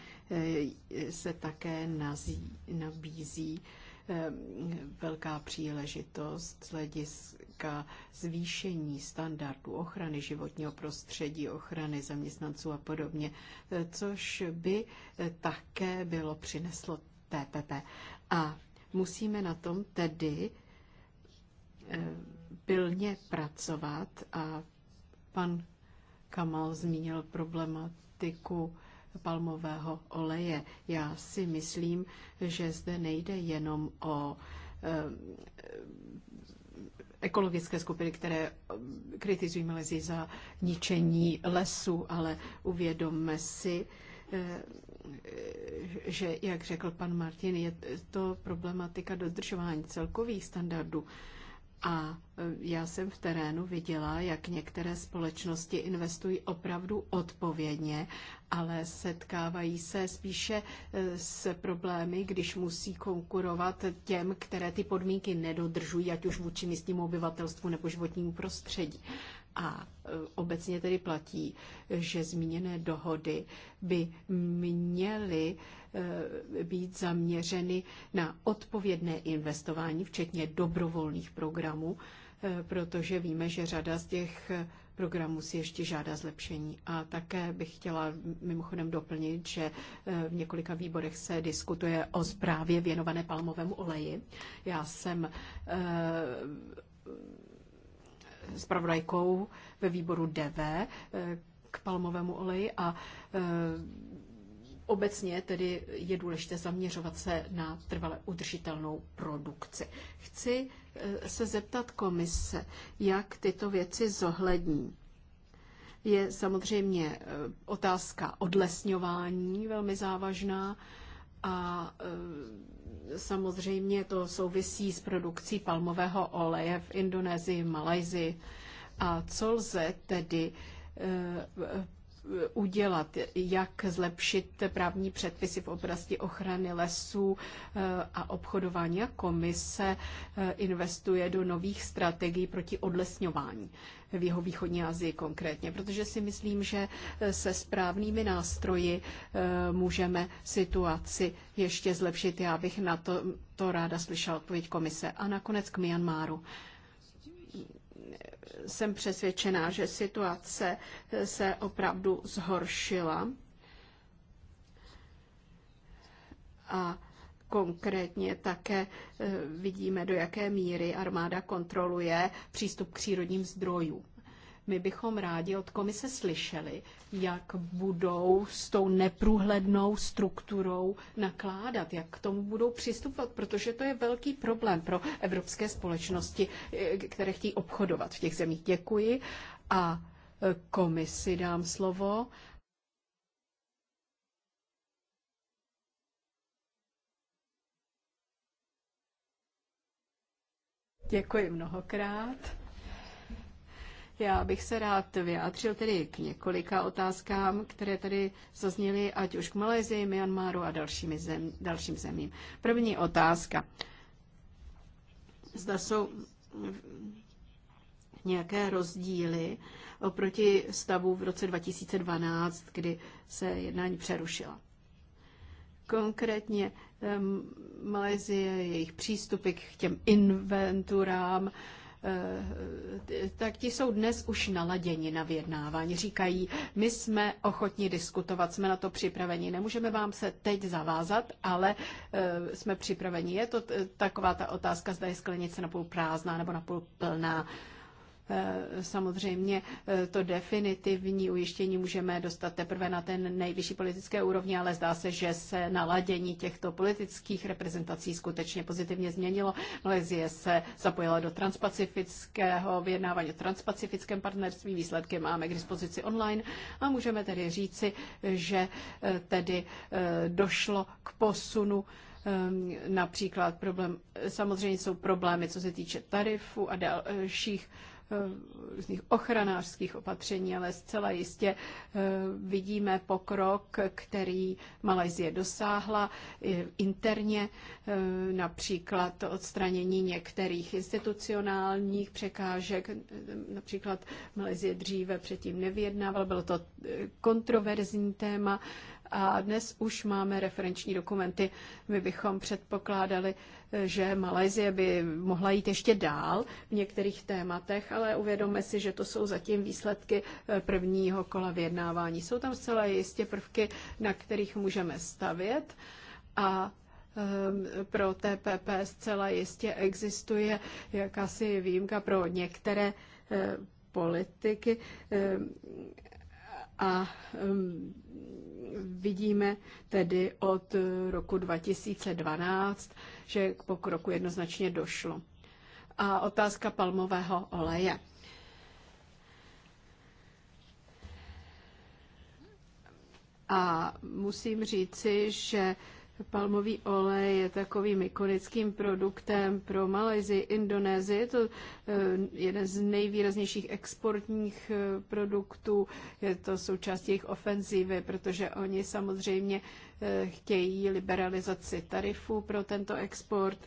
eh, se také nazí, nabízí eh, velká příležitost z hlediska zvýšení standardu ochrany životního prostředí, ochrany zaměstnanců a podobně, eh, což by také bylo přineslo TPP. A musíme na tom tedy pilně pracovat a pan Kamal zmínil problematiku palmového oleje. Já si myslím, že zde nejde jenom o eh, ekologické skupiny, které kritizují Malezi za ničení lesu, ale uvědomme si, eh, že, jak řekl pan Martin, je to problematika dodržování celkových standardů a e, já jsem v terénu viděla, jak některé společnosti investují opravdu odpovědně, ale setkávají se spíše e, s problémy, když musí konkurovat těm, které ty podmínky nedodržují, ať už vůči místnímu obyvatelstvu nebo životnímu prostředí. A e, obecně tedy platí, že zmíněné dohody by měly e, být zaměřeny na odpovědné investování, včetně dobrovolných programů, e, protože víme, že řada z těch programů si ještě žádá zlepšení. A také bych chtěla mimochodem doplnit, že v několika výborech se diskutuje o zprávě věnované palmovému oleji. Já jsem zpravodajkou ve výboru DV eh, k palmovému oleji a eh, obecně tedy je důležité zaměřovat se na trvale udržitelnou produkci. Chci eh, se zeptat komise, jak tyto věci zohlední. Je samozřejmě otázka odlesňování velmi závažná a e, samozřejmě to souvisí s produkcí palmového oleje v Indonésii, Malajzii. A co lze tedy e, e, udělat, jak zlepšit právní předpisy v oblasti ochrany lesů a obchodování. Komise investuje do nových strategií proti odlesňování v jeho východní Asii konkrétně, protože si myslím, že se správnými nástroji eh, můžeme situaci ještě zlepšit. Já bych na to, to ráda slyšela odpověď komise. A nakonec k Myanmaru jsem přesvědčená, že situace se opravdu zhoršila. A Konkrétně také eh, vidíme, do jaké míry armáda kontroluje přístup k přírodním zdrojům. My bychom rádi od komise slyšeli, jak budou s tou neprůhlednou strukturou nakládat, jak k tomu budou přistupovat, protože to je velký problém pro evropské společnosti, eh, které chtějí obchodovat v těch zemích. Děkuji a eh, komisi dám slovo Děkuji mnohokrát. Já bych se rád vyjádřil tedy k několika otázkám, které tady zazněly, ať už k Malézii, Myanmaru a dalšími zem, dalším zemím. První otázka. Zda jsou nějaké rozdíly oproti stavu v roce 2012, kdy se jednání přerušila. Konkrétně Ehm, Malézie, jejich přístupy k těm inventurám, eh, tak ti jsou dnes už naladěni na vyjednávání. Říkají, my jsme ochotni diskutovat, jsme na to připraveni. Nemůžeme vám se teď zavázat, ale eh, jsme připraveni. Je to taková ta otázka, zda je sklenice napůl prázdná nebo napůl plná. Eh, samozřejmě eh, to definitivní ujištění můžeme dostat teprve na ten nejvyšší politické úrovni, ale zdá se, že se naladění těchto politických reprezentací skutečně pozitivně změnilo. Malézie se zapojila do transpacifického vyjednávání o transpacifickém partnerství. Výsledky máme k dispozici online a můžeme tedy říci, že eh, tedy došlo k posunu například problém, samozřejmě jsou problémy, co se týče tarifu a dalších Eh, různých ochranářských opatření, ale zcela jistě eh, vidíme pokrok, který Malajzie dosáhla eh, interně, například odstranění některých institucionálních překážek. Například Malajzie dříve předtím nevyjednávala, bylo to kontroverzní téma, a dnes už máme referenční dokumenty. My bychom předpokládali, že Malajzie by mohla jít ještě dál v některých tématech, ale uvědomme si, že to jsou zatím výsledky eh, prvního kola vyjednávání. Jsou tam zcela jistě prvky, na kterých můžeme stavět a ehm, pro TPP zcela jistě existuje jakási výjimka pro některé eh, politiky ehm, a ehm, vidíme tedy od roku 2012, že k pokroku jednoznačně došlo. A otázka palmového oleje. A musím říci, že Palmový olej je takovým ikonickým produktem pro Malajzi, Indonésii. Je to eh, jeden z nejvýraznějších exportních eh, produktů. Je to součást jejich ofenzívy, protože oni samozřejmě eh, chtějí liberalizaci tarifů pro tento export.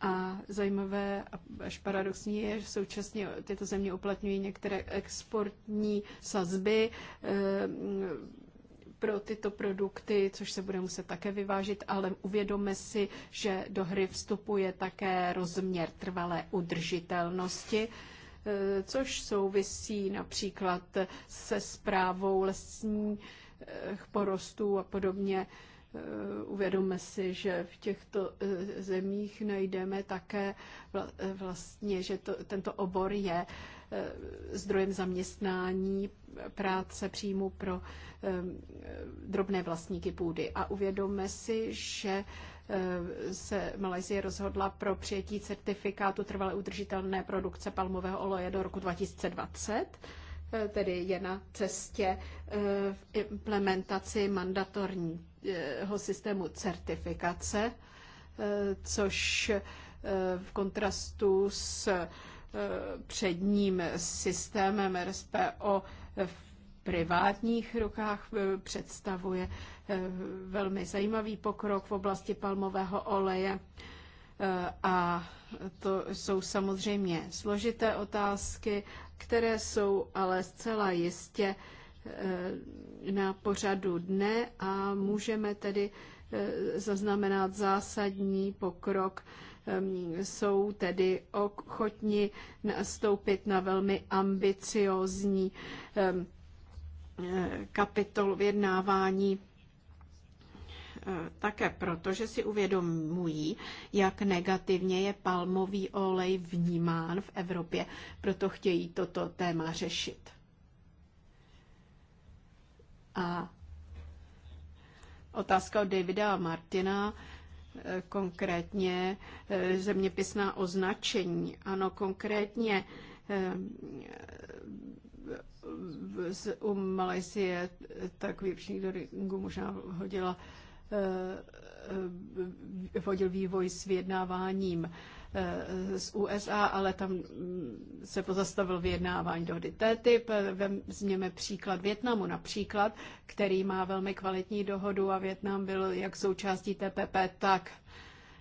A zajímavé až paradoxní je, že současně tyto země uplatňují některé exportní sazby pro tyto produkty, což se bude muset také vyvážit, ale uvědomme si, že do hry vstupuje také rozměr trvalé udržitelnosti eh, což souvisí například se zprávou lesních eh, porostů a podobně. Eh, uvědomme si, že v těchto zemích najdeme také vlastně, že to, tento obor je Eh, zdrojem zaměstnání, práce příjmu pro eh, drobné vlastníky půdy. A uvědomme si, že eh, se Malajzie rozhodla pro přijetí certifikátu trvale udržitelné produkce palmového oleje do roku 2020 tedy je na cestě v implementaci mandatorního systému certifikace, což v kontrastu s předním systémem RSPO v privátních rukách e, představuje e, velmi zajímavý pokrok v oblasti palmového oleje. E, a to jsou samozřejmě složité otázky, které jsou ale zcela jistě na pořadu dne a můžeme tedy zaznamenat zásadní pokrok Ehm, jsou tedy ochotni nastoupit na velmi ambiciozní ehm, eh, kapitolu vyjednávání eh, také proto, že si uvědomují, jak negativně je palmový olej vnímán v Evropě, proto chtějí toto téma řešit. A otázka od Davida a Martina Eh, konkrétně eh, zeměpisná označení. Ano, konkrétně eh, z, u Malajsie tak většinou do ringu možná hodila hodil vývoj s vyjednáváním Eh, z USA, ale tam mm, se pozastavil vyjednávání dohody TTIP. Eh, vezměme příklad Větnamu například, který má velmi kvalitní dohodu a Větnam byl jak součástí TPP, tak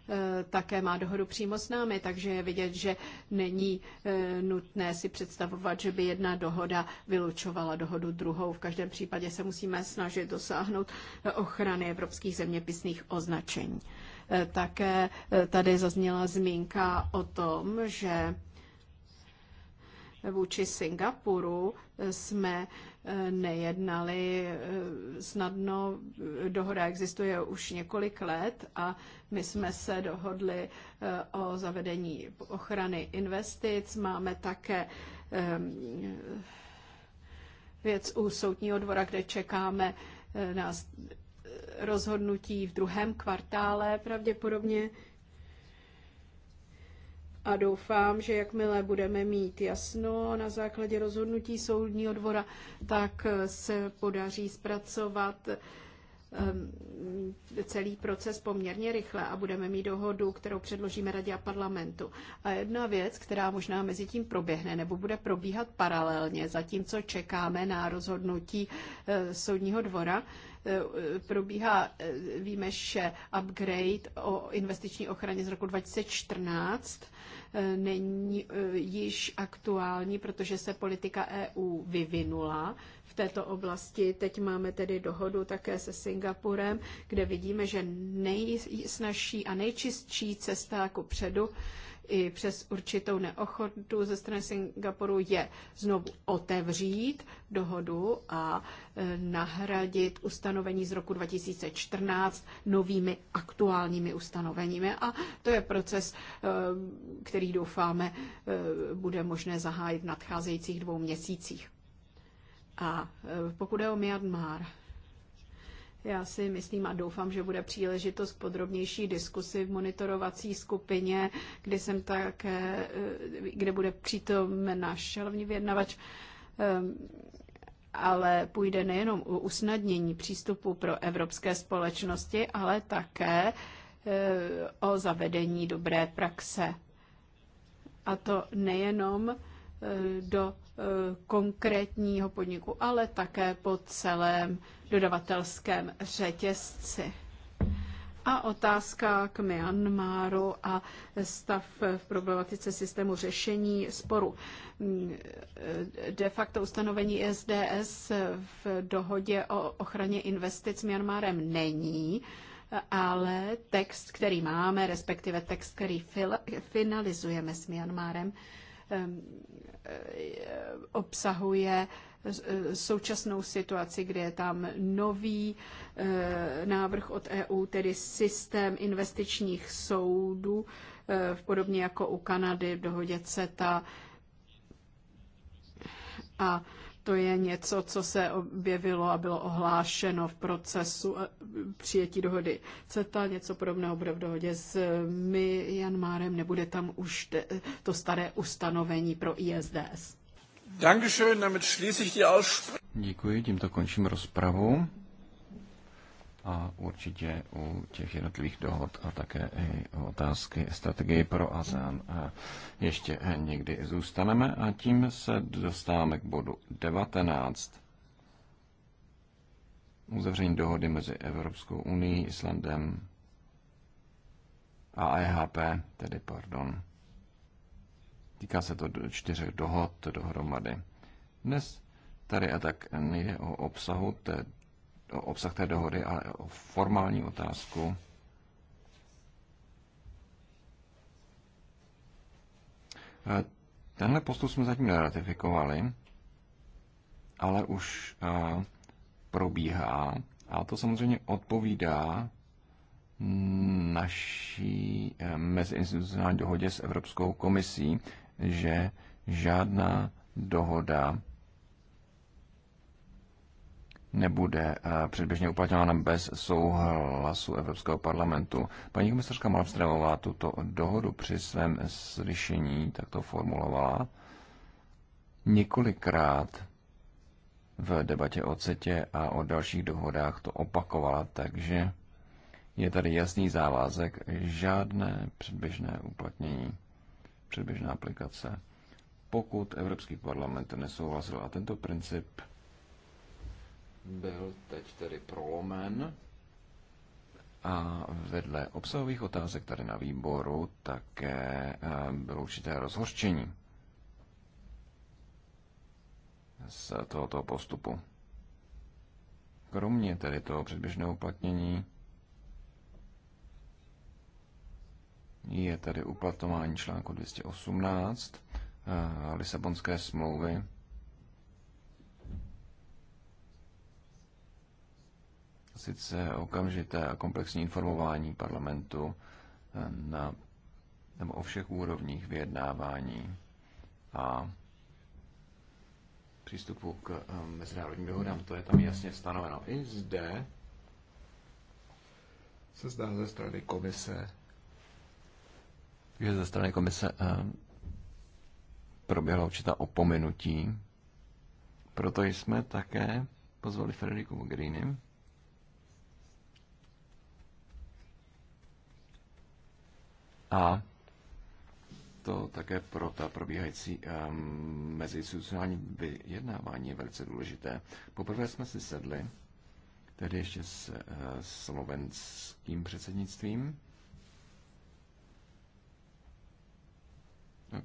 eh, také má dohodu přímo s námi, takže je vidět, že není nutné si představovat, že by jedna dohoda vylučovala dohodu druhou. V každém případě se musíme snažit dosáhnout ochrany evropských zeměpisných označení. Eh, také eh, tady zazněla zmínka o tom, že vůči Singapuru eh, jsme nejednali snadno. Dohoda existuje už několik let a my jsme se dohodli o zavedení ochrany investic. Máme také ehm, věc u soudního dvora, kde čekáme na rozhodnutí v druhém kvartále pravděpodobně. A doufám, že jakmile budeme mít jasno na základě rozhodnutí soudního dvora, tak se podaří zpracovat ehm, celý proces poměrně rychle a budeme mít dohodu, kterou předložíme radě a parlamentu. A jedna věc, která možná mezi tím proběhne nebo bude probíhat paralelně, zatímco čekáme na rozhodnutí eh, soudního dvora, Eh, probíhá, eh, víme, že upgrade o investiční ochraně z roku 2014 eh, není již aktuální, protože se politika EU vyvinula v této oblasti. Teď máme tedy dohodu také se Singapurem, kde vidíme, že nejsnažší a nejčistší cesta jako předu i přes určitou neochotu ze strany Singapuru je znovu otevřít dohodu a e, nahradit ustanovení z roku 2014 novými aktuálními ustanoveními. A to je proces, e, který doufáme e, bude možné zahájit v nadcházejících dvou měsících. A pokud je o Myanmar, já si myslím a doufám, že bude příležitost podrobnější diskusy v monitorovací skupině, kde jsem také, eh, kde bude přítomen náš hlavní vyjednavač, ehm, ale půjde nejenom o usnadnění přístupu pro evropské společnosti, ale také eh, o zavedení dobré praxe. A to nejenom eh, do Eh, konkrétního podniku, ale také po celém dodavatelském řetězci. A otázka k Myanmaru a stav v problematice systému řešení sporu. Mm, de facto ustanovení SDS v dohodě o ochraně investic s Myanmarem není, ale text, který máme, respektive text, který finalizujeme s Myanmarem, Eh, obsahuje eh, současnou situaci, kde je tam nový eh, návrh od EU, tedy systém investičních soudů, podobně jako u Kanady v dohodě CETA. A to je něco, co se objevilo a bylo ohlášeno v procesu eh, přijetí dohody CETA. Něco podobného bude v dohodě s eh, Myanmarem. Nebude tam už to staré ustanovení pro ISDS. Děkuji, tímto končím rozpravu a určitě u těch jednotlivých dohod a také i otázky strategie pro ASEAN eh, ještě eh, někdy zůstaneme a tím se dostáváme k bodu 19. Uzavření dohody mezi Evropskou unii, Islandem a EHP, tedy pardon. Týká se to čtyřech dohod dohromady. Dnes tady a tak nejde o obsahu té obsah té dohody, ale o formální otázku. Eh, tenhle postup jsme zatím neratifikovali, ale už eh, probíhá a to samozřejmě odpovídá naší eh, meziinstitucionální dohodě s Evropskou komisí, že žádná dohoda nebude eh, předběžně uplatňována bez souhlasu Evropského parlamentu. Paní komisařka Malmströmová tuto dohodu při svém slyšení takto formulovala několikrát v debatě o CETě a o dalších dohodách to opakovala, takže je tady jasný závazek, žádné předběžné uplatnění, předběžná aplikace, pokud Evropský parlament nesouhlasil a tento princip byl teď tedy prolomen a vedle obsahových otázek tady na výboru také eh, bylo určité rozhořčení z tohoto postupu. Kromě tedy toho předběžného uplatnění je tady uplatování článku 218 eh, Lisabonské smlouvy sice okamžité a komplexní informování parlamentu eh, na, nebo o všech úrovních vyjednávání a přístupu k eh, mezinárodním dohodám. To je tam jasně stanoveno. I zde se zdá ze strany komise, že ze strany komise eh, proběhla určitá opomenutí. Proto jsme také pozvali Frederiku Mogherini, A to také pro ta probíhající um, meziinstitucionální vyjednávání je velice důležité. Poprvé jsme si sedli, tedy ještě s uh, slovenským předsednictvím,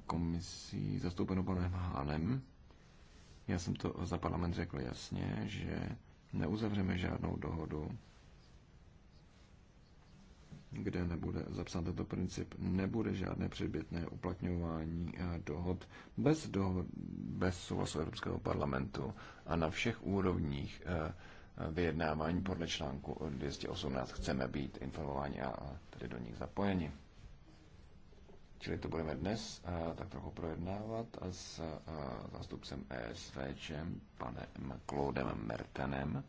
komisí zastoupenou panem Hánem. Já jsem to za parlament řekl jasně, že neuzavřeme žádnou dohodu kde nebude zapsán tento princip, nebude žádné předbětné uplatňování eh, dohod bez, dohod, bez souhlasu Evropského parlamentu a na všech úrovních eh, eh, vyjednávání podle článku 218 chceme být informováni a tedy do nich zapojeni. Čili to budeme dnes tak trochu projednávat a s zástupcem ESVČ, panem Claudem Mertenem,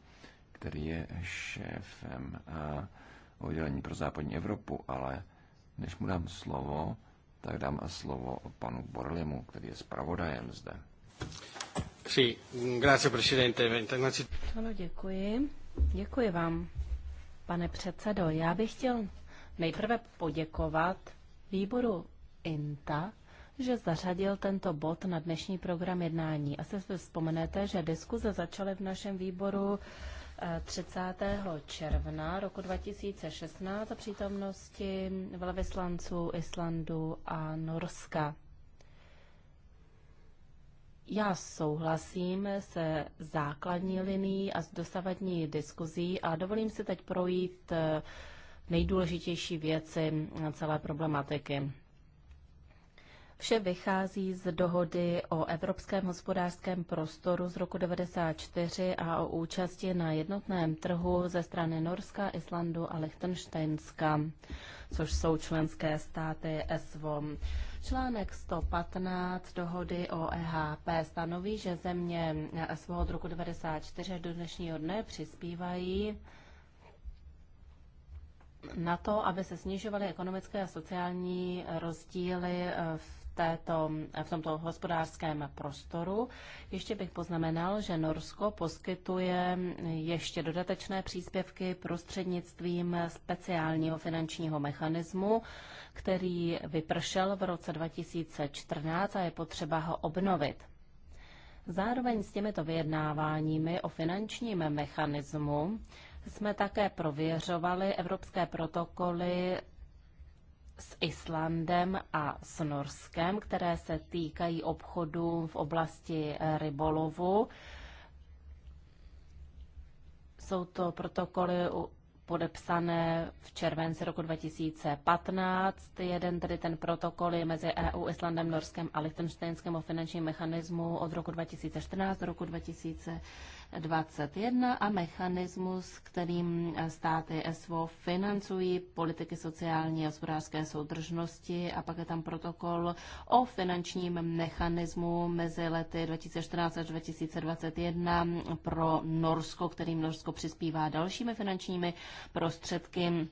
který je šéfem a, oddělení pro západní Evropu, ale než mu dám slovo, tak dám a slovo panu Borlimu, který je zpravodajem zde. Sí, grazie, presidente. Ano, děkuji. Děkuji vám, pane předsedo. Já bych chtěl nejprve poděkovat výboru INTA, že zařadil tento bod na dnešní program jednání. Asi si vzpomenete, že diskuze začaly v našem výboru 30. června roku 2016 za přítomnosti velvyslanců Islandu a Norska. Já souhlasím se základní linií a s dosavadní diskuzí a dovolím si teď projít nejdůležitější věci celé problematiky. Vše vychází z dohody o Evropském hospodářském prostoru z roku 1994 a o účasti na jednotném trhu ze strany Norska, Islandu a Lichtensteinska, což jsou členské státy SVOM. Článek 115 dohody o EHP stanoví, že země SVO od roku 1994 do dnešního dne přispívají na to, aby se snižovaly ekonomické a sociální rozdíly v této, v tomto hospodářském prostoru. Ještě bych poznamenal, že Norsko poskytuje ještě dodatečné příspěvky prostřednictvím speciálního finančního mechanismu, který vypršel v roce 2014 a je potřeba ho obnovit. Zároveň s těmito vyjednáváními o finančním mechanismu jsme také prověřovali evropské protokoly s Islandem a s Norskem, které se týkají obchodu v oblasti eh, rybolovu. Jsou to protokoly podepsané v červenci roku 2015. Jeden tedy ten protokol je mezi EU, Islandem, Norskem a Liechtensteinskem o finančním mechanismu od roku 2014 do roku 2020 21 a mechanismus, kterým státy SVO financují politiky sociální a hospodářské soudržnosti a pak je tam protokol o finančním mechanismu mezi lety 2014 až 2021 pro Norsko, kterým Norsko přispívá dalšími finančními prostředky.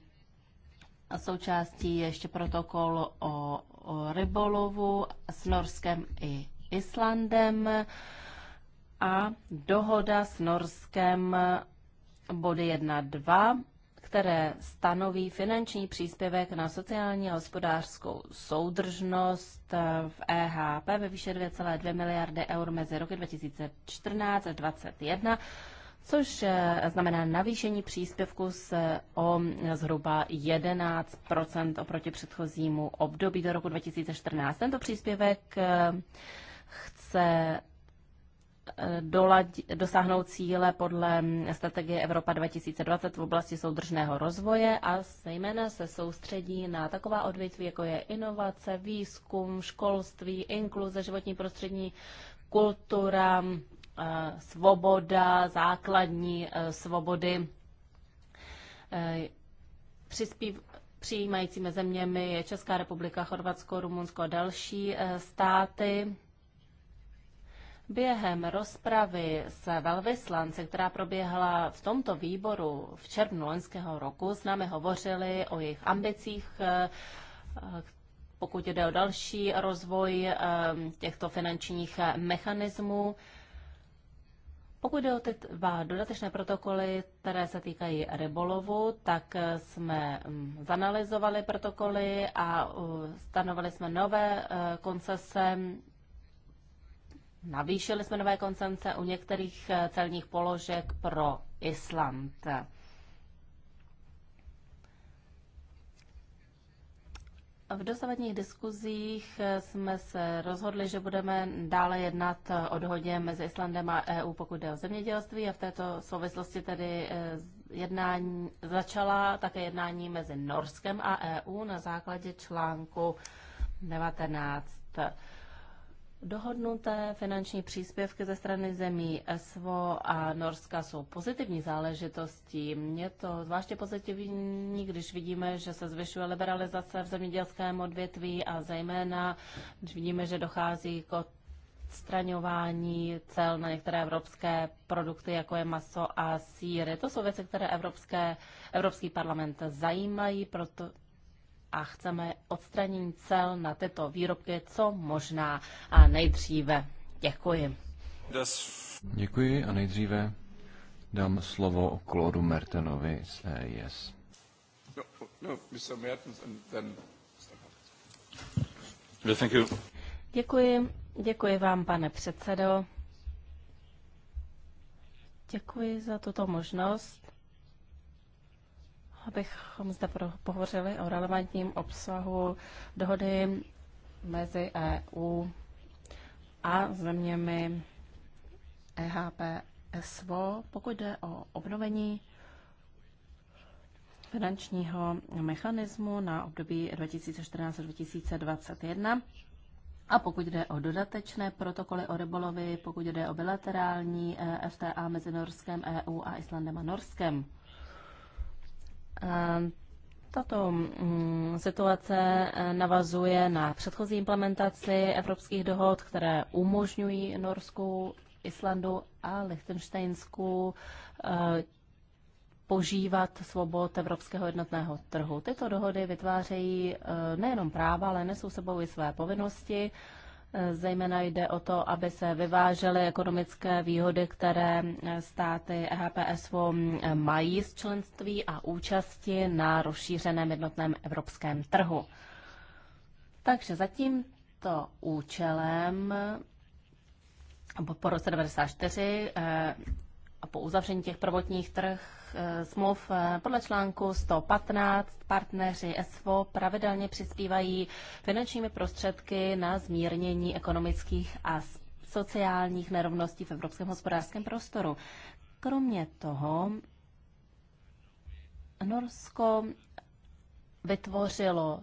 A součástí je ještě protokol o, o rybolovu s Norskem i Islandem a dohoda s Norskem body 1.2, které stanoví finanční příspěvek na sociální a hospodářskou soudržnost v EHP ve výše 2,2 miliardy eur mezi roky 2014 a 2021 což eh, znamená navýšení příspěvku s o zhruba 11 oproti předchozímu období do roku 2014. Tento příspěvek eh, chce doladi, dosáhnout cíle podle strategie Evropa 2020 v oblasti soudržného rozvoje a zejména se soustředí na taková odvětví, jako je inovace, výzkum, školství, inkluze, životní prostředí, kultura, eh, svoboda, základní eh, svobody. Eh, přispív, přijímajícími zeměmi je Česká republika, Chorvatsko, Rumunsko a další státy. Během rozpravy s velvyslanci, která proběhla v tomto výboru v červnu loňského roku, s námi hovořili o jejich ambicích, eh, pokud jde o další rozvoj eh, těchto finančních mechanismů. Pokud jde o ty dva dodatečné protokoly, které se týkají rybolovu, tak eh, jsme mm, zanalizovali protokoly a stanovili jsme nové koncese Navýšili jsme nové koncence u některých eh, celních položek pro Island. V dosavadních diskuzích eh, jsme se rozhodli, že budeme dále jednat eh, o dohodě mezi Islandem a EU, pokud jde o zemědělství a v této souvislosti tedy jednání začala také jednání mezi Norskem a EU na základě článku 19. Dohodnuté finanční příspěvky ze strany zemí ESVO a Norska jsou pozitivní záležitostí. Je to zvláště pozitivní, když vidíme, že se zvyšuje liberalizace v zemědělském odvětví a zejména, když vidíme, že dochází k odstraňování cel na některé evropské produkty, jako je maso a síry. To jsou věci, které evropské, Evropský parlament zajímají, proto, a chceme odstranění cel na tyto výrobky co možná a nejdříve. Děkuji. Děkuji a nejdříve dám slovo Claudu Mertenovi z EIS. No, no, děkuji. Děkuji vám, pane předsedo. Děkuji za tuto možnost abychom zde pohovořili o relevantním obsahu dohody mezi EU a zeměmi EHPSVO, pokud jde o obnovení finančního mechanismu na období 2014-2021 a pokud jde o dodatečné protokoly o rybolovi, pokud jde o bilaterální eh, FTA mezi Norskem, EU a Islandem a Norskem. Ehm, tato mm, situace eh, navazuje na předchozí implementaci evropských dohod, které umožňují Norsku, Islandu a Liechtensteinsku eh, požívat svobod evropského jednotného trhu. Tyto dohody vytvářejí eh, nejenom práva, ale nesou sebou i své povinnosti Zejména jde o to, aby se vyvážely ekonomické výhody, které státy e HPSO mají z členství a účasti na rozšířeném jednotném evropském trhu. Takže za tímto účelem po roce 1994 eh, a po uzavření těch prvotních trh Eh, smluv eh, podle článku 115 partneři SVO pravidelně přispívají finančními prostředky na zmírnění ekonomických a sociálních nerovností v evropském hospodářském prostoru. Kromě toho Norsko vytvořilo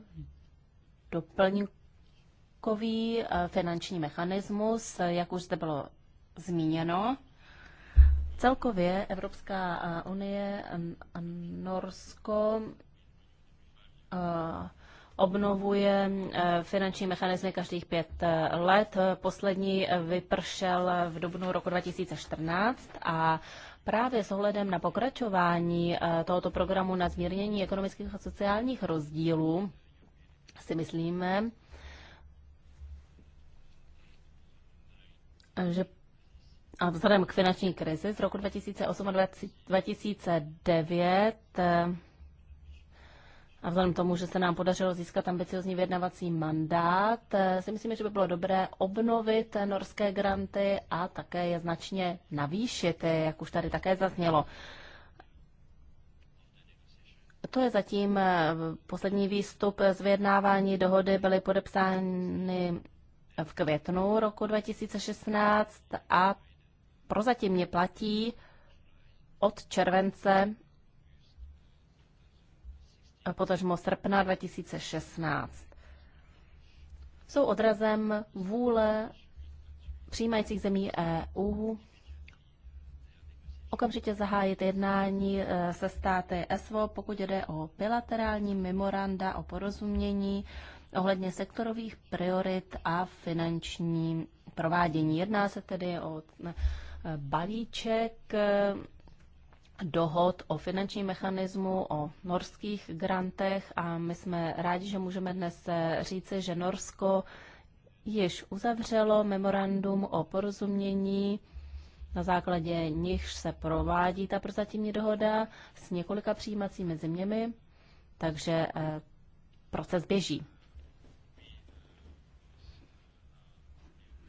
doplňkový eh, finanční mechanismus, jak už zde bylo zmíněno, Celkově Evropská unie a Norsko obnovuje e, finanční mechanizmy každých pět e, let. Poslední e, vypršel v dubnu roku 2014 a právě s ohledem na pokračování tohoto programu na zmírnění ekonomických a sociálních rozdílů si myslíme, že a vzhledem k finanční krizi z roku 2008 a 2009 eh, a vzhledem k tomu, že se nám podařilo získat ambiciozní vyjednavací mandát, eh, si myslím, že by bylo dobré obnovit norské granty a také je značně navýšit, eh, jak už tady také zaznělo. To je zatím poslední výstup z vyjednávání. Dohody byly podepsány v květnu roku 2016 a prozatím mě platí od července potažmo srpna 2016. Jsou odrazem vůle přijímajících zemí EU okamžitě zahájit jednání e, se státy ESVO, pokud jde o bilaterální memoranda o porozumění ohledně sektorových priorit a finanční provádění. Jedná se tedy o balíček eh, dohod o finančním mechanismu, o norských grantech a my jsme rádi, že můžeme dnes eh, říci, že Norsko již uzavřelo memorandum o porozumění, na základě nichž se provádí ta prozatímní dohoda s několika přijímacími zeměmi, takže eh, proces běží.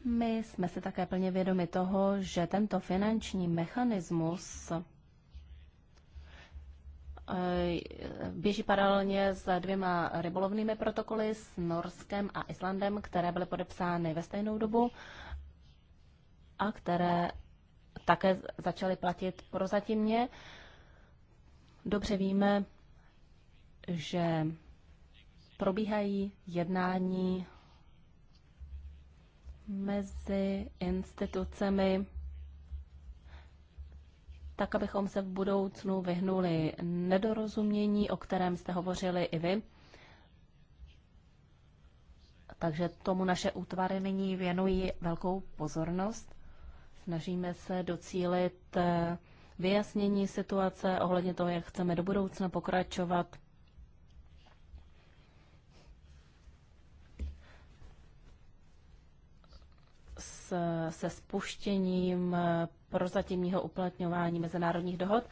My jsme si také plně vědomi toho, že tento finanční mechanismus eh, běží paralelně s dvěma rybolovnými protokoly s Norskem a Islandem, které byly podepsány ve stejnou dobu a které také začaly platit prozatímně. Dobře víme, že probíhají jednání mezi institucemi, tak abychom se v budoucnu vyhnuli nedorozumění, o kterém jste hovořili i vy. Takže tomu naše útvary nyní věnují velkou pozornost. Snažíme se docílit eh, vyjasnění situace ohledně toho, jak chceme do budoucna pokračovat se spuštěním prozatímního uplatňování mezinárodních dohod.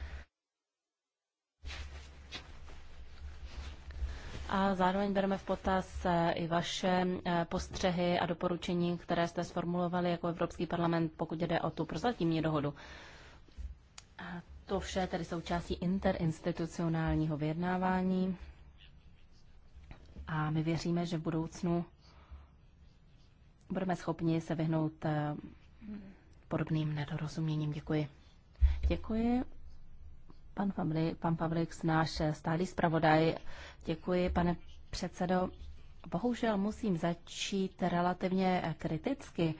A zároveň bereme v potaz eh, i vaše eh, postřehy a doporučení, které jste sformulovali jako Evropský parlament, pokud jde o tu prozatímní dohodu. A to vše tedy součástí interinstitucionálního vyjednávání. A my věříme, že v budoucnu budeme schopni se vyhnout eh, podobným nedorozuměním. Děkuji. Děkuji. Pan, Pavli, pan Pavlix, náš stálý zpravodaj. Děkuji, pane předsedo. Bohužel musím začít relativně kriticky,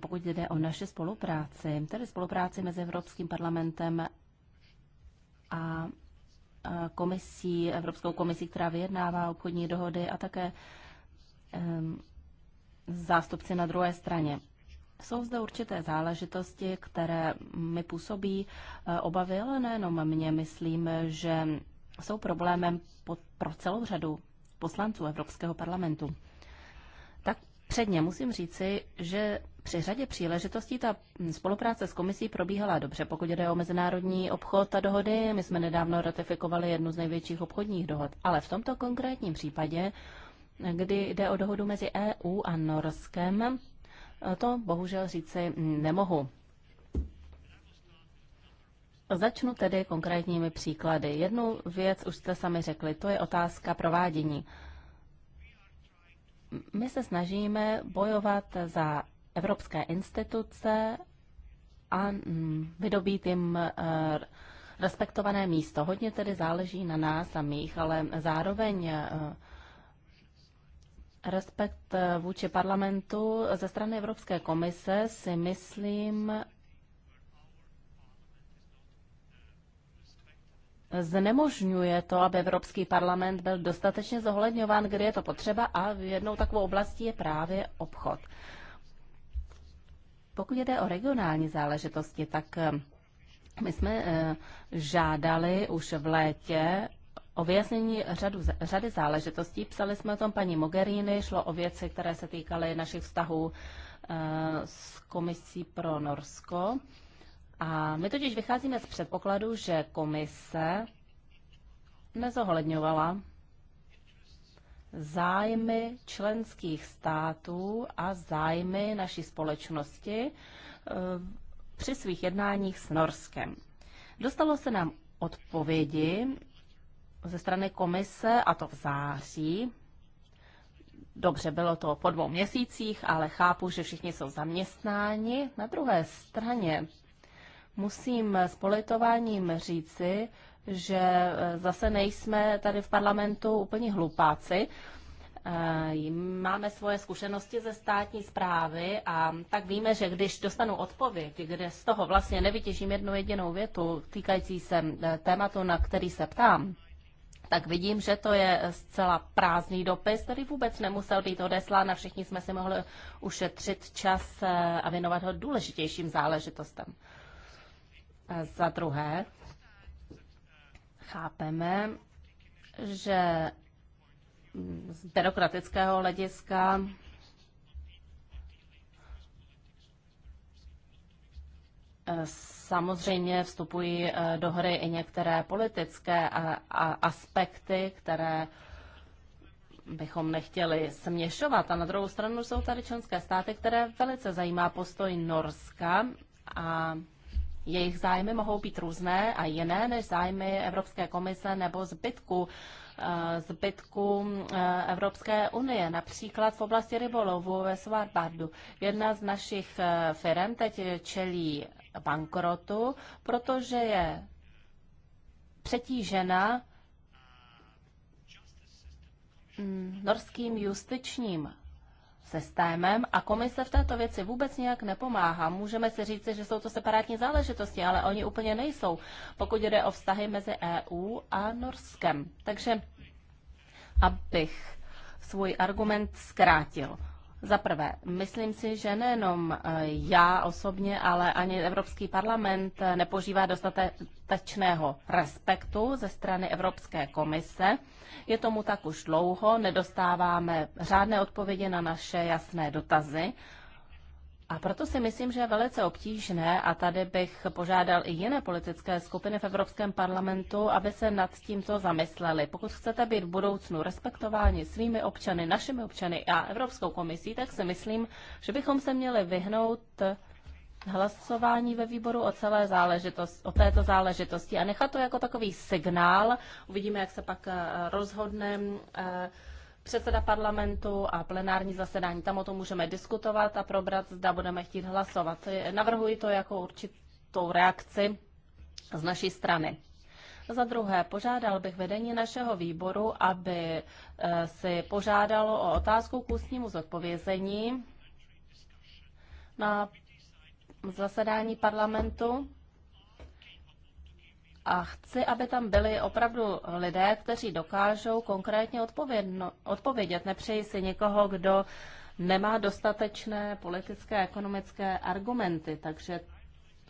pokud jde o naše spolupráci, tedy spolupráci mezi Evropským parlamentem a komisí, Evropskou komisí, která vyjednává obchodní dohody a také zástupci na druhé straně. Jsou zde určité záležitosti, které mi působí e, obavy, ale nejenom mě. Myslím, že jsou problémem pro celou řadu poslanců Evropského parlamentu. Tak předně musím říci, že při řadě příležitostí ta spolupráce s komisí probíhala dobře. Pokud jde o mezinárodní obchod a dohody, my jsme nedávno ratifikovali jednu z největších obchodních dohod. Ale v tomto konkrétním případě kdy jde o dohodu mezi EU a Norskem, to bohužel říci nemohu. Začnu tedy konkrétními příklady. Jednu věc už jste sami řekli, to je otázka provádění. My se snažíme bojovat za evropské instituce a mm, vydobít jim e, respektované místo. Hodně tedy záleží na nás samých, ale zároveň e, Respekt eh, vůči parlamentu ze strany Evropské komise si myslím znemožňuje to, aby Evropský parlament byl dostatečně zohledňován, kdy je to potřeba a v jednou takovou oblastí je právě obchod. Pokud jde o regionální záležitosti, tak eh, my jsme eh, žádali už v létě o vyjasnění řadu, řady záležitostí. Psali jsme o tom paní Mogherini, šlo o věci, které se týkaly našich vztahů eh, s komisí pro Norsko. A my totiž vycházíme z předpokladu, že komise nezohledňovala zájmy členských států a zájmy naší společnosti eh, při svých jednáních s Norskem. Dostalo se nám odpovědi ze strany komise, a to v září. Dobře, bylo to po dvou měsících, ale chápu, že všichni jsou zaměstnáni. Na druhé straně musím s politováním říci, že eh, zase nejsme tady v parlamentu úplně hlupáci. Eh, máme svoje zkušenosti ze státní zprávy a tak víme, že když dostanu odpověď, kde z toho vlastně nevytěžím jednu jedinou větu týkající se eh, tématu, na který se ptám, tak vidím, že to je zcela prázdný dopis, který vůbec nemusel být odeslán a všichni jsme si mohli ušetřit čas eh, a věnovat ho důležitějším záležitostem. Za druhé, chápeme, že z byrokratického hlediska Eh, samozřejmě vstupují eh, do hry i některé politické aspekty, které bychom nechtěli směšovat. A na druhou stranu jsou tady členské státy, které velice zajímá postoj Norska a jejich zájmy mohou být různé a jiné než zájmy Evropské komise nebo zbytku eh, zbytku Evropské unie, například v oblasti rybolovu ve Svarbardu. Jedna z našich firm teď čelí bankrotu, protože je přetížena norským justičním systémem a komise v této věci vůbec nějak nepomáhá. Můžeme si říct, že jsou to separátní záležitosti, ale oni úplně nejsou, pokud jde o vztahy mezi EU a Norskem. Takže abych svůj argument zkrátil. Za prvé, myslím si, že nejenom eh, já osobně, ale ani Evropský parlament eh, nepožívá dostatečného respektu ze strany Evropské komise. Je tomu tak už dlouho, nedostáváme řádné odpovědi na naše jasné dotazy a proto si myslím, že je velice obtížné, a tady bych požádal i jiné politické skupiny v Evropském parlamentu, aby se nad tímto zamysleli. Pokud chcete být v budoucnu respektováni svými občany, našimi občany a Evropskou komisí, tak si myslím, že bychom se měli vyhnout hlasování ve výboru o celé záležitosti, o této záležitosti a nechat to jako takový signál. Uvidíme, jak se pak eh, rozhodneme. Eh, předseda parlamentu a plenární zasedání. Tam o tom můžeme diskutovat a probrat, zda budeme chtít hlasovat. Navrhuji to jako určitou reakci z naší strany. Za druhé, požádal bych vedení našeho výboru, aby eh, si požádalo o otázku k ústnímu zodpovězení na zasedání parlamentu a chci, aby tam byli opravdu lidé, kteří dokážou konkrétně odpovědno, odpovědět. Nepřeji si někoho, kdo nemá dostatečné politické a ekonomické argumenty, takže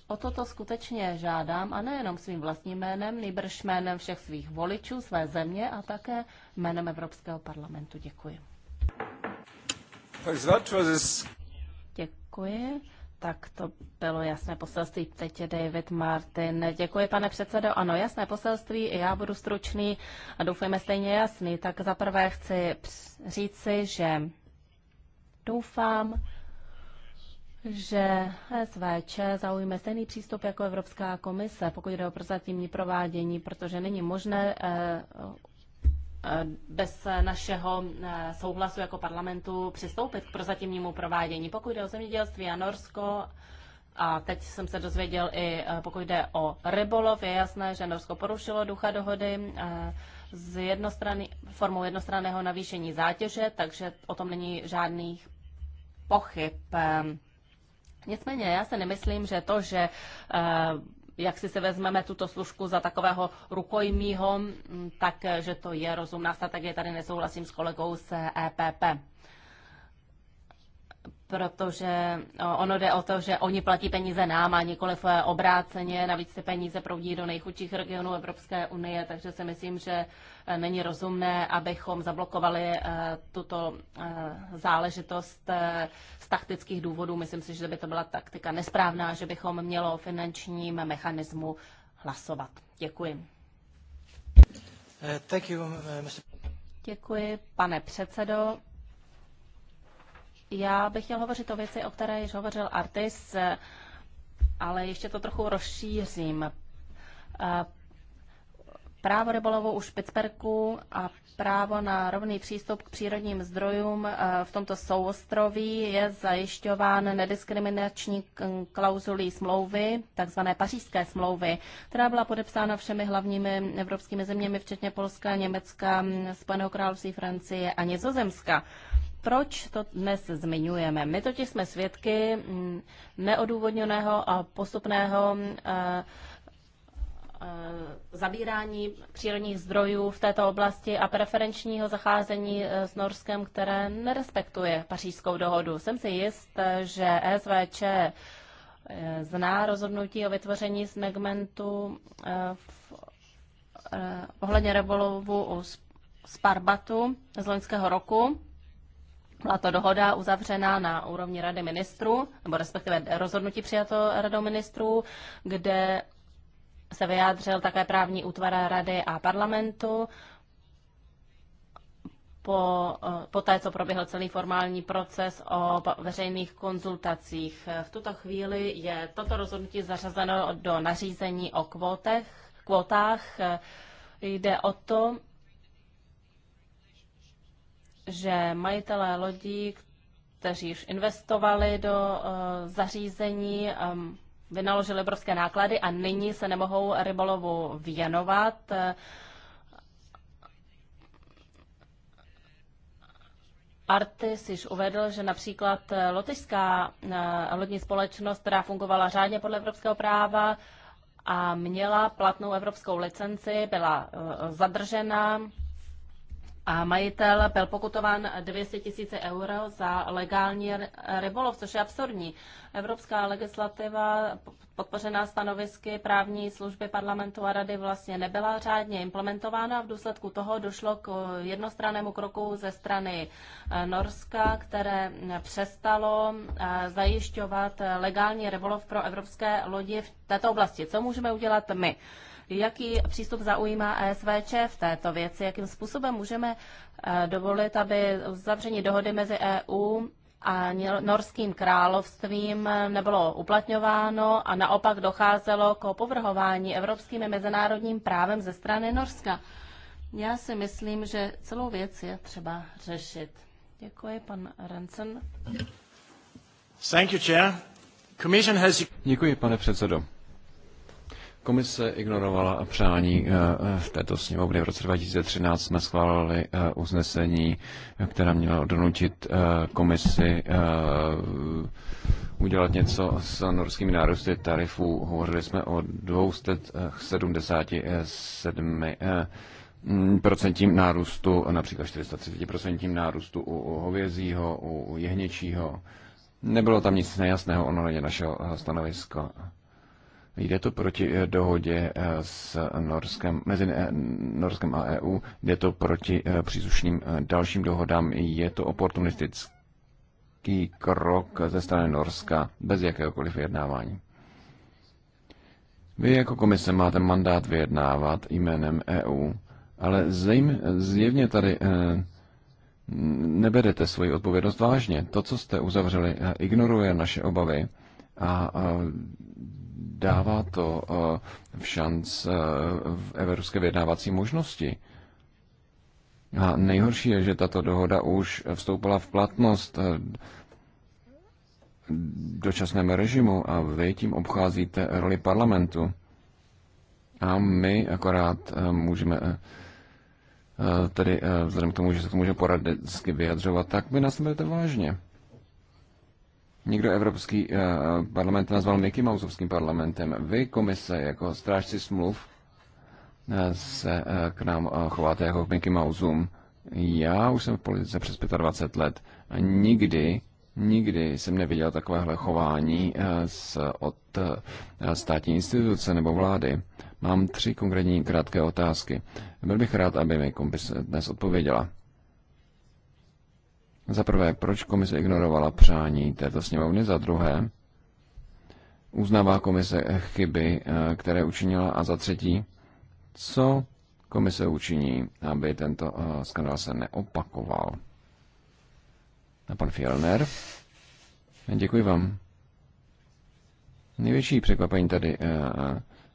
o toto skutečně žádám a nejenom svým vlastním jménem, nejbrž jménem všech svých voličů, své země a také jménem Evropského parlamentu. Děkuji. Děkuji tak to bylo jasné poselství. Teď je David Martin. Děkuji, pane předsedo. Ano, jasné poselství. Já budu stručný a doufujeme stejně jasný. Tak zaprvé chci říci, že doufám, že SVČ zaujme stejný přístup jako Evropská komise, pokud jde o prozatímní provádění, protože není možné eh, Eh, bez našeho eh, souhlasu jako parlamentu přistoupit k prozatímnímu provádění. Pokud jde o zemědělství a Norsko, a teď jsem se dozvěděl i eh, pokud jde o rybolov, je jasné, že Norsko porušilo ducha dohody z jednostrany, formou jednostranného navýšení zátěže, takže o tom není žádných pochyb. Ehm, nicméně já se nemyslím, že to, že jak si se vezmeme tuto služku za takového rukojmího, mm, takže to je rozumná strategie. Tady nesouhlasím s kolegou z EPP protože ono jde o to, že oni platí peníze nám a nikoliv eh, obráceně, navíc ty peníze proudí do nejchudších regionů Evropské unie, takže si myslím, že eh, není rozumné, abychom zablokovali eh, tuto záležitost z taktických důvodů. Myslím si, že by to byla taktika nesprávná, že bychom mělo o finančním mechanismu hlasovat. Děkuji. Děkuji, pane předsedo. Já bych chtěl hovořit o věci, o které již hovořil Artis, ale ještě to trochu rozšířím. Právo rybolovu u Špicperku a právo na rovný přístup k přírodním zdrojům v tomto souostroví je zajišťován nediskriminační klauzulí smlouvy, takzvané pařížské smlouvy, která byla podepsána všemi hlavními evropskými zeměmi, včetně Polska, Německa, Spojeného království, Francie a Nizozemska. Proč to dnes zmiňujeme? My totiž jsme svědky mm, neodůvodněného a postupného eh, eh, zabírání přírodních zdrojů v této oblasti a preferenčního zacházení eh, s Norskem, které nerespektuje pařížskou dohodu. Jsem si jist, že SVČ zná rozhodnutí o vytvoření segmentu v, ohledně revolovu u Sparbatu z loňského roku. Byla to dohoda uzavřená na úrovni Rady ministrů, nebo respektive rozhodnutí přijato Radou ministrů, kde se vyjádřil také právní útvar Rady a parlamentu po, eh, po té, co proběhl celý formální proces o veřejných konzultacích. V tuto chvíli je toto rozhodnutí zařazeno do nařízení o kvotech, kvotách. Eh, jde o to, že majitelé lodí, kteří už investovali do eh, zařízení, vynaložili obrovské náklady a nyní se nemohou rybolovu věnovat. Eh, Artis již uvedl, že například eh, lotyšská lodní společnost, která fungovala řádně podle evropského práva a měla platnou evropskou licenci, byla zadržena a majitel byl pokutován 200 tisíc euro za legální rybolov, což je absurdní. Evropská legislativa podpořená stanovisky právní služby parlamentu a rady vlastně nebyla řádně implementována. V důsledku toho došlo k jednostrannému kroku ze strany eh, Norska, které přestalo eh, zajišťovat legální rybolov pro evropské lodi v této oblasti. Co můžeme udělat my? Jaký přístup zaujímá ESVČ v této věci? Jakým způsobem můžeme eh, dovolit, aby uzavření dohody mezi EU a norským královstvím eh, nebylo uplatňováno a naopak docházelo k opovrhování evropským mezinárodním právem ze strany Norska. Já si myslím, že celou věc je třeba řešit. Děkuji, pan Rensen. Thank you, chair. Commission has... Děkuji, pane předsedo. Komise ignorovala přání eh, eh, v této sněmovny. V roce 2013 jsme schválili eh, usnesení, které mělo donutit komisi udělat něco s norskými nárůsty tarifů. Hovořili jsme o 277 procentním nárůstu, například 430 procentním nárůstu u hovězího, u jehněčího. Nebylo tam nic nejasného, ono našeho stanovisko. Jde to proti eh, dohodě eh, s Norskem, mezi eh, Norskem a EU, jde to proti příslušným dalším dohodám, je to oportunistický krok ze strany Norska bez jakéhokoliv vyjednávání. Vy jako komise máte mandát vyjednávat jménem EU, ale zjevně tady neberete svoji odpovědnost vážně. To, co jste uzavřeli, ignoruje naše obavy a dává to eh, v šanc eh, v evropské vyjednávací možnosti. A nejhorší je, že tato dohoda už vstoupila v platnost eh, dočasnému režimu a vy tím obcházíte roli parlamentu. A my akorát můžeme tedy vzhledem k tomu, že se to může poradensky vyjadřovat, tak vy nás vážně. Někdo Evropský eh, parlament nazval Mickey Mouseovským parlamentem. Vy, komise, jako strážci smluv, eh, se eh, k nám chováte jako k Mickey Mouseům. Já už jsem v politice přes 25 let a nikdy, nikdy jsem neviděl takovéhle chování z, od státní instituce nebo vlády. Mám tři konkrétní krátké otázky. Byl bych rád, aby mi kompis dnes odpověděla. Za prvé, proč komise ignorovala přání této sněmovny? Za druhé, uznává komise chyby, eh, které učinila? A za třetí, co komise učiní, aby tento eh, skandál se neopakoval? A pan Fjellner? Děkuji vám. Největší překvapení tady eh,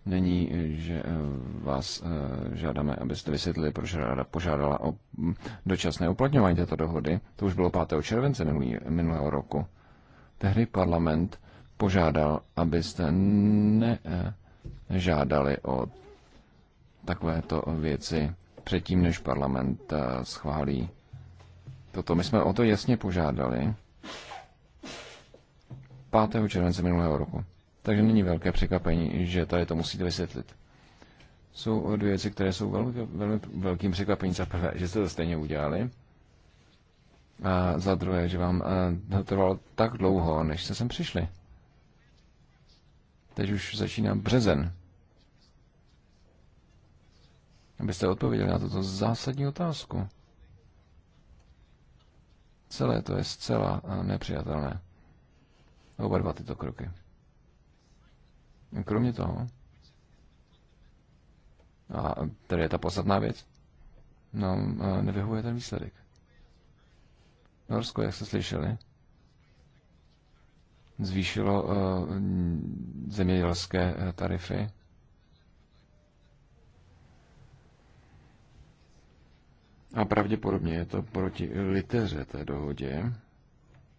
není, že eh, vás eh, žádáme, abyste vysvětlili, proč ráda požádala o hm, dočasné uplatňování této dohody. To už bylo 5. července minulý, minulého roku. Tehdy parlament požádal, abyste nežádali eh, o takovéto věci předtím, než parlament schválí toto. My jsme o to jasně požádali 5. července minulého roku. Takže není velké překvapení, že tady to musíte vysvětlit. Jsou dvě věci, které jsou velmi, velmi velkým překvapením. Za prvé, že jste to stejně udělali. A za druhé, že vám eh, to trvalo tak dlouho, než jste sem přišli. Teď už začíná březen. Abyste odpověděli na tuto zásadní otázku. Celé to je zcela eh, nepřijatelné. Oba dva tyto kroky. Kromě toho, a tady je ta podstatná věc, No, nevyhovuje ten výsledek. Norsko, jak jste slyšeli, zvýšilo eh, zemědělské eh, tarify. A pravděpodobně je to proti liteře té dohodě,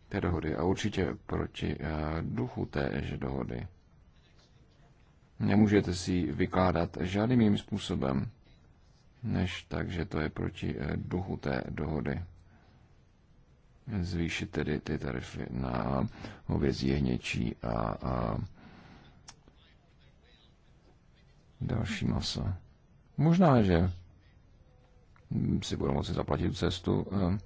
té dohody a určitě proti duchu téže dohody. Nemůžete si ji vykládat žádným jiným způsobem, než tak, že to je proti eh, duchu té dohody. Zvýšit tedy ty tarify na hovězí hněčí a, a další maso. Možná, že si budou moci zaplatit cestu eh,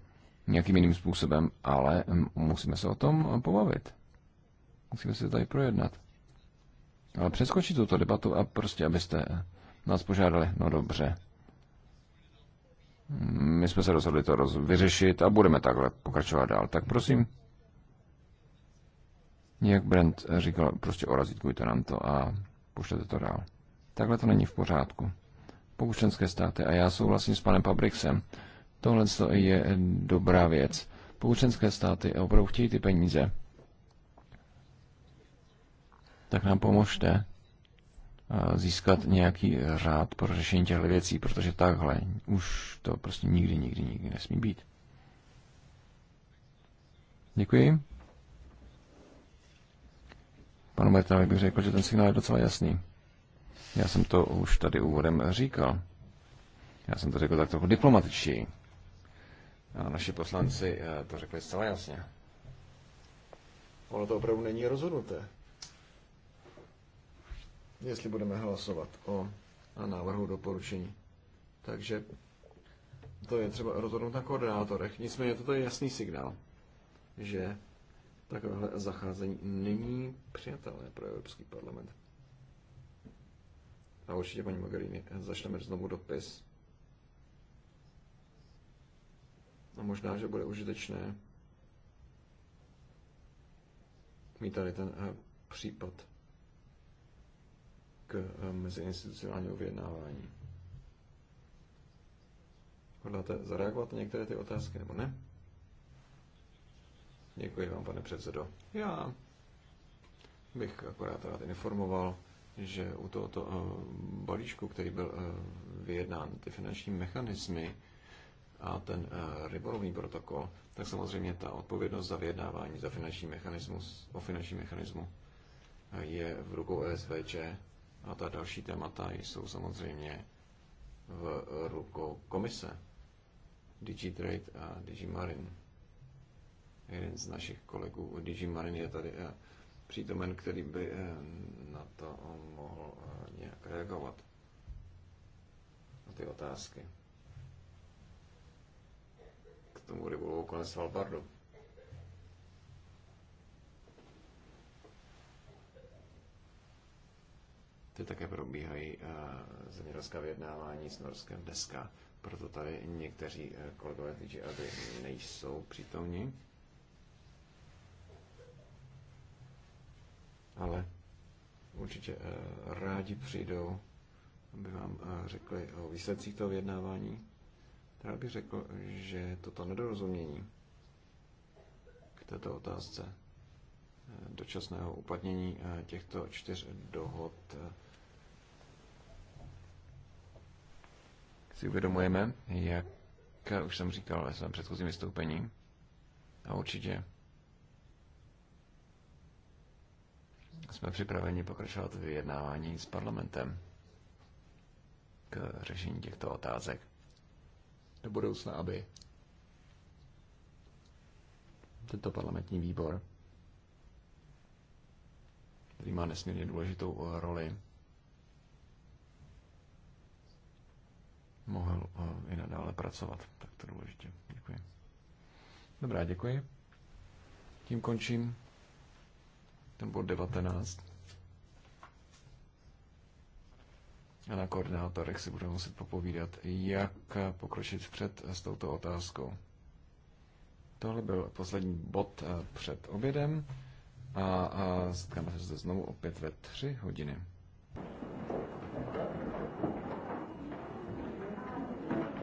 nějakým jiným způsobem, ale mm, musíme se o tom eh, pobavit. Musíme se tady projednat. Ale přeskočit tuto debatu a prostě, abyste nás požádali, no dobře. My jsme se rozhodli to roz- vyřešit a budeme takhle pokračovat dál. Tak prosím, jak Brent říkal, prostě orazitkujte nám to a pošlete to dál. Takhle to není v pořádku. Pokud členské státy, a já souhlasím s panem Pabriksem, tohle je dobrá věc. Pokud členské státy opravdu chtějí ty peníze, tak nám pomožte eh, získat nějaký řád pro řešení těchto věcí, protože takhle už to prostě nikdy, nikdy, nikdy nesmí být. Děkuji. Panu Mertanovi bych řekl, že ten signál je docela jasný. Já jsem to už tady úvodem říkal. Já jsem to řekl tak trochu diplomatičtěji. A naši poslanci eh, to řekli zcela jasně. Ono to opravdu není rozhodnuté jestli budeme hlasovat o a návrhu doporučení. Takže to je třeba rozhodnout na koordinátorech. Nicméně toto je jasný signál, že takovéhle zacházení není přijatelné pro Evropský parlament. A určitě paní Mogherini začneme znovu dopis. A možná, že bude užitečné mít tady ten eh, případ k eh, meziinstitucionálnímu vyjednávání. Hodláte zareagovat na některé ty otázky, nebo ne? Děkuji vám, pane předsedo. Já bych akorát rád informoval, že u tohoto eh, balíčku, který byl eh, vyjednán, ty finanční mechanismy a ten rybolovný protokol, tak samozřejmě ta odpovědnost za vyjednávání za finanční mechanismus, o finanční mechanismu je v rukou svč. A ta další témata jsou samozřejmě v rukou komise DigiTrade a DigiMarin. Jeden z našich kolegů DigiMarin je tady eh, přítomen, který by eh, na to mohl eh, nějak reagovat. Na ty otázky. K tomu rybolovu konec Svalbardu. Ty také probíhají eh, zemědělská vyjednávání s Norskem dneska. Proto tady někteří eh, kolegové z DG nejsou přítomni. Ale určitě eh, rádi přijdou, aby vám řekli o výsledcích toho vyjednávání. Rád bych řekl, že toto nedorozumění k této otázce dočasného uplatnění těchto čtyř dohod si uvědomujeme, jak už jsem říkal ve svém předchozím vystoupení, a určitě jsme připraveni pokračovat vyjednávání s parlamentem k řešení těchto otázek do budoucna, aby tento parlamentní výbor, který má nesmírně důležitou roli, mohl eh, i nadále pracovat. Tak to důležitě. Děkuji. Dobrá, děkuji. Tím končím ten bod 19. A na koordinátorech si budeme muset popovídat, jak pokročit před eh, s touto otázkou. Tohle byl poslední bod eh, před obědem a setkáme se zde znovu opět ve 3 hodiny.